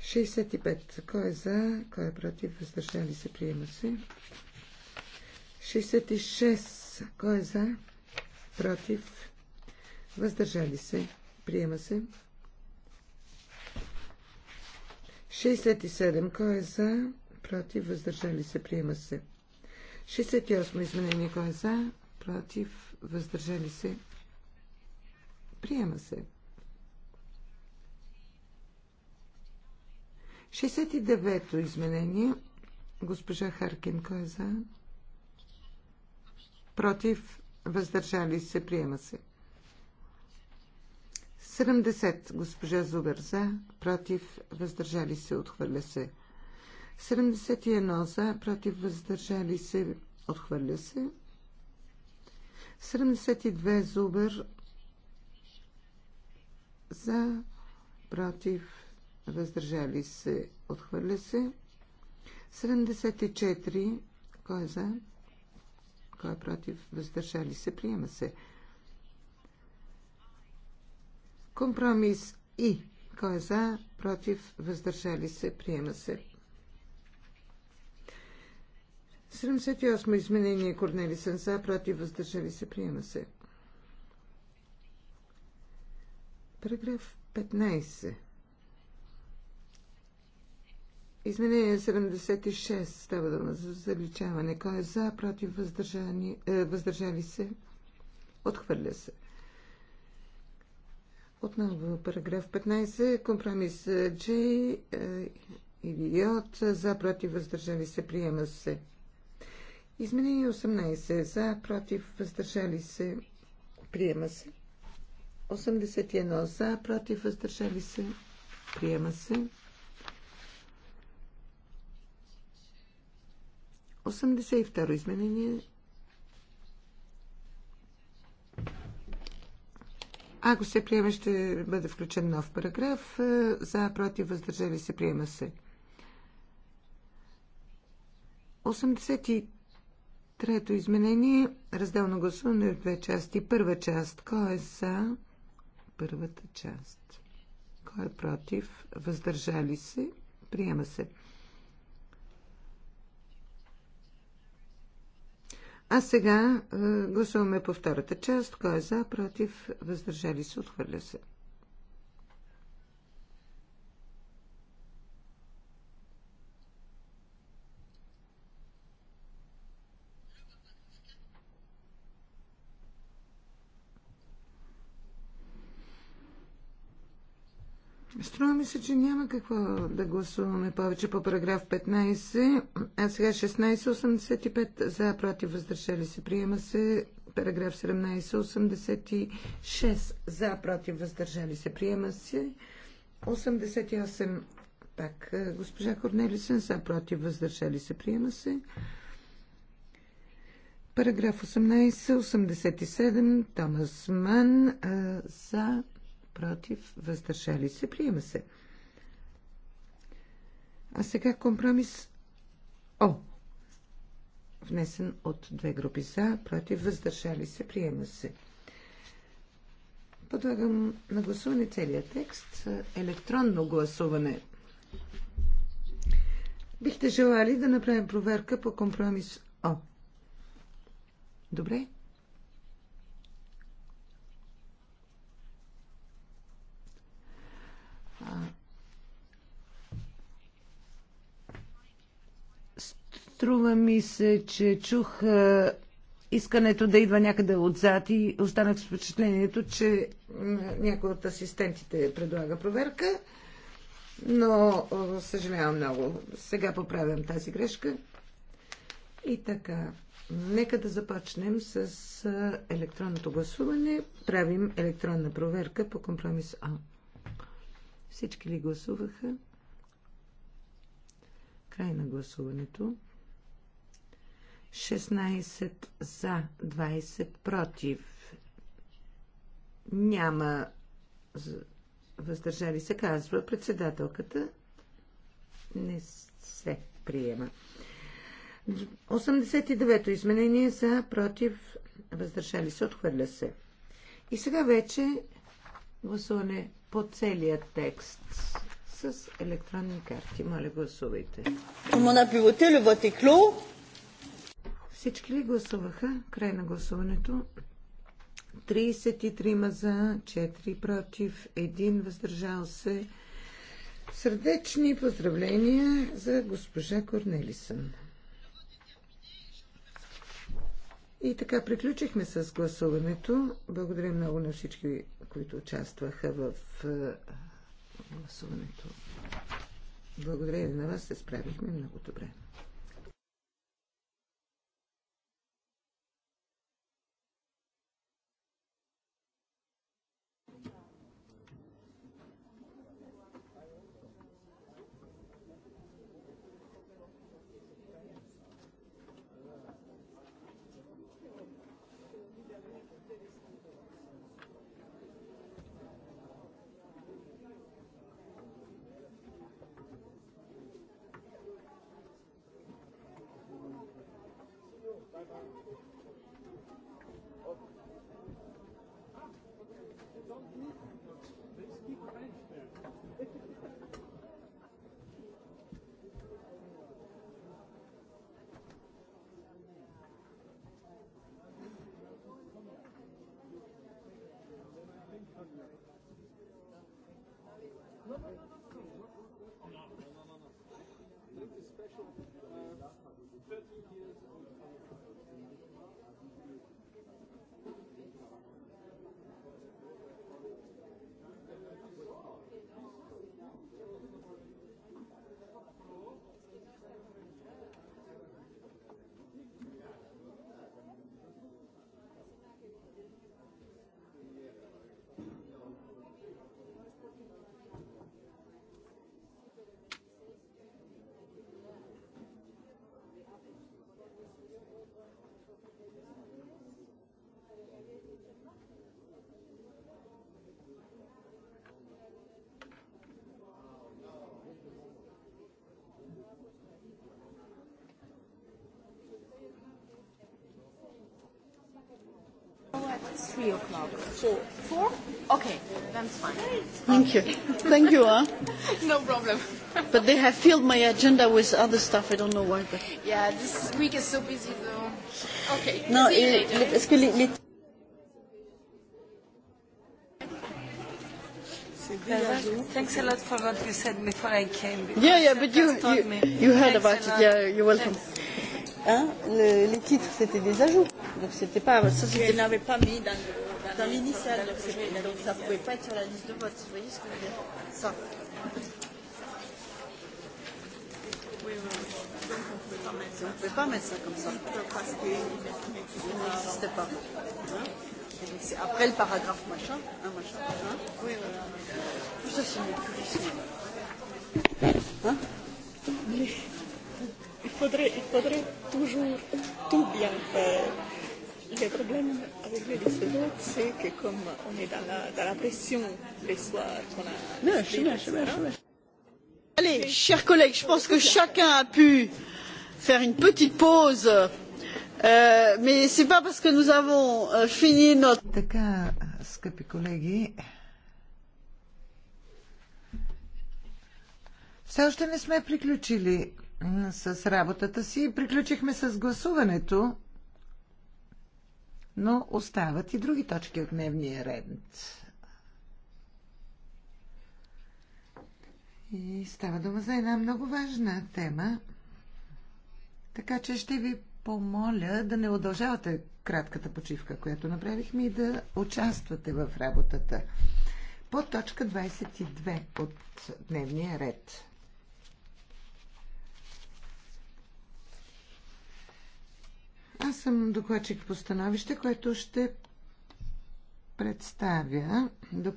65. Кой е за? Кой е против? Въздържали се. Приема се. 66. Кой е за? Против Въздържали се. Приема се. 67. Кой е за? Против. Въздържали се. Приема се. 68. Изменение. Кой е за? Против. Въздържали се. Приема се. 69-то изменение. Госпожа Харкин, кой е за? Против. Въздържали се. Приема се. 70. 70. Госпожа Зубер за, против, въздържали се, отхвърля се. 71 за, против, въздържали се, отхвърля се. 72 Зубер за, против, въздържали се, отхвърля се. 74 кой е за, кой е против, въздържали се, приема се. Компромис И. Кой е за, против, въздържали се, приема се. 78 изменение Корнелисен за, против, въздържали се, приема се. Параграф 15. Изменение 76 става дума за заличаване. Кой е за, против, въздържали, е, въздържали се? Отхвърля се. Отново параграф 15. Компромис J е, е, или J. За, против, въздържали се. Приема се. Изменение 18. За, против, въздържали се. Приема се. 81. За, против, въздържали се. Приема се. 82 изменение Ако се приеме, ще бъде включен нов параграф. Е, за, против, въздържали се, приема се. 83-то изменение. Разделно гласуване в две части. Първа част. Кой е за първата част? Кой е против? Въздържали се? Приема се. А сега гласуваме по втората част. Кой е за, против, въздържали се, отхвърля се. Струва ми се, че няма какво да гласуваме повече по параграф 15, а сега 16.85 за, против, въздържали се. Приема се параграф 17.86 за, против, въздържали се. Приема се 88 пак. Госпожа Корнелисен за, против, въздържали се. Приема се. Параграф 18, 87, Томас Ман за, против, въздържали се, приема се. А сега компромис О, внесен от две групи за, против, въздържали се, приема се. Подлагам на гласуване целият текст. Електронно гласуване. Бихте желали да направим проверка по компромис О. Добре? Струва ми се, че чух искането да идва някъде отзад и останах с впечатлението, че някой от асистентите предлага проверка, но съжалявам много. Сега поправям тази грешка. И така, нека да започнем с електронното гласуване. Правим електронна проверка по компромис А. Всички ли гласуваха? Край на гласуването. 16 за, 20 против. Няма въздържали се, казва председателката. Не се приема. 89-то изменение за, против, въздържали се, отхвърля се. И сега вече гласуване по целия текст с електронни карти. Моля, гласувайте. On a pu всички ли гласуваха? Край на гласуването. 33 за, 4 против, 1 въздържал се. Сърдечни поздравления за госпожа Корнелисън. И така приключихме с гласуването. Благодаря много на всички, които участваха в гласуването. Благодаря и на вас, се справихме много добре. three o'clock. Four. Four? Okay, that's fine. Thank you. Thank you. Huh? no problem. but they have filled my agenda with other stuff. I don't know why. But yeah, this week is so busy though. Okay. No, see you Thanks a lot for what you said before I came. Yeah, yeah, but you, you, you heard about it. Yeah, you're welcome. Thanks hein, le, les titres, c'était des ajouts. Donc c'était pas. Ça, c'était... Je n'avais pas mis dans, dans, dans l'initial, donc, donc ça ne pouvait pas être sur la liste de vote. Vous voyez ce que je veux dire Ça. Oui, oui, Donc on ne pouvait pas mettre ça. comme ça. Parce que ça n'existait pas. Hein c'est après le paragraphe machin, hein, machin, hein Oui, voilà. Ça, c'est une curie. Hein faudrait, il faudrait toujours tout bien faire. Le problème avec le dissidents, c'est que comme on est dans la, dans la pression les soirs qu'on a... Non, je, suis là, je, suis là, je, suis là. Allez, chers collègues, je pense que chacun a pu faire une petite pause, euh, mais ce n'est pas parce que nous avons euh, fini notre... Така, скъпи колеги, все още не сме приключили с работата си. Приключихме с гласуването, но остават и други точки от дневния ред. И става дума за една много важна тема. Така че ще ви помоля да не удължавате кратката почивка, която направихме и да участвате в работата. По точка 22 от дневния ред. Аз съм докладчик по становище, което ще представя до...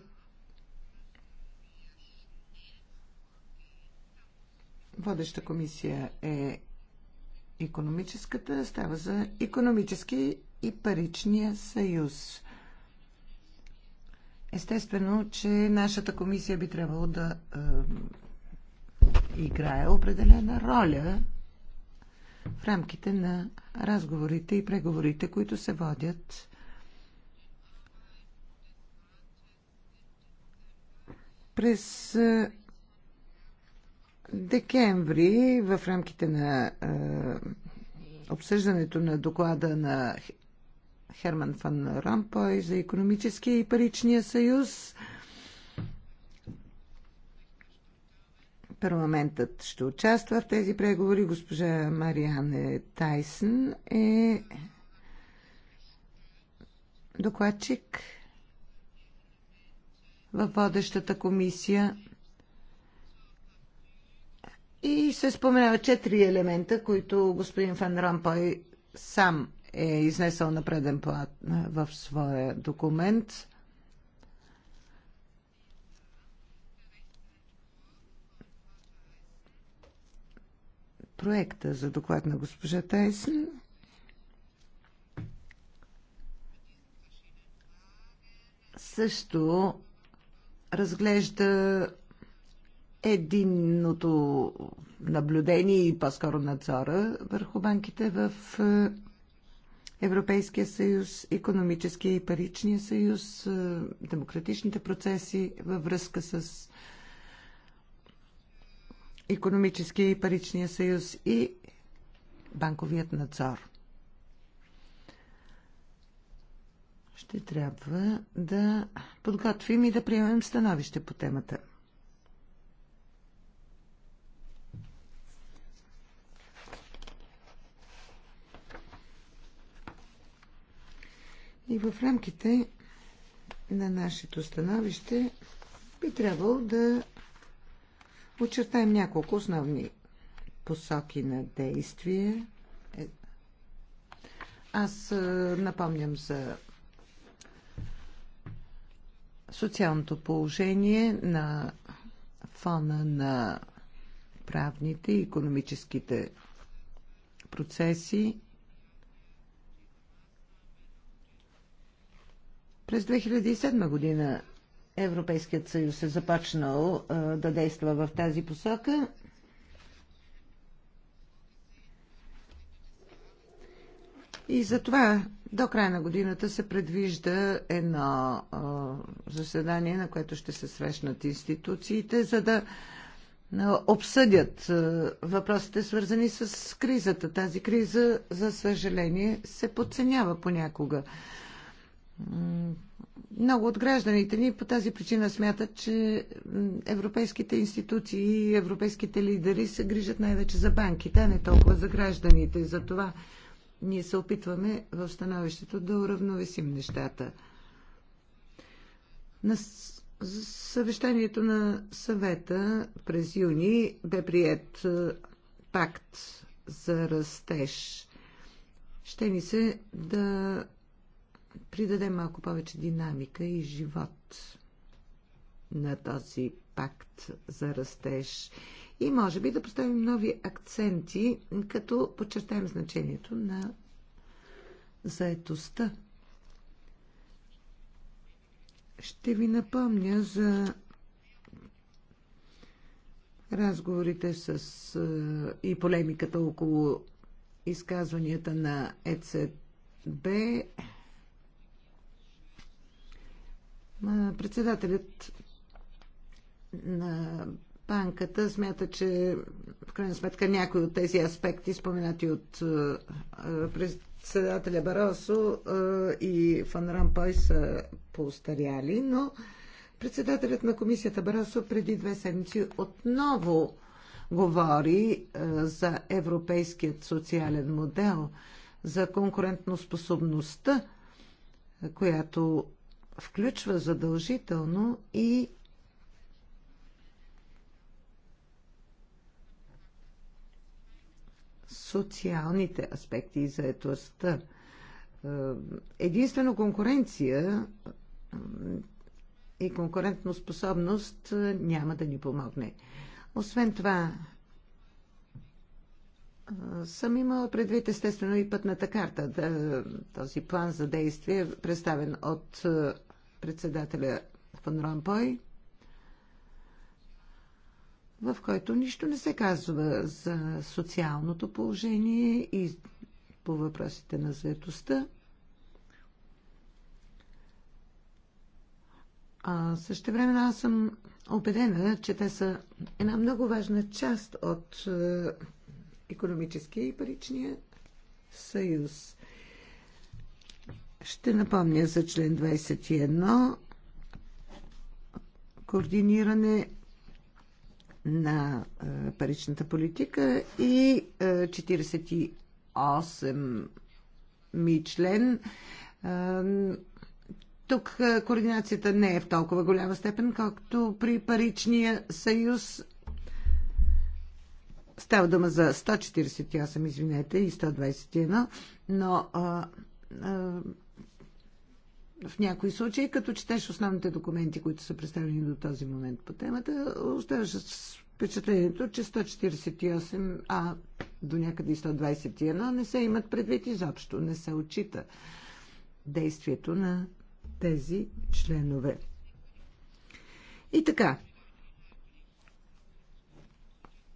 Водеща комисия е економическата, става за економически и паричния съюз. Естествено, че нашата комисия би трябвало да е, играе определена роля в рамките на разговорите и преговорите, които се водят през декември в рамките на обсъждането на доклада на Херман фан Рампой за економическия и паричния съюз Парламентът ще участва в тези преговори. Госпожа Мариане Тайсън е докладчик в водещата комисия и се споменава четири елемента, които господин Фан Ромпой сам е изнесъл на преден плат в своя документ. проекта за доклад на госпожа Тайсън. Също разглежда единното наблюдение и по-скоро надзора върху банките в е, Европейския съюз, економическия и паричния съюз, е, демократичните процеси във връзка с економическия и паричния съюз и банковият надзор. Ще трябва да подготвим и да приемем становище по темата. И в рамките на нашето становище би трябвало да Очертаем няколко основни посоки на действие. Е, аз е, напомням за социалното положение на фона на правните и економическите процеси. През 2007 година Европейският съюз е започнал да действа в тази посока. И затова до края на годината се предвижда едно заседание, на което ще се срещнат институциите, за да обсъдят въпросите, свързани с кризата. Тази криза, за съжаление, се подценява понякога. Много от гражданите ни по тази причина смятат, че европейските институции и европейските лидери се грижат най-вече за банките, а не толкова за гражданите. Затова ние се опитваме в становището да уравновесим нещата. На съвещанието на съвета през юни бе прият е, пакт за растеж. Ще ни се да придаде малко повече динамика и живот на този пакт за растеж и може би да поставим нови акценти, като подчертаем значението на заетостта. Ще ви напомня за разговорите с е, и полемиката около изказванията на ЕЦБ Председателят на банката смята, че в крайна сметка някои от тези аспекти, споменати от председателя Баросо и Фан Рампой са поостаряли, но председателят на комисията Баросо преди две седмици отново говори за европейският социален модел, за конкурентноспособността, която включва задължително и социалните аспекти и заетостта. Е, единствено конкуренция и конкурентно способност е, няма да ни помогне. Освен това, съм имала предвид естествено и пътната карта, да, този план за действие, представен от е, председателя Фан Ромпой, в който нищо не се казва за социалното положение и по въпросите на заедостта. А също време аз съм убедена, че те са една много важна част от е, економическия и паричния съюз. Ще напомня за член 21 координиране на е, паричната политика и 48 е, ми член. Е, тук координацията не е в толкова голяма степен, както при паричния съюз, Става дума за 148, извинете, и 121, но а, а, в някои случаи, като четеш основните документи, които са представени до този момент по темата, оставаш с впечатлението, че 148, а до някъде и 121 не се имат предвид изобщо, не се отчита действието на тези членове. И така,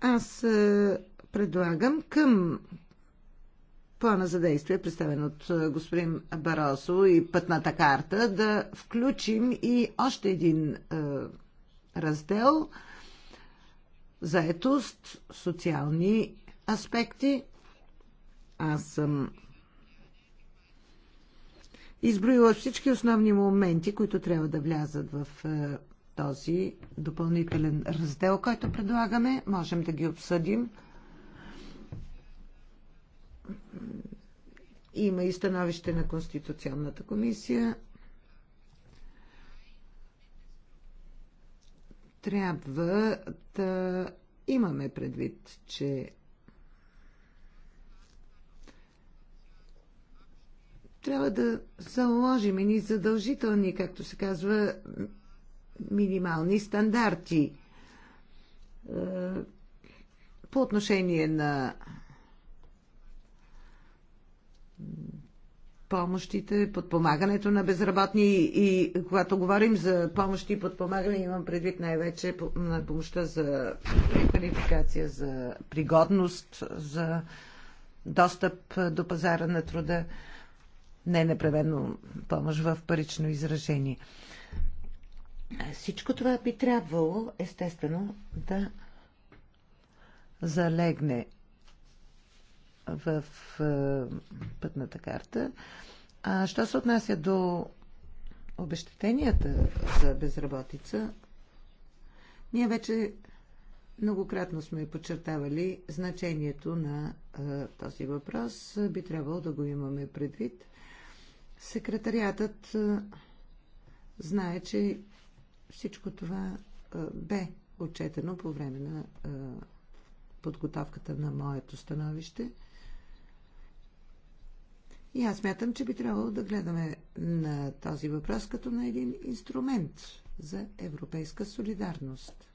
аз е, предлагам към плана за действие, представен от е, господин Баросо и пътната карта, да включим и още един е, раздел раздел заетост, социални аспекти. Аз съм изброила всички основни моменти, които трябва да влязат в този допълнителен раздел, който предлагаме. Можем да ги обсъдим. Има и становище на Конституционната комисия. Трябва да имаме предвид, че трябва да заложим ни задължителни, както се казва, минимални стандарти е, по отношение на помощите, подпомагането на безработни и когато говорим за помощи и подпомагане, имам предвид най-вече на помощта за квалификация, за пригодност, за достъп до пазара на труда, не непременно помощ в парично изражение. Всичко това би трябвало, естествено, да залегне в пътната карта. А що се отнася до обещетенията за безработица, ние вече многократно сме подчертавали значението на този въпрос. Би трябвало да го имаме предвид. Секретариатът знае, че всичко това бе отчетено по време на подготовката на моето становище. И аз мятам, че би трябвало да гледаме на този въпрос като на един инструмент за европейска солидарност.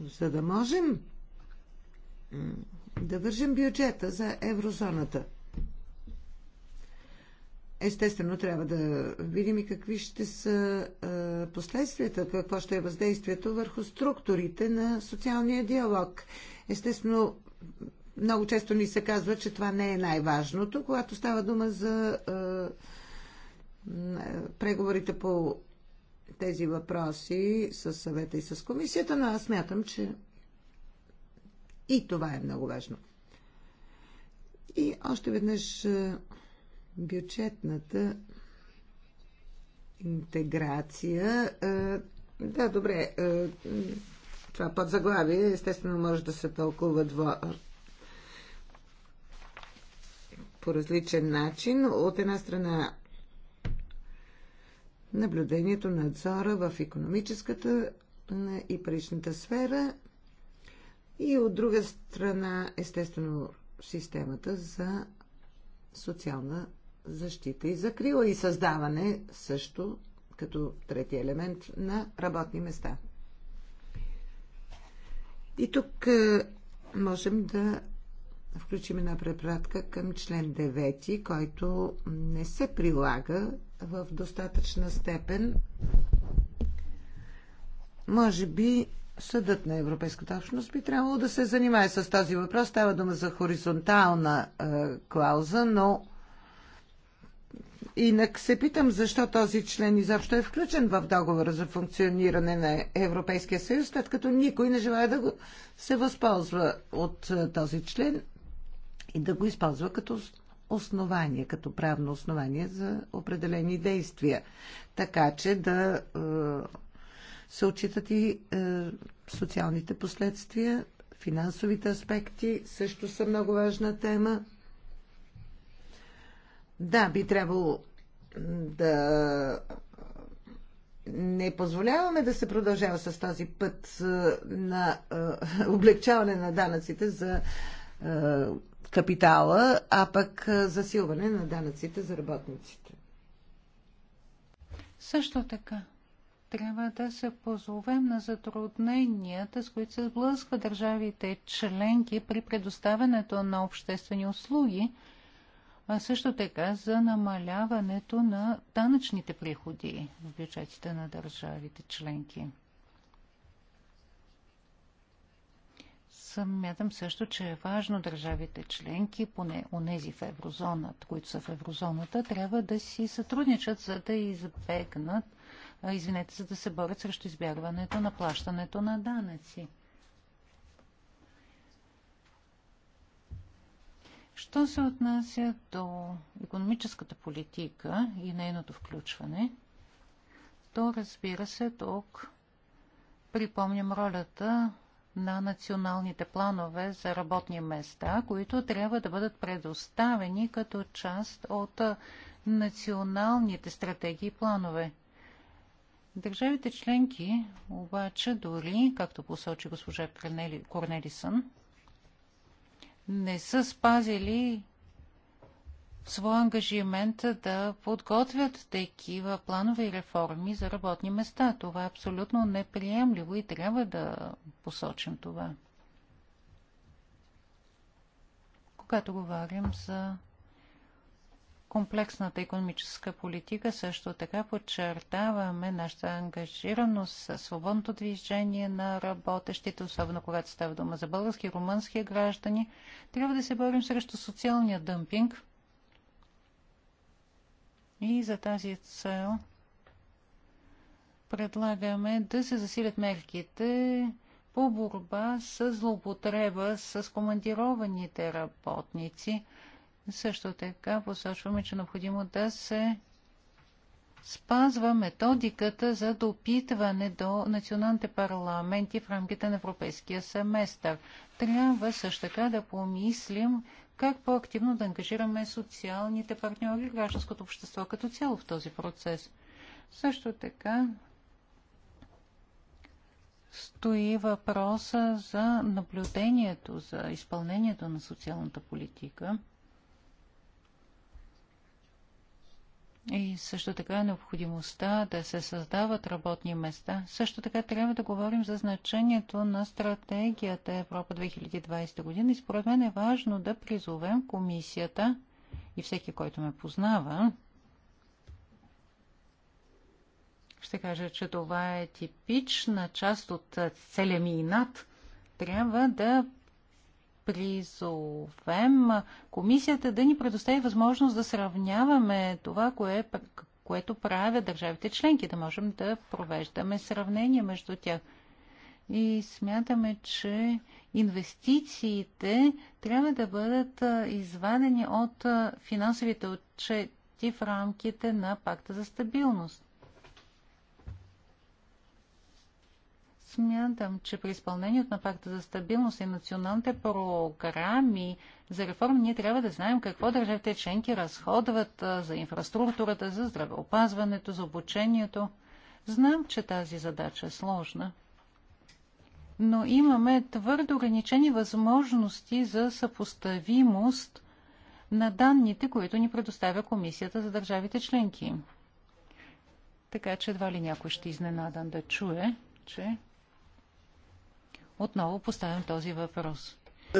За да можем да вържим бюджета за еврозоната – Естествено, трябва да видим и какви ще са последствията, какво ще е въздействието върху структурите на социалния диалог. Естествено, много често ни се казва, че това не е най-важното, когато става дума за е, преговорите по тези въпроси с съвета и с комисията, но аз мятам, че и това е много важно. И още веднъж. Е, бюджетната интеграция. Да, добре. Това подзаглавие естествено може да се тълкува два по различен начин. От една страна наблюдението, надзора в економическата и паричната сфера и от друга страна, естествено, системата за социална защита и закрила и създаване също като трети елемент на работни места. И тук е, можем да включим една препратка към член 9, който не се прилага в достатъчна степен. Може би Съдът на Европейската общност би трябвало да се занимае с този въпрос. Става дума за хоризонтална е, клауза, но Инак се питам защо този член изобщо е включен в договора за функциониране на Европейския съюз, след като никой не желая да го се възползва от този член и да го използва като основание, като правно основание за определени действия. Така че да е, се отчитат и е, социалните последствия, финансовите аспекти също са много важна тема. Да, би трябвало да не позволяваме да се продължава с този път на облегчаване на данъците за капитала, а пък засилване на данъците за работниците. Също така, трябва да се позовем на затрудненията, с които се сблъскват държавите членки при предоставянето на обществени услуги – а също така за намаляването на данъчните приходи в бюджетите на държавите членки. Съмятам също, че е важно държавите членки, поне онези в еврозоната, които са в еврозоната, трябва да си сътрудничат, за да избегнат, извинете, за да се борят срещу избягването на плащането на данъци. Що се отнася до економическата политика и нейното включване, то разбира се, тук припомням ролята на националните планове за работни места, които трябва да бъдат предоставени като част от националните стратегии и планове. Държавите членки обаче дори, както посочи госпожа Корнелисън, не са спазили своя ангажимент да подготвят такива планове и реформи за работни места. Това е абсолютно неприемливо и трябва да посочим това. Когато говорим за комплексната економическа политика също така подчертаваме нашата ангажираност с свободното движение на работещите, особено когато става дума за български и румънски граждани. Трябва да се борим срещу социалния дъмпинг. И за тази цел предлагаме да се засилят мерките по борба с злоупотреба с командированите работници – също така посочваме, че е необходимо да се спазва методиката за допитване до националните парламенти в рамките на европейския семестър. Трябва също така да помислим как по-активно да ангажираме социалните партньори и гражданското общество като цяло в този процес. Също така стои въпроса за наблюдението, за изпълнението на социалната политика – и също така е необходимостта да се създават работни места. Също така трябва да говорим за значението на стратегията Европа 2020 година и според мен е важно да призовем комисията и всеки, който ме познава, ще кажа, че това е типична част от целия ми над. Трябва да призовем комисията да ни предостави възможност да сравняваме това, кое, е което правят държавите членки, да можем да провеждаме сравнение между тях. И смятаме, че инвестициите трябва да бъдат извадени от финансовите отчети в рамките на пакта за стабилност. Смятам, че при изпълнението на пакта за стабилност и националните програми за реформи ние трябва да знаем какво държавите членки разходват за инфраструктурата, за здравеопазването, за обучението. Знам, че тази задача е сложна, но имаме твърдо ограничени възможности за съпоставимост на данните, които ни предоставя Комисията за държавите членки. Така че едва ли някой ще изненадан да чуе, че отново поставям този въпрос. Е,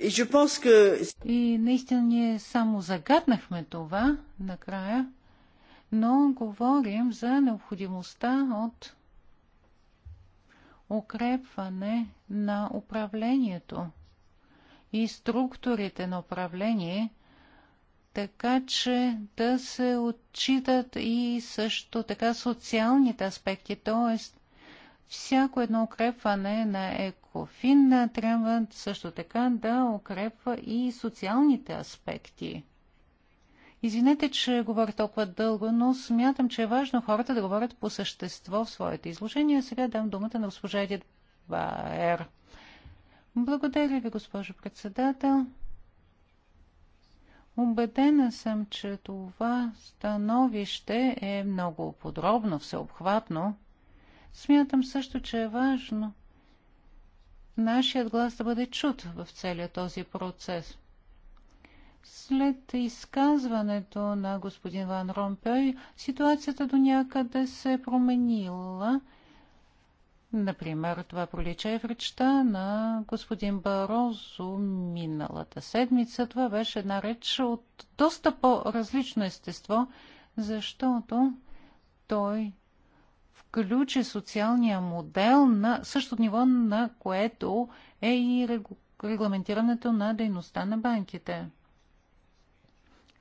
е, е, и наистина ние само загаднахме това накрая, но говорим за необходимостта от укрепване на управлението и структурите на управление така че да се отчитат и също така социалните аспекти, т.е. всяко едно укрепване на екофин трябва също така да укрепва и социалните аспекти. Извинете, че говоря толкова дълго, но смятам, че е важно хората да говорят по същество в своите изложения. Сега дам думата на госпожа Едит Баер. Благодаря ви, госпожо председател. Убедена съм, че това становище е много подробно, всеобхватно. Смятам също, че е важно нашият глас да бъде чут в целия този процес. След изказването на господин Ван Ромпей, ситуацията до някъде се е променила – Например, това пролича в речта на господин Барозо миналата седмица. Това беше една реч от доста по-различно естество, защото той включи социалния модел на същото ниво, на което е и регламентирането на дейността на банките.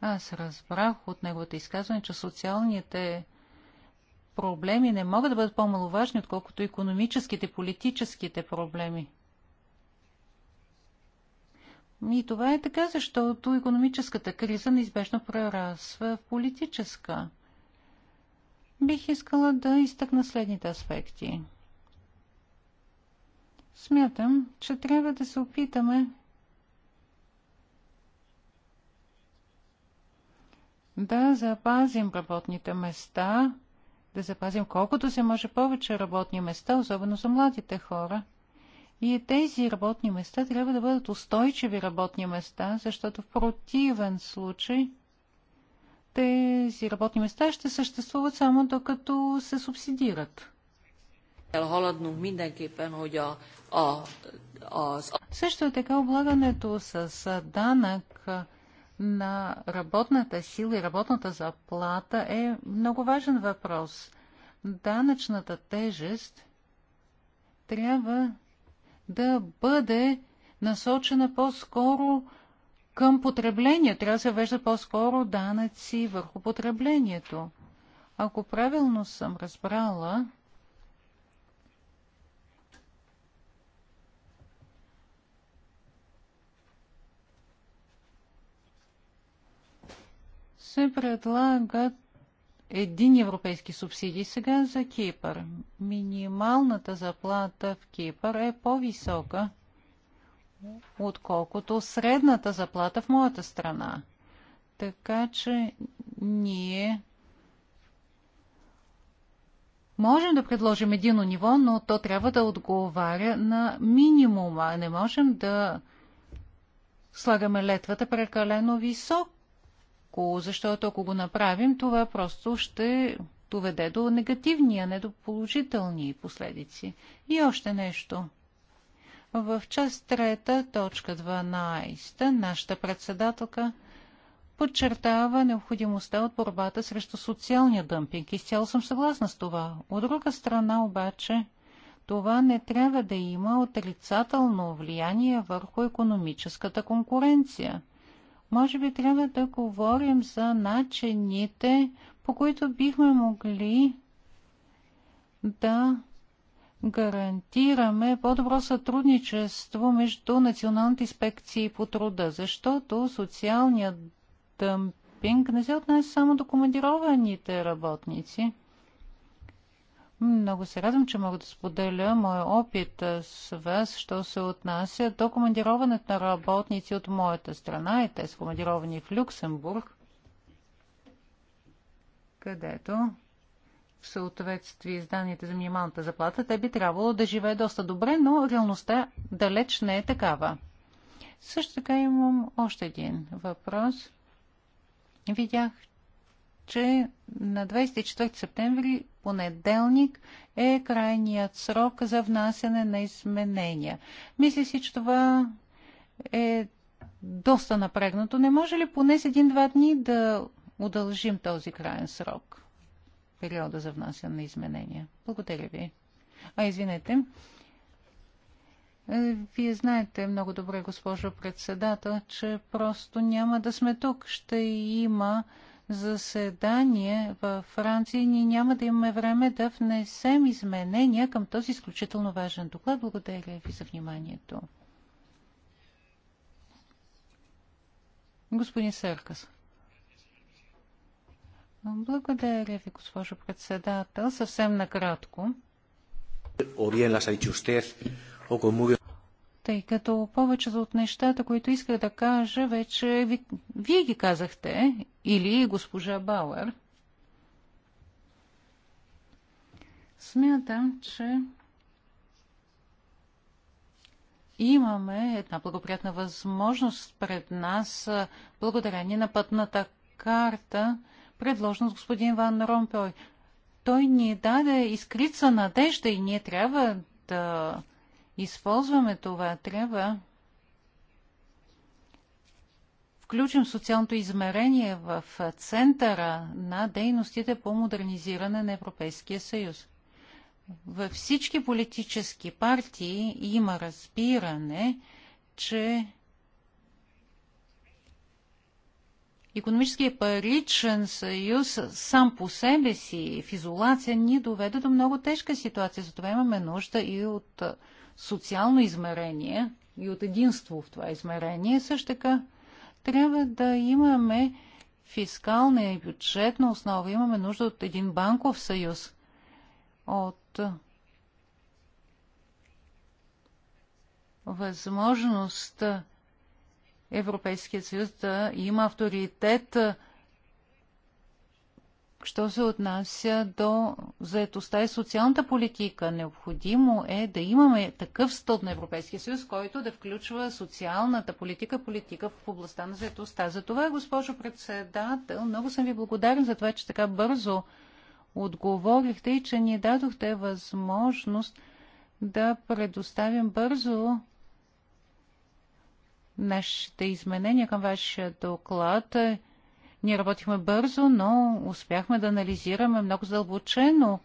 Аз разбрах от неговото изказване, че социалните проблеми не могат да бъдат по-маловажни, отколкото економическите, политическите проблеми. И това е така, защото економическата криза неизбежно прерасва в политическа. Бих искала да изтъкна следните аспекти. Смятам, че трябва да се опитаме да запазим работните места, да запазим колкото се може повече работни места, особено за младите хора. И тези работни места трябва да бъдат устойчиви работни места, защото в противен случай тези работни места ще съществуват само докато се субсидират. Също е така облагането с данък на работната сила и работната заплата е много важен въпрос. Данъчната тежест трябва да бъде насочена по-скоро към потребление. Трябва да се вежда по-скоро данъци върху потреблението. Ако правилно съм разбрала, се предлагат един европейски субсидии сега за Кипър. Минималната заплата в Кипър е по-висока, отколкото средната заплата в моята страна. Така че ние можем да предложим едино ниво, но то трябва да отговаря на минимума. Не можем да слагаме летвата прекалено високо ако, защото ако го направим, това просто ще доведе до негативни, а не до положителни последици. И още нещо. В част трета, точка 12, нашата председателка подчертава необходимостта от борбата срещу социалния дъмпинг. Изцяло съм съгласна с това. От друга страна обаче, това не трябва да има отрицателно влияние върху економическата конкуренция – може би трябва да говорим за начините, по които бихме могли да гарантираме по-добро сътрудничество между националните инспекции по труда, защото социалният дъмпинг не се отнася само до командированите работници – много се радвам, че мога да споделя моя опит с вас, що се отнася до командироването на работници от моята страна и те са командировани в Люксембург, където в съответствие с данните за минималната заплата, те би трябвало да живее доста добре, но реалността далеч не е такава. Също така имам още един въпрос. Видях, че на 24 септември, понеделник, е крайният срок за внасяне на изменения. Мисля си, че това е доста напрегнато. Не може ли поне с един-два дни да удължим този крайен срок? Периода за внасяне на изменения. Благодаря ви. А, извинете. Е, вие знаете много добре, госпожо председател, че просто няма да сме тук. Ще има заседание във Франция и ние няма да имаме време да внесем изменения към този изключително важен доклад. Благодаря ви за вниманието. Господин Серкас. Благодаря ви, госпожо председател. Съвсем накратко. О bien las ha dicho usted, o con muy тъй като повечето от нещата, които исках да кажа, вече ви, вие ги казахте или госпожа Бауер. Смятам, че имаме една благоприятна възможност пред нас, благодарение на пътната карта, предложена с господин Ван Ромпой. Той ни даде изкрица надежда и ние трябва да използваме това, трябва включим социалното измерение в центъра на дейностите по модернизиране на Европейския съюз. Във всички политически партии има разбиране, че Економическия паричен съюз сам по себе си в изолация ни доведе до много тежка ситуация. Затова имаме нужда и от социално измерение и от единство в това измерение, също така трябва да имаме фискална и бюджетна основа. Имаме нужда от един банков съюз, от възможност Европейския съюз да има авторитет Що се отнася до заетостта и социалната политика, необходимо е да имаме такъв стълб на Европейския съюз, който да включва социалната политика, политика в областта на заетостта. За това, госпожо председател, много съм ви благодарен за това, че така бързо отговорихте и че ни дадохте възможност да предоставим бързо нашите изменения към вашия доклад. Ние работихме бързо, но успяхме да анализираме много задълбочено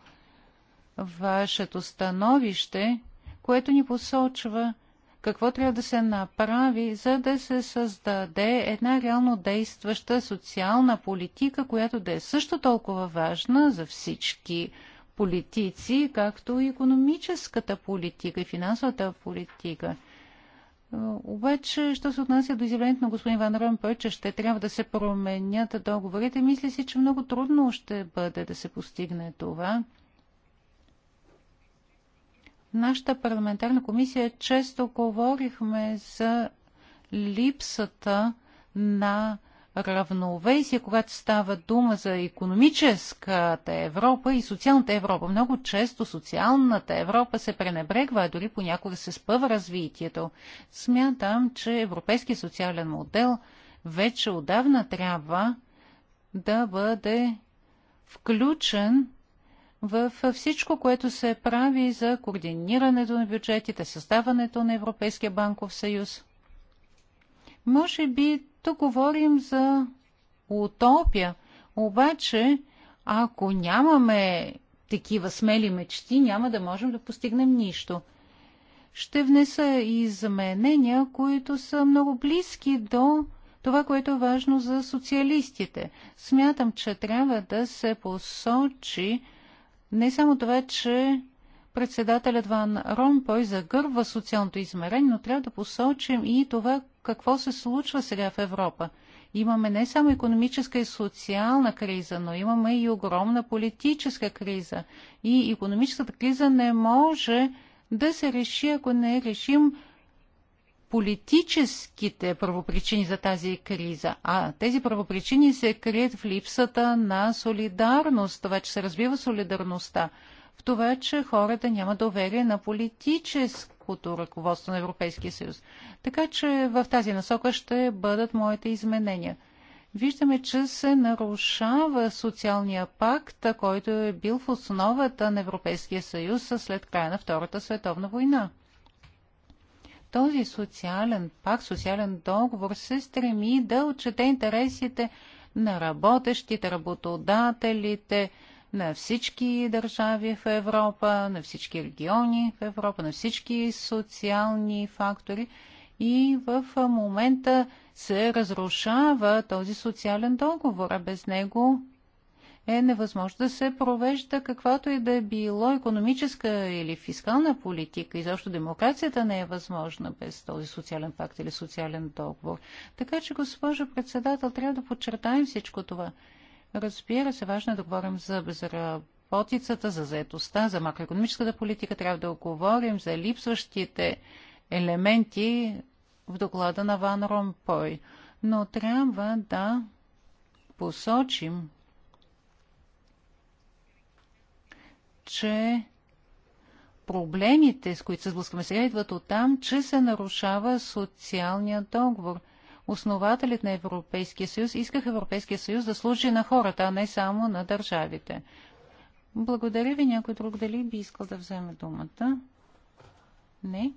вашето становище, което ни посочва какво трябва да се направи, за да се създаде една реално действаща социална политика, която да е също толкова важна за всички политици, както и економическата политика и финансовата политика – обаче, що се отнася до изявлението на господин Ван Ромпой, че ще трябва да се променят договорите, мисля си, че много трудно ще бъде да се постигне това. Нашата парламентарна комисия често говорихме за липсата на равновесие, когато става дума за економическата Европа и социалната Европа. Много често социалната Европа се пренебрегва, а дори понякога се спъва развитието. Смятам, че европейски социален модел вече отдавна трябва да бъде включен в всичко, което се прави за координирането на бюджетите, създаването на Европейския банков съюз. Може би тук говорим за утопия, обаче ако нямаме такива смели мечти, няма да можем да постигнем нищо. Ще внеса изменения, които са много близки до това, което е важно за социалистите. Смятам, че трябва да се посочи не само това, че председателят Ван Ромпой загърва социалното измерение, но трябва да посочим и това какво се случва сега в Европа. Имаме не само економическа и социална криза, но имаме и огромна политическа криза. И економическата криза не може да се реши, ако не решим политическите първопричини за тази криза. А тези правопричини се крият в липсата на солидарност, това, че се разбива солидарността в това, че хората няма доверие на политическото ръководство на Европейския съюз. Така че в тази насока ще бъдат моите изменения. Виждаме, че се нарушава социалния пакт, който е бил в основата на Европейския съюз след края на Втората световна война. Този социален пакт, социален договор се стреми да отчете интересите на работещите, работодателите, на всички държави в Европа, на всички региони в Европа, на всички социални фактори. И в момента се разрушава този социален договор, а без него е невъзможно да се провежда каквато и да е било економическа или фискална политика. И защо демокрацията не е възможна без този социален факт или социален договор. Така че, госпожо председател, трябва да подчертаем всичко това. Разбира се, важно е да говорим за безработицата, за заедостта, за макроекономическата политика. Трябва да говорим за липсващите елементи в доклада на Ван Ромпой. Но трябва да посочим, че проблемите, с които се сблъскваме сега, идват от там, че се нарушава социалният договор основателят на Европейския съюз исках Европейския съюз да служи на хората, а не само на държавите. Благодаря ви. Някой друг дали би искал да вземе думата? Не?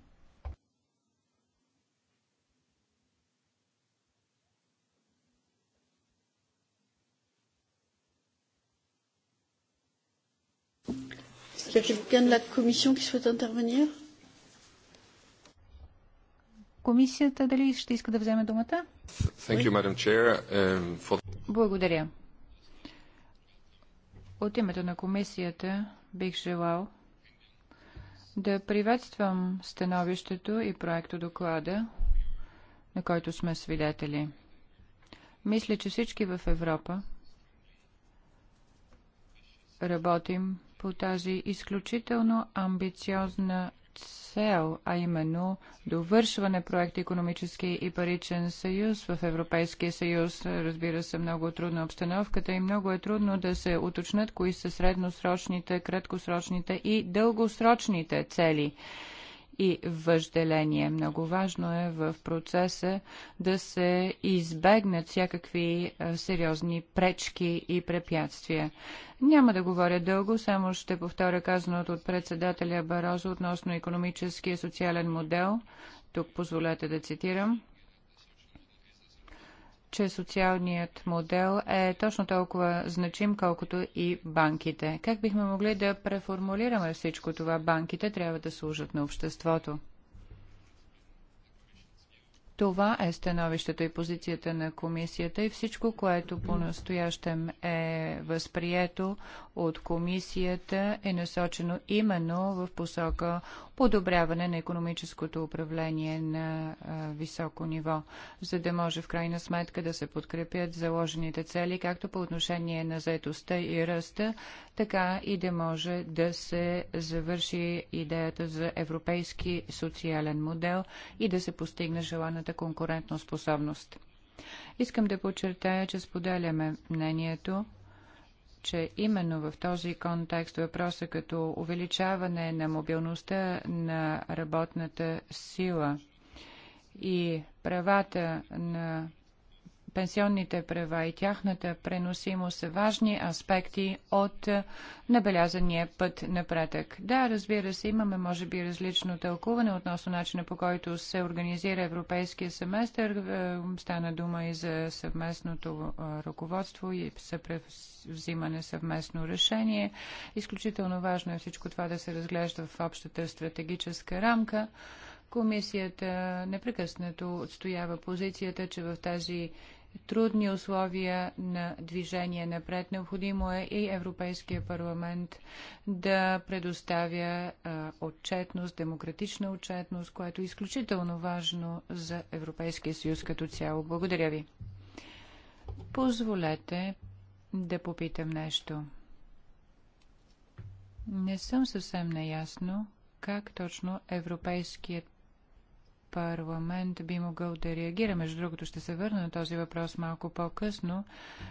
est y a quelqu'un de la Commission qui souhaite intervenir Комисията дали ще иска да вземе думата? Благодаря. От името на комисията бих желал да приветствам становището и проекто доклада, на който сме свидетели. Мисля, че всички в Европа работим по тази изключително амбициозна цел, а именно довършване проект економически и паричен съюз в Европейския съюз. Разбира се, много трудна обстановката и много е трудно да се уточнят кои са средносрочните, краткосрочните и дългосрочните цели и въжделение. Много важно е в процеса да се избегнат всякакви сериозни пречки и препятствия. Няма да говоря дълго, само ще повторя казаното от председателя Барозо относно економическия и социален модел. Тук позволете да цитирам че социалният модел е точно толкова значим, колкото и банките. Как бихме могли да преформулираме всичко това? Банките трябва да служат на обществото. Това е становището и позицията на комисията и всичко, което по-настоящем е възприето от комисията е насочено именно в посока подобряване на економическото управление на а, високо ниво, за да може в крайна сметка да се подкрепят заложените цели, както по отношение на заетостта и ръста, така и да може да се завърши идеята за европейски социален модел и да се постигне желаната способност. Искам да подчертая, че споделяме мнението, че именно в този контекст въпроса като увеличаване на мобилността на работната сила и правата на пенсионните права и тяхната преносимост са важни аспекти от набелязания път напредък. Да, разбира се, имаме може би различно тълкуване относно начина по който се организира европейския семестър. Е, стана дума и за съвместното е, ръководство и взимане съвместно решение. Изключително важно е всичко това да се разглежда в общата стратегическа рамка. Комисията непрекъснато отстоява позицията, че в тази трудни условия на движение напред. Необходимо е и Европейския парламент да предоставя а, отчетност, демократична отчетност, което е изключително важно за Европейския съюз като цяло. Благодаря ви. Позволете да попитам нещо. Не съм съвсем наясно как точно Европейският парламент би могъл да реагира. Между другото, ще се върна на този въпрос малко по-късно.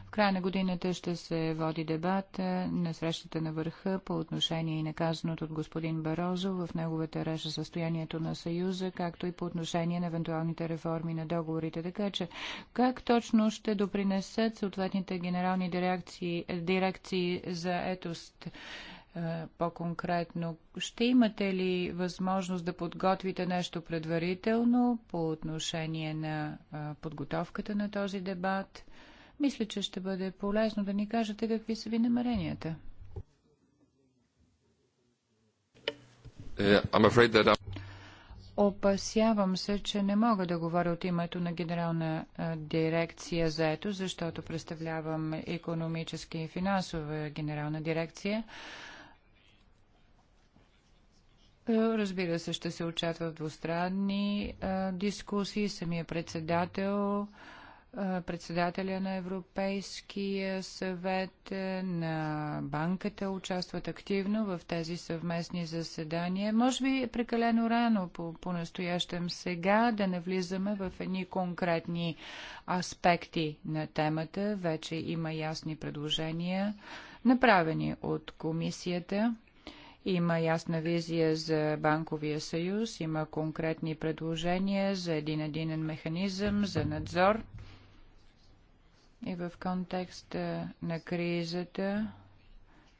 В края на годината ще се води дебат е, на срещата на върха по отношение и наказаното от господин Барозо в неговата реша състоянието на Съюза, както и по отношение на евентуалните реформи на договорите. Така че, как точно ще допринесат съответните генерални дирекции, дирекции за етост? Е, по-конкретно. Ще имате ли възможност да подготвите нещо предварително по отношение на е, подготовката на този дебат? Мисля, че ще бъде полезно да ни кажете какви са ви намеренията. Е, Опасявам се, че не мога да говоря от името на генерална дирекция за ето, защото представлявам економически и финансова генерална дирекция. Е, разбира се, ще се очакват двустранни е, дискусии. Самия председател, е, председателя на Европейския съвет на банката участват активно в тези съвместни заседания. Може би е прекалено рано по-настоящем сега да не влизаме в едни конкретни аспекти на темата. Вече има ясни предложения, направени от комисията. Има ясна визия за банковия съюз, има конкретни предложения за един единен механизъм, за надзор. И в контекста на кризата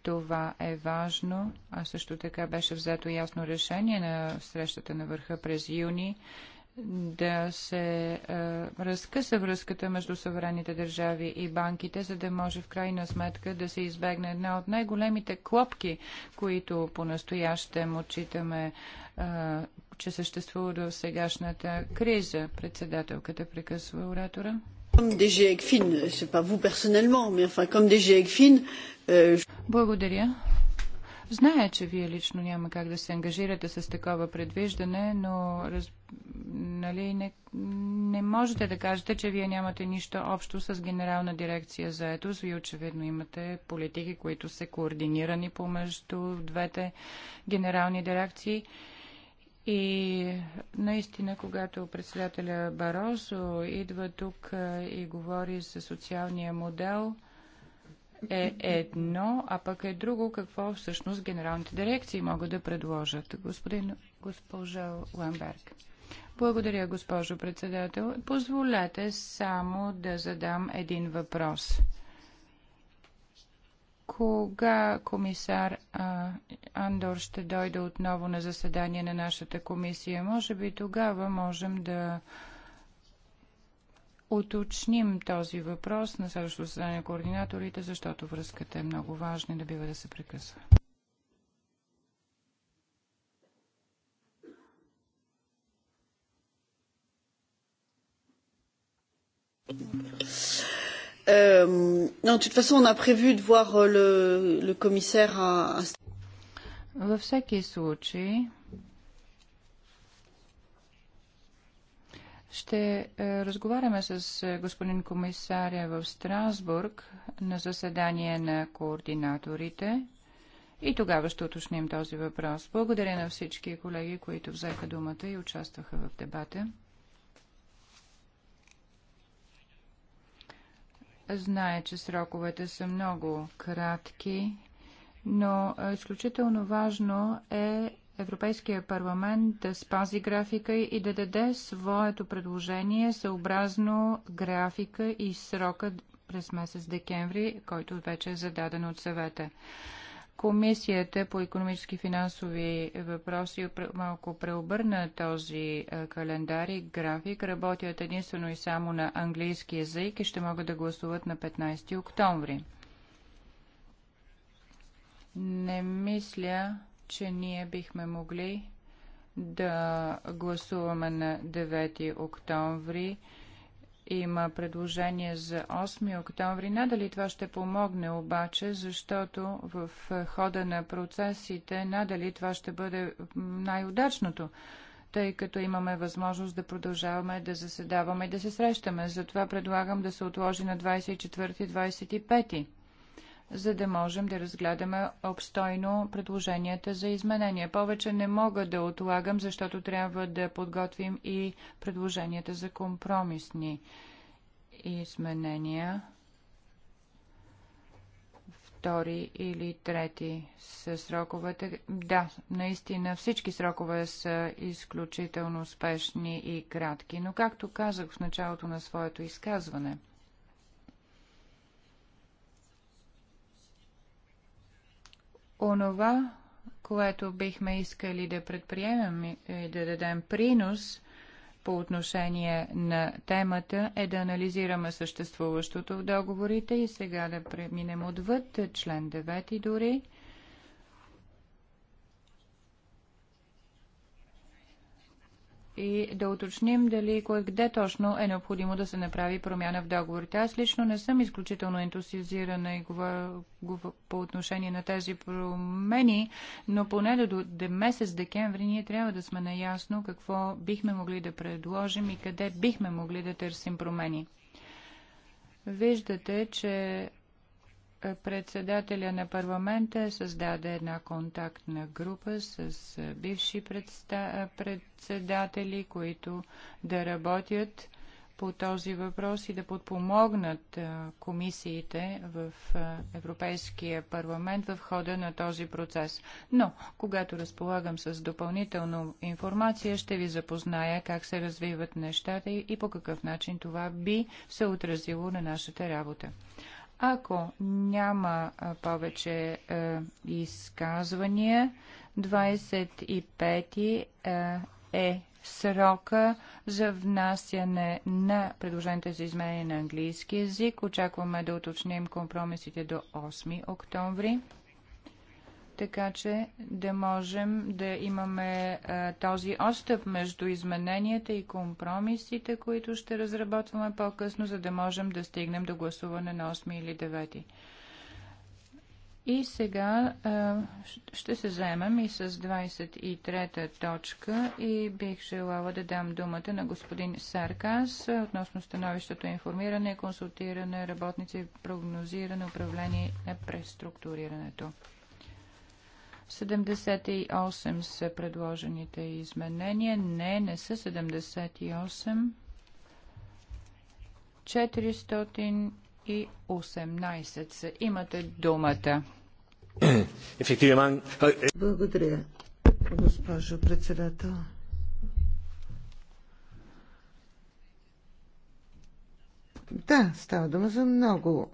това е важно, а също така беше взето ясно решение на срещата на върха през юни да се а, е, разкъса връзката между съвременните държави и банките, за да може в крайна сметка да се избегне една от най-големите клопки, които по-настоящем отчитаме, а, е, че съществува до сегашната криза. Председателката прекъсва оратора. Euh, Благодаря. Зная, че вие лично няма как да се ангажирате с такова предвиждане, но раз, нали, не, не можете да кажете, че вие нямате нищо общо с Генерална дирекция за етос. Вие очевидно имате политики, които са координирани помежду двете генерални дирекции. И наистина, когато председателя Барозо идва тук и говори за социалния модел – е едно, а пък е друго какво всъщност генералните дирекции могат да предложат. Господин, госпожа Ламберг. Благодаря, госпожо председател. Позволете само да задам един въпрос. Кога комисар а, Андор ще дойде отново на заседание на нашата комисия? Може би тогава можем да уточним този въпрос на следващото заседание на координаторите, защото връзката е много важна и да бива да се прекъсва. Ehm, euh, Във всеки случай, Ще е, разговаряме с е, господин комисаря в Страсбург на заседание на координаторите и тогава ще уточним този въпрос. Благодаря на всички колеги, които взеха думата и участваха в дебата. Знае, че сроковете са много кратки, но е, изключително важно е Европейския парламент да спази графика и да даде своето предложение съобразно графика и срока през месец декември, който вече е зададен от съвета. Комисията по економически и финансови въпроси малко преобърна този календар и график. Работят единствено и само на английски язик и ще могат да гласуват на 15 октомври. Не мисля, че ние бихме могли да гласуваме на 9 октомври. Има предложение за 8 октомври. Надали това ще помогне обаче, защото в хода на процесите надали това ще бъде най-удачното тъй като имаме възможност да продължаваме да заседаваме и да се срещаме. Затова предлагам да се отложи на 24-25 за да можем да разгледаме обстойно предложенията за изменения. Повече не мога да отлагам, защото трябва да подготвим и предложенията за компромисни изменения. Втори или трети са сроковете. Да, наистина всички срокове са изключително успешни и кратки, но както казах в началото на своето изказване – онова, което бихме искали да предприемем и да дадем принос по отношение на темата е да анализираме съществуващото в договорите и сега да преминем отвъд член 9 дори и да уточним дали кое къде точно е необходимо да се направи промяна в договорите. Аз лично не съм изключително ентусиазирана и говоря по отношение на тези промени, но поне до, до месец декември ние трябва да сме наясно какво бихме могли да предложим и къде бихме могли да търсим промени. Виждате, че председателя на парламента създаде една контактна група с бивши председатели, които да работят по този въпрос и да подпомогнат комисиите в Европейския парламент в хода на този процес. Но, когато разполагам с допълнителна информация, ще ви запозная как се развиват нещата и по какъв начин това би се отразило на нашата работа. Ако няма повече е, изказвания, 25 е, е срока за внасяне на предложението за изменение на английски язик. Очакваме да уточним компромисите до 8 октомври така че да можем да имаме а, е, този отстъп между измененията и компромисите, които ще разработваме по-късно, за да можем да стигнем до гласуване на 8 или 9. И сега а, е, ще се заемем и с 23-та точка и бих желала да дам думата на господин Саркас относно становището информиране, консултиране, работници, прогнозиране, управление на преструктурирането. 78 са предложените изменения. Не, не са 78. 418 са. Имате думата. Благодаря, госпожо председател. Да, става дума за много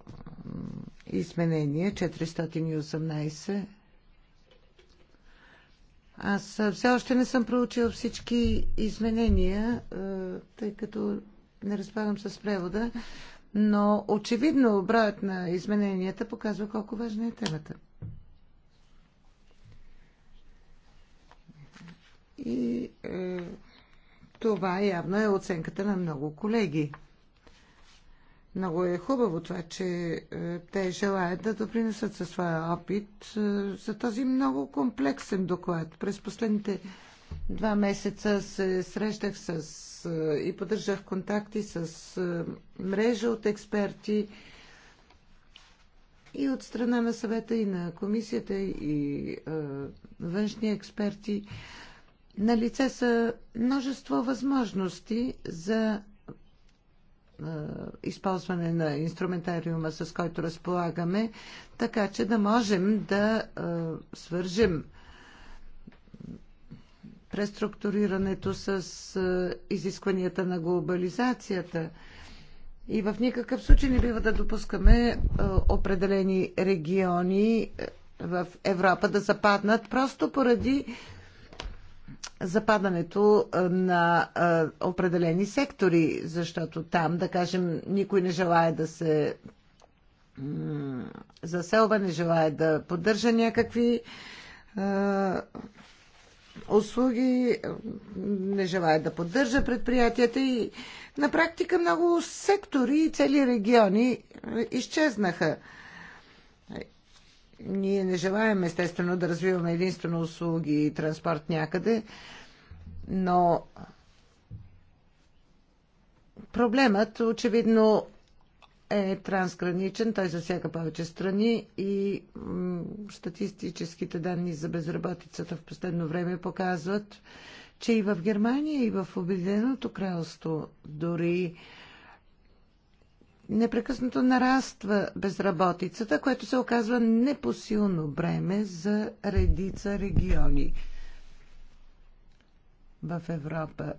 изменения. 418 аз все още не съм проучил всички изменения, е, тъй като не разполагам с превода, но очевидно броят на измененията показва колко важна е темата. И е, това явно е оценката на много колеги. Много е хубаво това, че е, те желаят да допринесат със своя опит е, за този много комплексен доклад. През последните два месеца се срещах с е, и поддържах контакти с мрежа от експерти и от страна на съвета и на комисията и външни експерти. На лице са множество възможности за е, използване на инструментариума, с който разполагаме, така че да можем да е, свържем преструктурирането с е, изискванията на глобализацията. И в никакъв случай не бива да допускаме определени региони в Европа да западнат просто поради западането на определени сектори, защото там, да кажем, никой не желая да се заселва, не желая да поддържа някакви услуги, не желая да поддържа предприятията и на практика много сектори и цели региони изчезнаха. Ние не желаем естествено да развиваме единствено услуги и транспорт някъде, но проблемът очевидно е трансграничен, той засяга повече страни и статистическите данни за безработицата в последно време показват, че и в Германия, и в Обединеното кралство, дори непрекъснато нараства безработицата, което се оказва непосилно бреме за редица региони в Европа.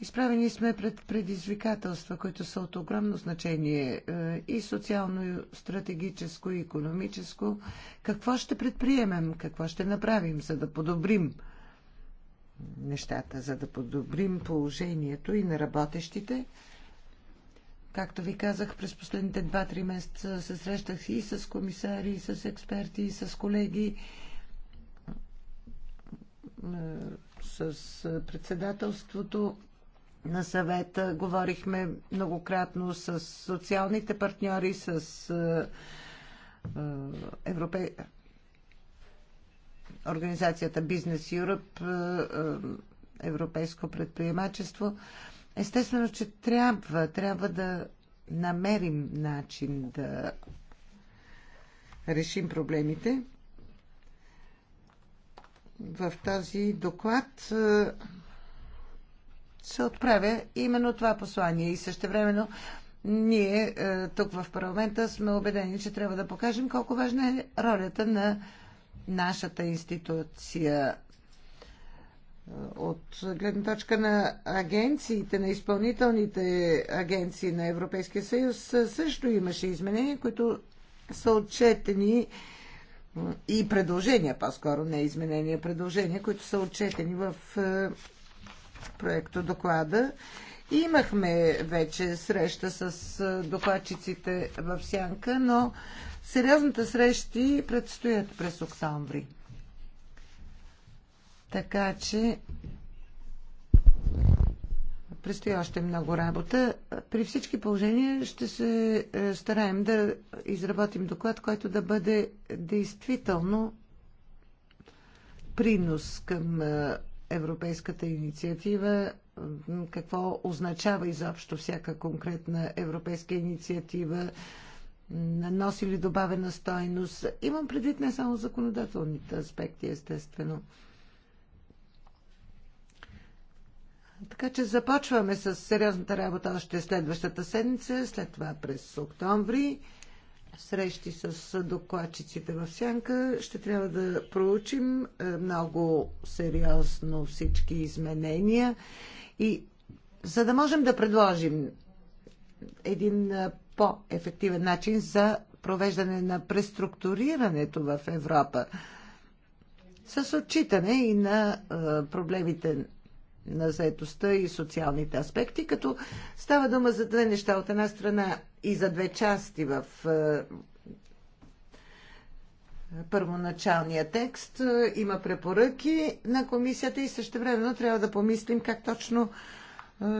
Изправени сме пред предизвикателства, които са от огромно значение е, и социално, и стратегическо, и економическо. Какво ще предприемем, какво ще направим, за да подобрим нещата, за да подобрим положението и на работещите. Както ви казах, през последните 2-3 месеца се срещах и с комисари, и с експерти, и с колеги, е, с председателството на съвета. Говорихме многократно с социалните партньори, с е, е, Европе организацията Business Europe, е, е, Европейско предприемачество. Естествено, че трябва, трябва да намерим начин да решим проблемите. В този доклад е, се отправя именно това послание и същевременно ние тук в парламента сме убедени, че трябва да покажем колко важна е ролята на нашата институция е, от гледна точка на агенциите, на изпълнителните агенции на Европейския съюз, е, също имаше изменения, които са отчетени е, и предложения, по-скоро не изменения, предложения, които са отчетени в проекто доклада. Имахме вече среща с докладчиците в Сянка, но Сериозните срещи предстоят през октомври. Така че предстои още много работа. При всички положения ще се е, стараем да изработим доклад, който да бъде действително принос към е, европейската инициатива, какво означава изобщо всяка конкретна европейска инициатива, Носили добавена стойност. Имам предвид не само законодателните аспекти, естествено. Така че започваме с сериозната работа още следващата седмица, след това през октомври. Срещи с докладчиците в Сянка. Ще трябва да проучим е, много сериозно всички изменения и за да можем да предложим един е, по-ефективен начин за провеждане на преструктурирането в Европа с отчитане и на проблемите на заетостта и социалните аспекти, като става дума за две неща. От една страна и за две части в първоначалния текст. Има препоръки на комисията и също времено трябва да помислим как точно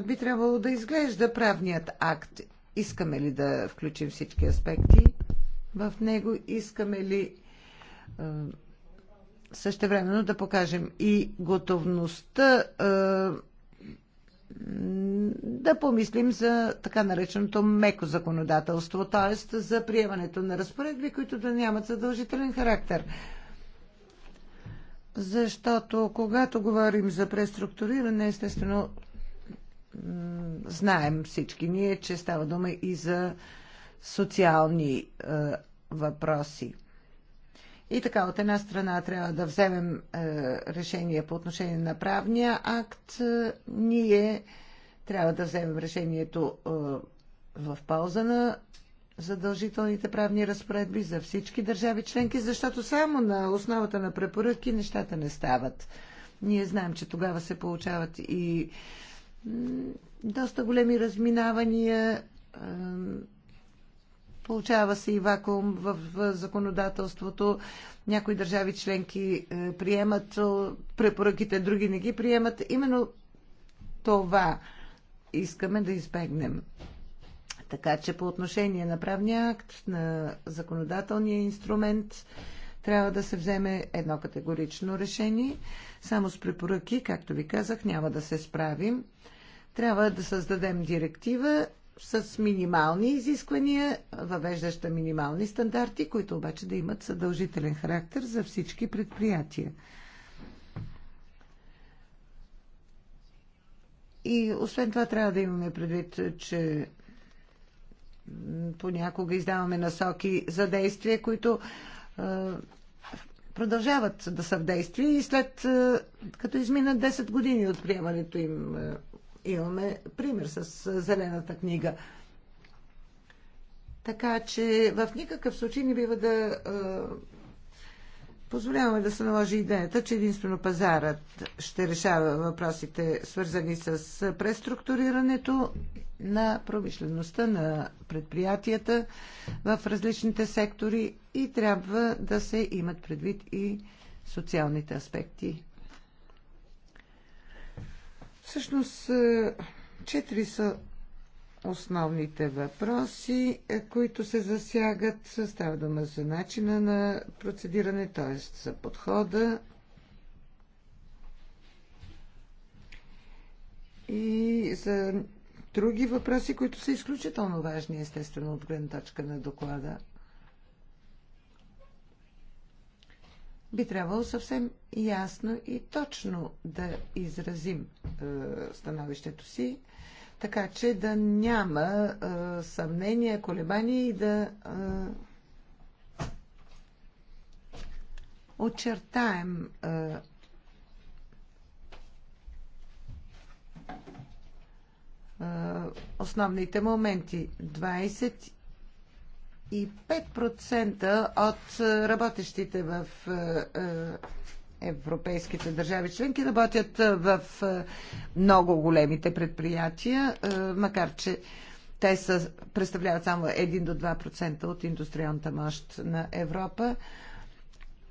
би трябвало да изглежда правният акт искаме ли да включим всички аспекти в него, искаме ли същевременно да покажем и готовността да помислим за така нареченото меко законодателство, т.е. за приемането на разпоредби, които да нямат задължителен характер. Защото когато говорим за преструктуриране, естествено знаем всички ние, че става дума и за социални е, въпроси. И така, от една страна трябва да вземем е, решение по отношение на правния акт. Е, ние трябва да вземем решението е, в полза на задължителните правни разпоредби за всички държави членки, защото само на основата на препоръки нещата не стават. Ние знаем, че тогава се получават и доста големи разминавания. Получава се и вакуум в законодателството. Някои държави членки приемат препоръките, други не ги приемат. Именно това искаме да избегнем. Така че по отношение на правния акт, на законодателния инструмент, трябва да се вземе едно категорично решение. Само с препоръки, както ви казах, няма да се справим. Трябва да създадем директива с минимални изисквания, въвеждаща минимални стандарти, които обаче да имат съдължителен характер за всички предприятия. И освен това трябва да имаме предвид, че понякога издаваме насоки за действия, които е, продължават да са в действие и след е, като изминат 10 години от приемането им е, Имаме пример с зелената книга. Така че в никакъв случай не бива да е, позволяваме да се наложи идеята, че единствено пазарът ще решава въпросите, свързани с преструктурирането на промишлеността, на предприятията в различните сектори и трябва да се имат предвид и социалните аспекти Всъщност, е, четири са основните въпроси, е, които се засягат. Става дума за начина на процедиране, т.е. за подхода. И за други въпроси, които са изключително важни, естествено, от гледна точка на доклада. би трябвало съвсем ясно и точно да изразим е, становището си, така че да няма е, съмнения, колебания и да е, очертаем е, е основните моменти. 20 25% от е, работещите в е, е, европейските държави членки работят в много големите предприятия, макар че те са, представляват само 1 до 2% от индустриалната мощ на Европа.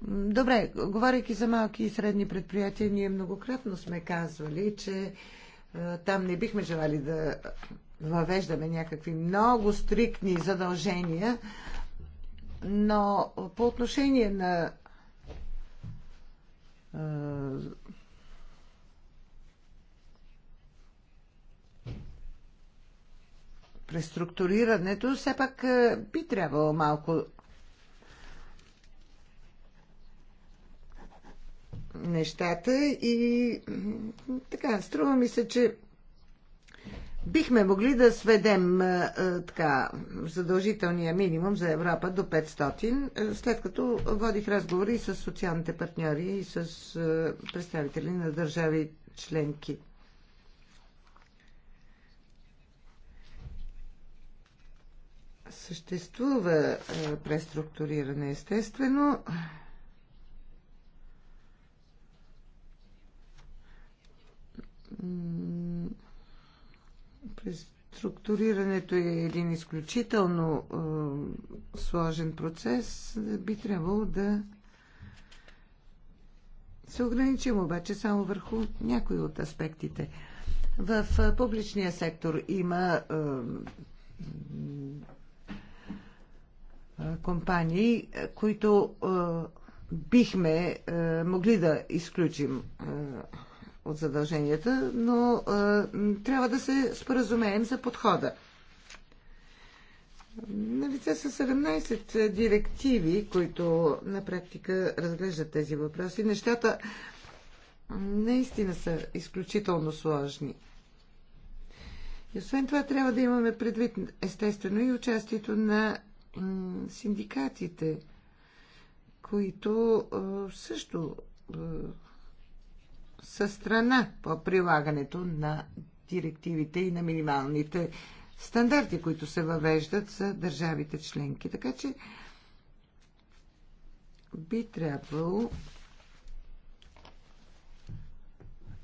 Добре, говорейки за малки и средни предприятия, ние многократно сме казвали, че е, там не бихме желали да въвеждаме някакви много стриктни задължения, но по отношение на е, преструктурирането, все пак е, би трябвало малко нещата и така, струва ми се, че бихме могли да сведем така, задължителния минимум за Европа до 500, след като водих разговори с социалните партньори и с представители на държави членки. Съществува преструктуриране, естествено. Преструктурирането е един изключително е, сложен процес. Би трябвало да се ограничим обаче само върху някои от аспектите. В публичния сектор има е, е, компании, които е, бихме е, могли да изключим. Е, от задълженията, но трябва да се споразумеем за подхода. На лице са 17 директиви, които на практика разглеждат тези въпроси. Нещата наистина са изключително сложни. И освен това трябва да имаме предвид естествено и участието на синдикатите, които също са страна по прилагането на директивите и на минималните стандарти, които се въвеждат за държавите членки. Така че би трябвало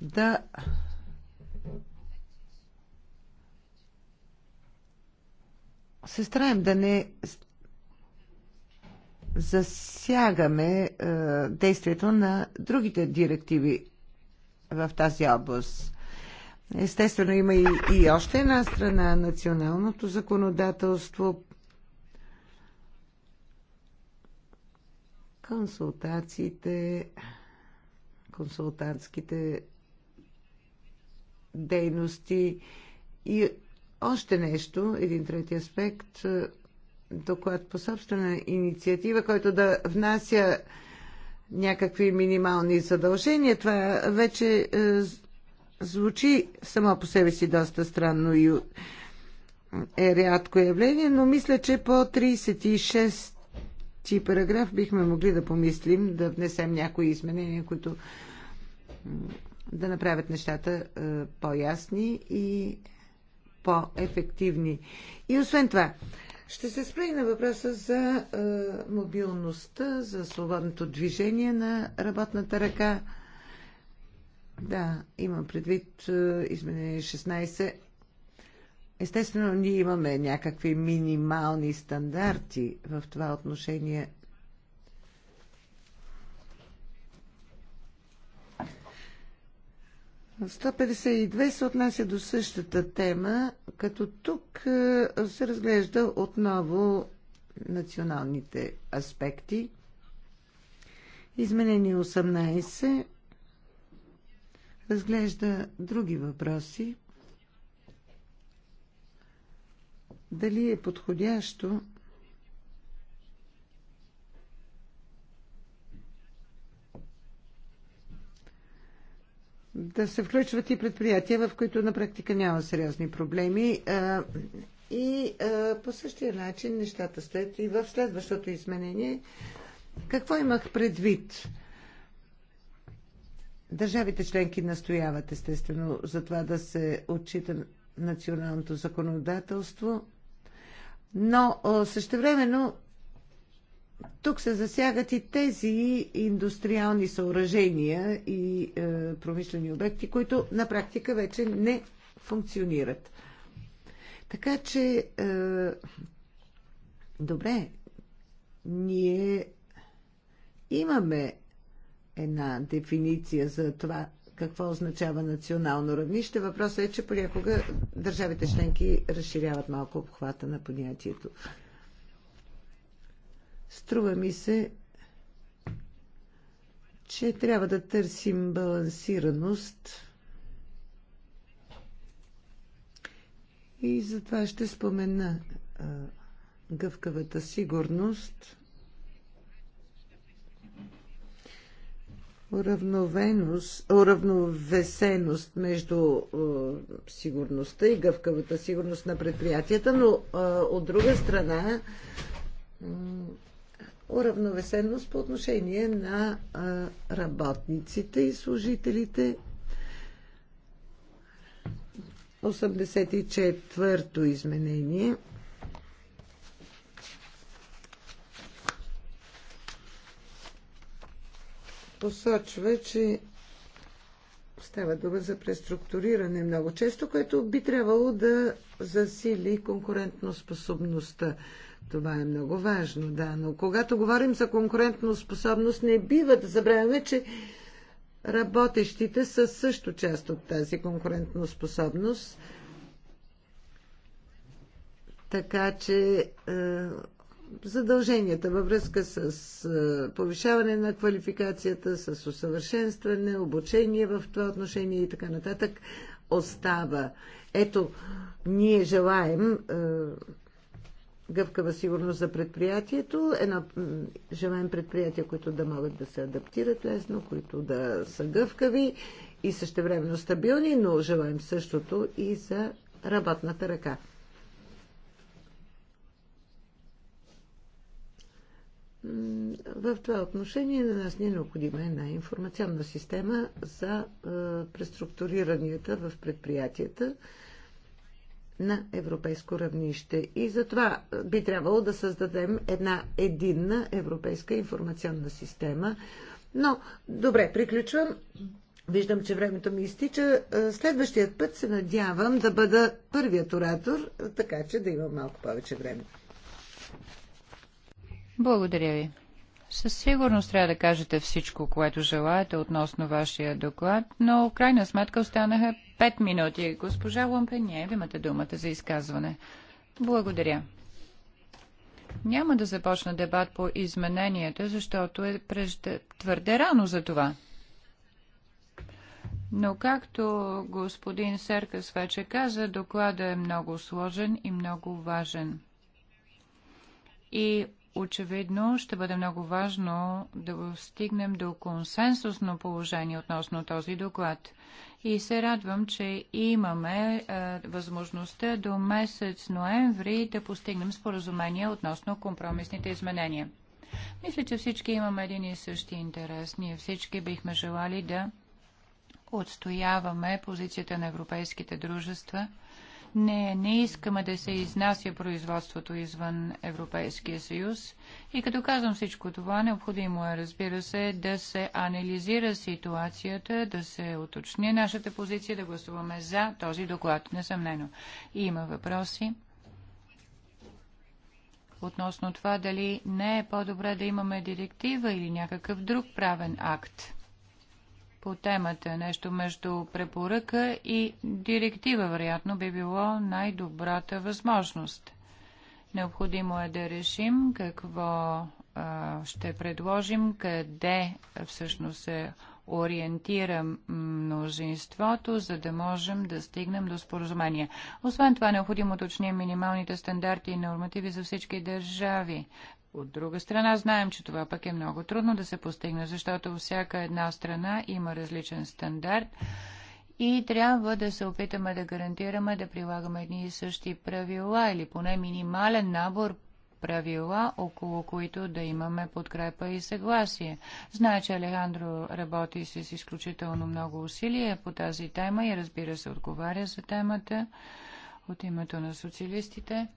да се стараем да не засягаме е, действието на другите директиви в тази област. Естествено, има и, и още една страна националното законодателство. Консултациите, консултантските дейности и още нещо, един трети аспект, доклад по собствена инициатива, който да внася някакви минимални задължения. Това вече е, звучи само по себе си доста странно и е рядко явление, но мисля, че по 36 ти параграф бихме могли да помислим, да внесем някои изменения, които да направят нещата е, по-ясни и по-ефективни. И освен това, ще се спре и на въпроса за е, мобилността, за свободното движение на работната ръка. Да, имам предвид е, изменение 16. Естествено, ние имаме някакви минимални стандарти в това отношение 152 се отнася до същата тема, като тук е, се разглежда отново националните аспекти. Изменение 18 разглежда други въпроси. Дали е подходящо да се включват и предприятия, в които на практика няма сериозни проблеми. И по същия начин нещата стоят и в следващото изменение. Какво имах предвид? Държавите членки настояват естествено за това да се отчита националното законодателство, но същевременно тук се засягат и тези индустриални съоръжения и е, промишлени обекти, които на практика вече не функционират. Така че, е, добре, ние имаме една дефиниция за това какво означава национално равнище. Въпросът е, че понякога държавите членки разширяват малко обхвата на понятието. Струва ми се, че трябва да търсим балансираност и затова ще спомена а, гъвкавата сигурност, уравновесеност между а, сигурността и гъвкавата сигурност на предприятията, но а, от друга страна уравновесеност по отношение на работниците и служителите. 84-то изменение. Посочва, че става дума за преструктуриране много често, което би трябвало да засили конкурентно способността това е много важно, да. Но когато говорим за конкурентно способност, не бива да забравяме, че работещите са също част от тази конкурентно способност. Така че е, задълженията във връзка с е, повишаване на квалификацията, с усъвършенстване, обучение в това отношение и така нататък остава. Ето, ние желаем е, гъвкава сигурност за предприятието. Едно, желаем предприятия, които да могат да се адаптират лесно, които да са гъвкави и същевременно стабилни, но желаем същото и за работната ръка. В това отношение на нас не е необходима една информационна система за преструктуриранията в предприятията на европейско равнище. И затова би трябвало да създадем една единна европейска информационна система. Но, добре, приключвам. Виждам, че времето ми изтича. Следващият път се надявам да бъда първият оратор, така че да имам малко повече време. Благодаря ви. Със сигурност трябва да кажете всичко, което желаете относно вашия доклад, но в крайна сметка останаха 5 минути. Госпожа Лампенье, имате думата за изказване. Благодаря. Няма да започна дебат по измененията, защото е прежде, твърде рано за това. Но както господин Серкас вече каза, доклада е много сложен и много важен. И очевидно ще бъде много важно да стигнем до консенсусно положение относно този доклад. И се радвам, че имаме е, възможността до месец ноември да постигнем споразумение относно компромисните изменения. Мисля, че всички имаме един и същи интерес. Ние всички бихме желали да отстояваме позицията на европейските дружества – не, не искаме да се изнася производството извън Европейския съюз. И като казвам всичко това, необходимо е, разбира се, да се анализира ситуацията, да се уточни нашата позиция, да гласуваме за този доклад, несъмнено. И има въпроси относно това дали не е по-добре да имаме директива или някакъв друг правен акт по темата. Нещо между препоръка и директива, вероятно, би било най-добрата възможност. Необходимо е да решим какво а, ще предложим, къде всъщност се ориентира мнозинството, за да можем да стигнем до споразумение. Освен това, необходимо да уточним минималните стандарти и нормативи за всички държави. От друга страна, знаем, че това пък е много трудно да се постигне, защото всяка една страна има различен стандарт и трябва да се опитаме да гарантираме да прилагаме едни и същи правила или поне минимален набор правила, около които да имаме подкрепа и съгласие. Знае, че Алехандро работи с изключително много усилия по тази тема и разбира се отговаря за темата от името на социалистите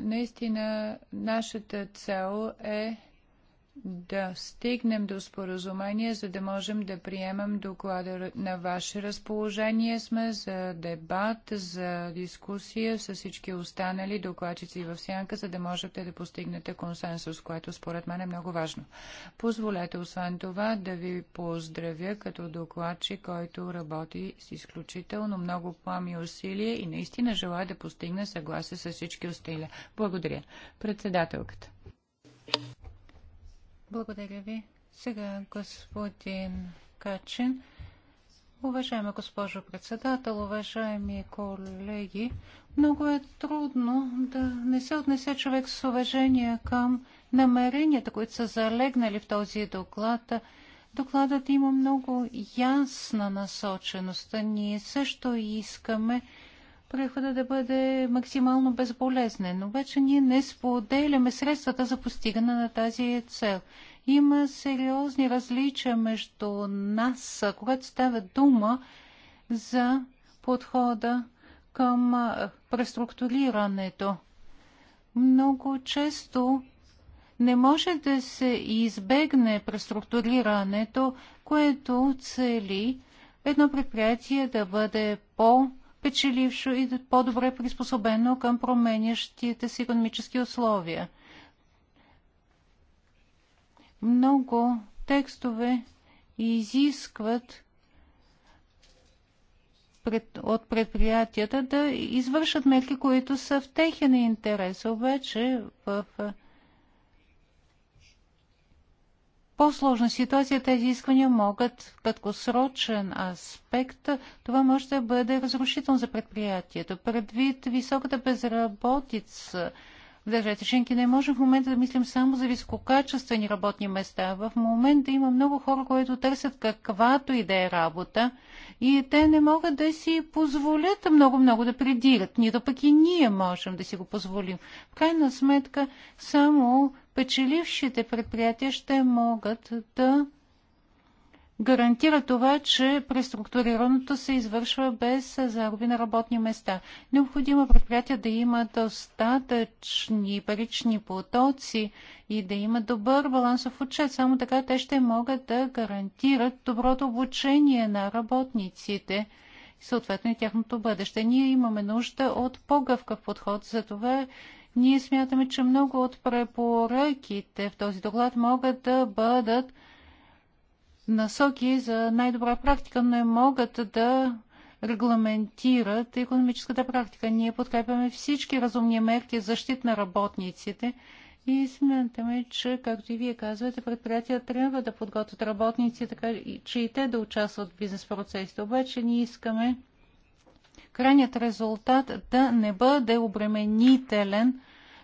наистина нашата цел е да стигнем до споразумение, за да можем да приемам доклада на ваше разположение сме за дебат, за дискусия с всички останали докладчици в сянка, за да можете да постигнете консенсус, което според мен е много важно. Позволете освен това да ви поздравя като докладчик, който работи с изключително много плами усилия и наистина желая да постигне съгласие с всички усилия. Благодаря. Председателката. Благодаря ви. Сега господин Качин. Уважаема госпожо председател, уважаеми колеги, много е трудно да не се отнесе човек с уважение към намеренията, които са залегнали в този доклад. Докладът има много ясна насоченост. Ние също искаме прехода да бъде максимално безболезнен, но вече ние не споделяме средствата за постигане на тази цел. Има сериозни различия между нас, когато става дума за подхода към преструктурирането. Много често не може да се избегне преструктурирането, което цели едно предприятие да бъде по- печелившо и по-добре приспособено към променящите се економически условия. Много текстове изискват пред, от предприятията да извършат мерки, които са в техен интерес. Обаче в по-сложна ситуация тези изисквания могат в краткосрочен аспект. Това може да бъде разрушително за предприятието. Предвид високата безработица в държавите членки не можем в момента да мислим само за висококачествени работни места. В момента има много хора, които търсят каквато и да е работа и те не могат да си позволят много-много да придират. Нито пък и ние можем да си го позволим. В крайна сметка само печелившите предприятия ще могат да гарантира това, че преструктурирането се извършва без загуби на работни места. Необходимо предприятия да има достатъчни парични потоци и да има добър балансов отчет. Само така те ще могат да гарантират доброто обучение на работниците и съответно и тяхното бъдеще. Ние имаме нужда от по-гъвкав подход за това ние смятаме, че много от препоръките в този доклад могат да бъдат насоки за най-добра практика, но не могат да регламентират економическата практика. Ние подкрепяме всички разумни мерки за защита на работниците и смятаме, че, както и вие казвате, предприятията трябва да подготвят работници, така че и те да участват в бизнес процесите. Обаче ние искаме крайният резултат да не бъде обременителен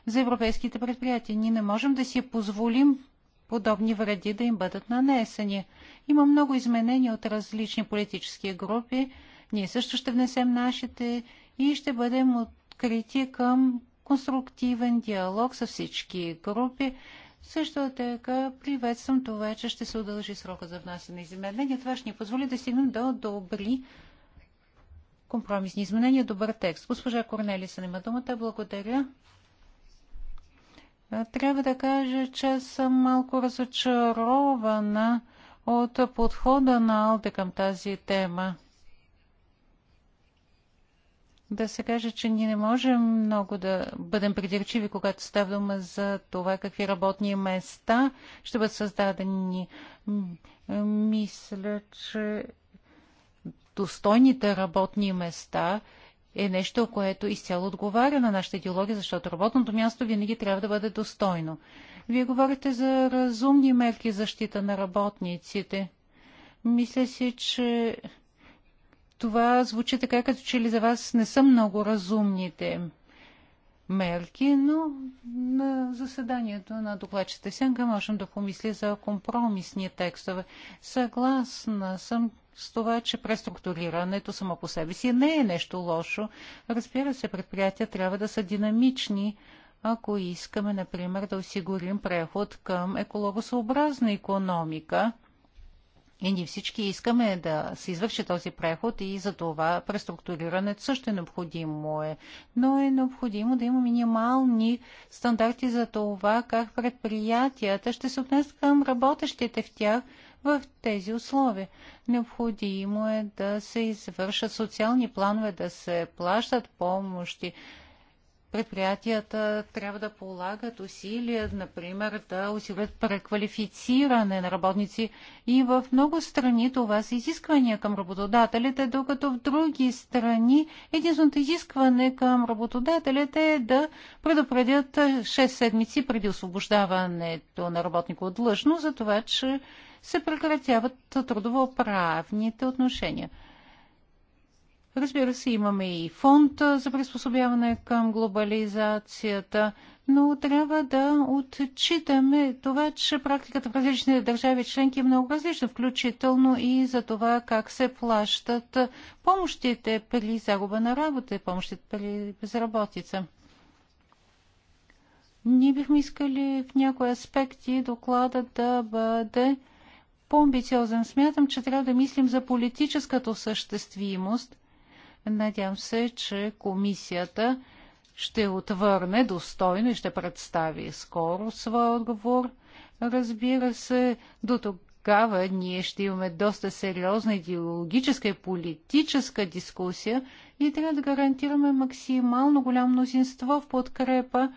за европейските предприятия. Ние не можем да си позволим подобни вреди да им бъдат нанесени. Има много изменения от различни политически групи. Ние също ще внесем нашите и ще бъдем открити към конструктивен диалог с всички групи. Също така приветствам това, че ще се удължи срока за внасяне изменения. Това ще ни позволи да стигнем до добри компромисни изменения. Добър текст. Госпожа Корнелиса има думата. Благодаря. Трябва да кажа, че съм малко разочарована от подхода на Алде към тази тема. Да се каже, че ние не можем много да бъдем придирчиви, когато става дума за това какви работни места ще бъдат създадени. Мисля, че достойните работни места е нещо, което изцяло отговаря на нашите идеология, защото работното място винаги трябва да бъде достойно. Вие говорите за разумни мерки защита на работниците. Мисля си, че това звучи така, като че ли за вас не са много разумните мерки, но на заседанието на докладчите Сенка можем да помисли за компромисни текстове. Съгласна съм, с това, че преструктурирането само по себе си не е нещо лошо. Разбира се, предприятия трябва да са динамични, ако искаме, например, да осигурим преход към екологосъобразна економика. И ние всички искаме да се извърши този преход и за това преструктурирането също е необходимо е. Но е необходимо да има минимални стандарти за това как предприятията ще се отнесат към работещите в тях – в тези условия. Необходимо е да се извършат социални планове, да се плащат помощи. Предприятията трябва да полагат усилия, например, да усилят преквалифициране на работници. И в много страни това са изисквания към работодателите, докато в други страни единственото изискване към работодателите е да предупредят 6 седмици преди освобождаването на работника от длъжност за това, че се прекратяват трудовоправните отношения. Разбира се, имаме и фонд за приспособяване към глобализацията, но трябва да отчитаме това, че практиката в различните държави членки е много различна, включително и за това как се плащат помощите при загуба на работа и помощите при безработица. Ние бихме искали в някои аспекти доклада да бъде по-амбициозен. Смятам, че трябва да мислим за политическата съществимост. Надявам се, че комисията ще отвърне достойно и ще представи скоро своя отговор. Разбира се, до тогава ние ще имаме доста сериозна идеологическа и политическа дискусия и трябва да гарантираме максимално голямо мнозинство в подкрепа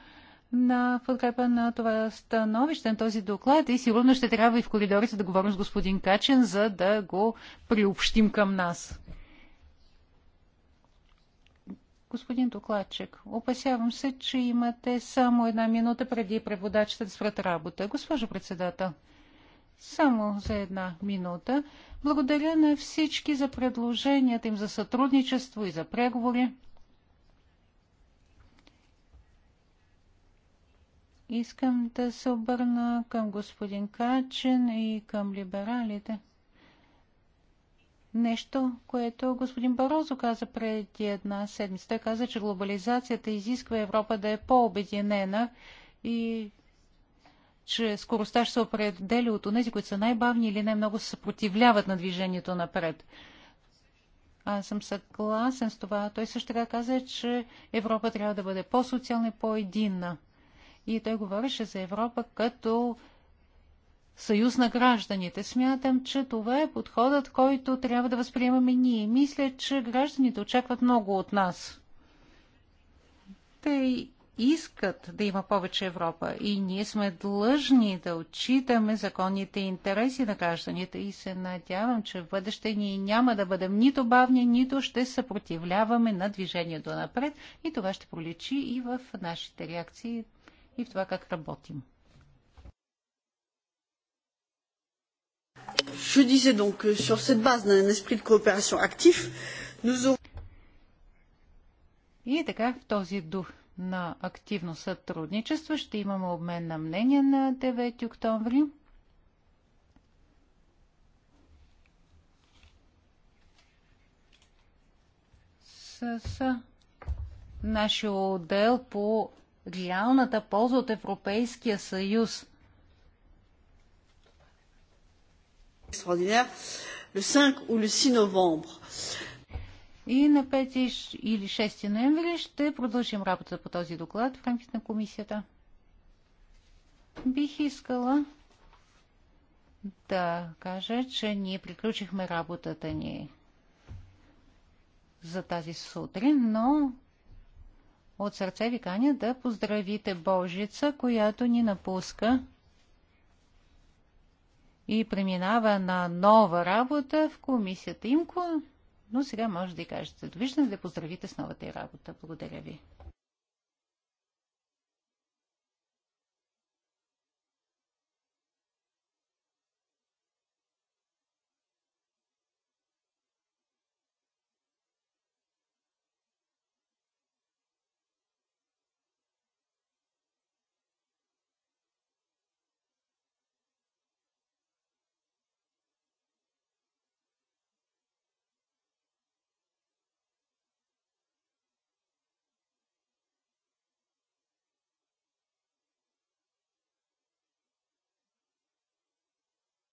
на подкрепа на това становище, на този доклад и сигурно ще трябва и в коридорите да говорим с господин Качен, за да го приобщим към нас. Господин докладчик, опасявам се, че имате само една минута преди преводачите да спрат работа. Госпожо председател, само за една минута. Благодаря на всички за предложенията им за сътрудничество и за преговори. Искам да се обърна към господин Качен и към либералите. Нещо, което господин Барозо каза преди една седмица. Той каза, че глобализацията изисква Европа да е по-обединена и че скоростта ще се определя от тези, които са най-бавни или най-много се съпротивляват на движението напред. Аз съм съгласен с това. Той също така каза, че Европа трябва да бъде по-социална и по-единна и той говореше за Европа като съюз на гражданите. Смятам, че това е подходът, който трябва да възприемаме ние. Мисля, че гражданите очакват много от нас. Те искат да има повече Европа и ние сме длъжни да отчитаме законните интереси на гражданите и се надявам, че в бъдеще ни няма да бъдем нито бавни, нито ще съпротивляваме на движението напред и това ще проличи и в нашите реакции и в това как работим. Je disais donc que euh, sur cette base d'un esprit de coopération actif, nous aurons... И така, в този дух на активно сътрудничество ще имаме обмен на мнение на 9 октомври. С, с нашия отдел по реалната полза от Европейския съюз. И на 5 или 6 ноември ще продължим работа по този доклад в рамките на комисията. Бих искала да кажа, че ние приключихме работата ни за тази сутрин, но от сърце ви каня да поздравите Божица, която ни напуска и преминава на нова работа в комисията Имко, но сега може да й кажете довиждане да поздравите с новата й работа. Благодаря ви.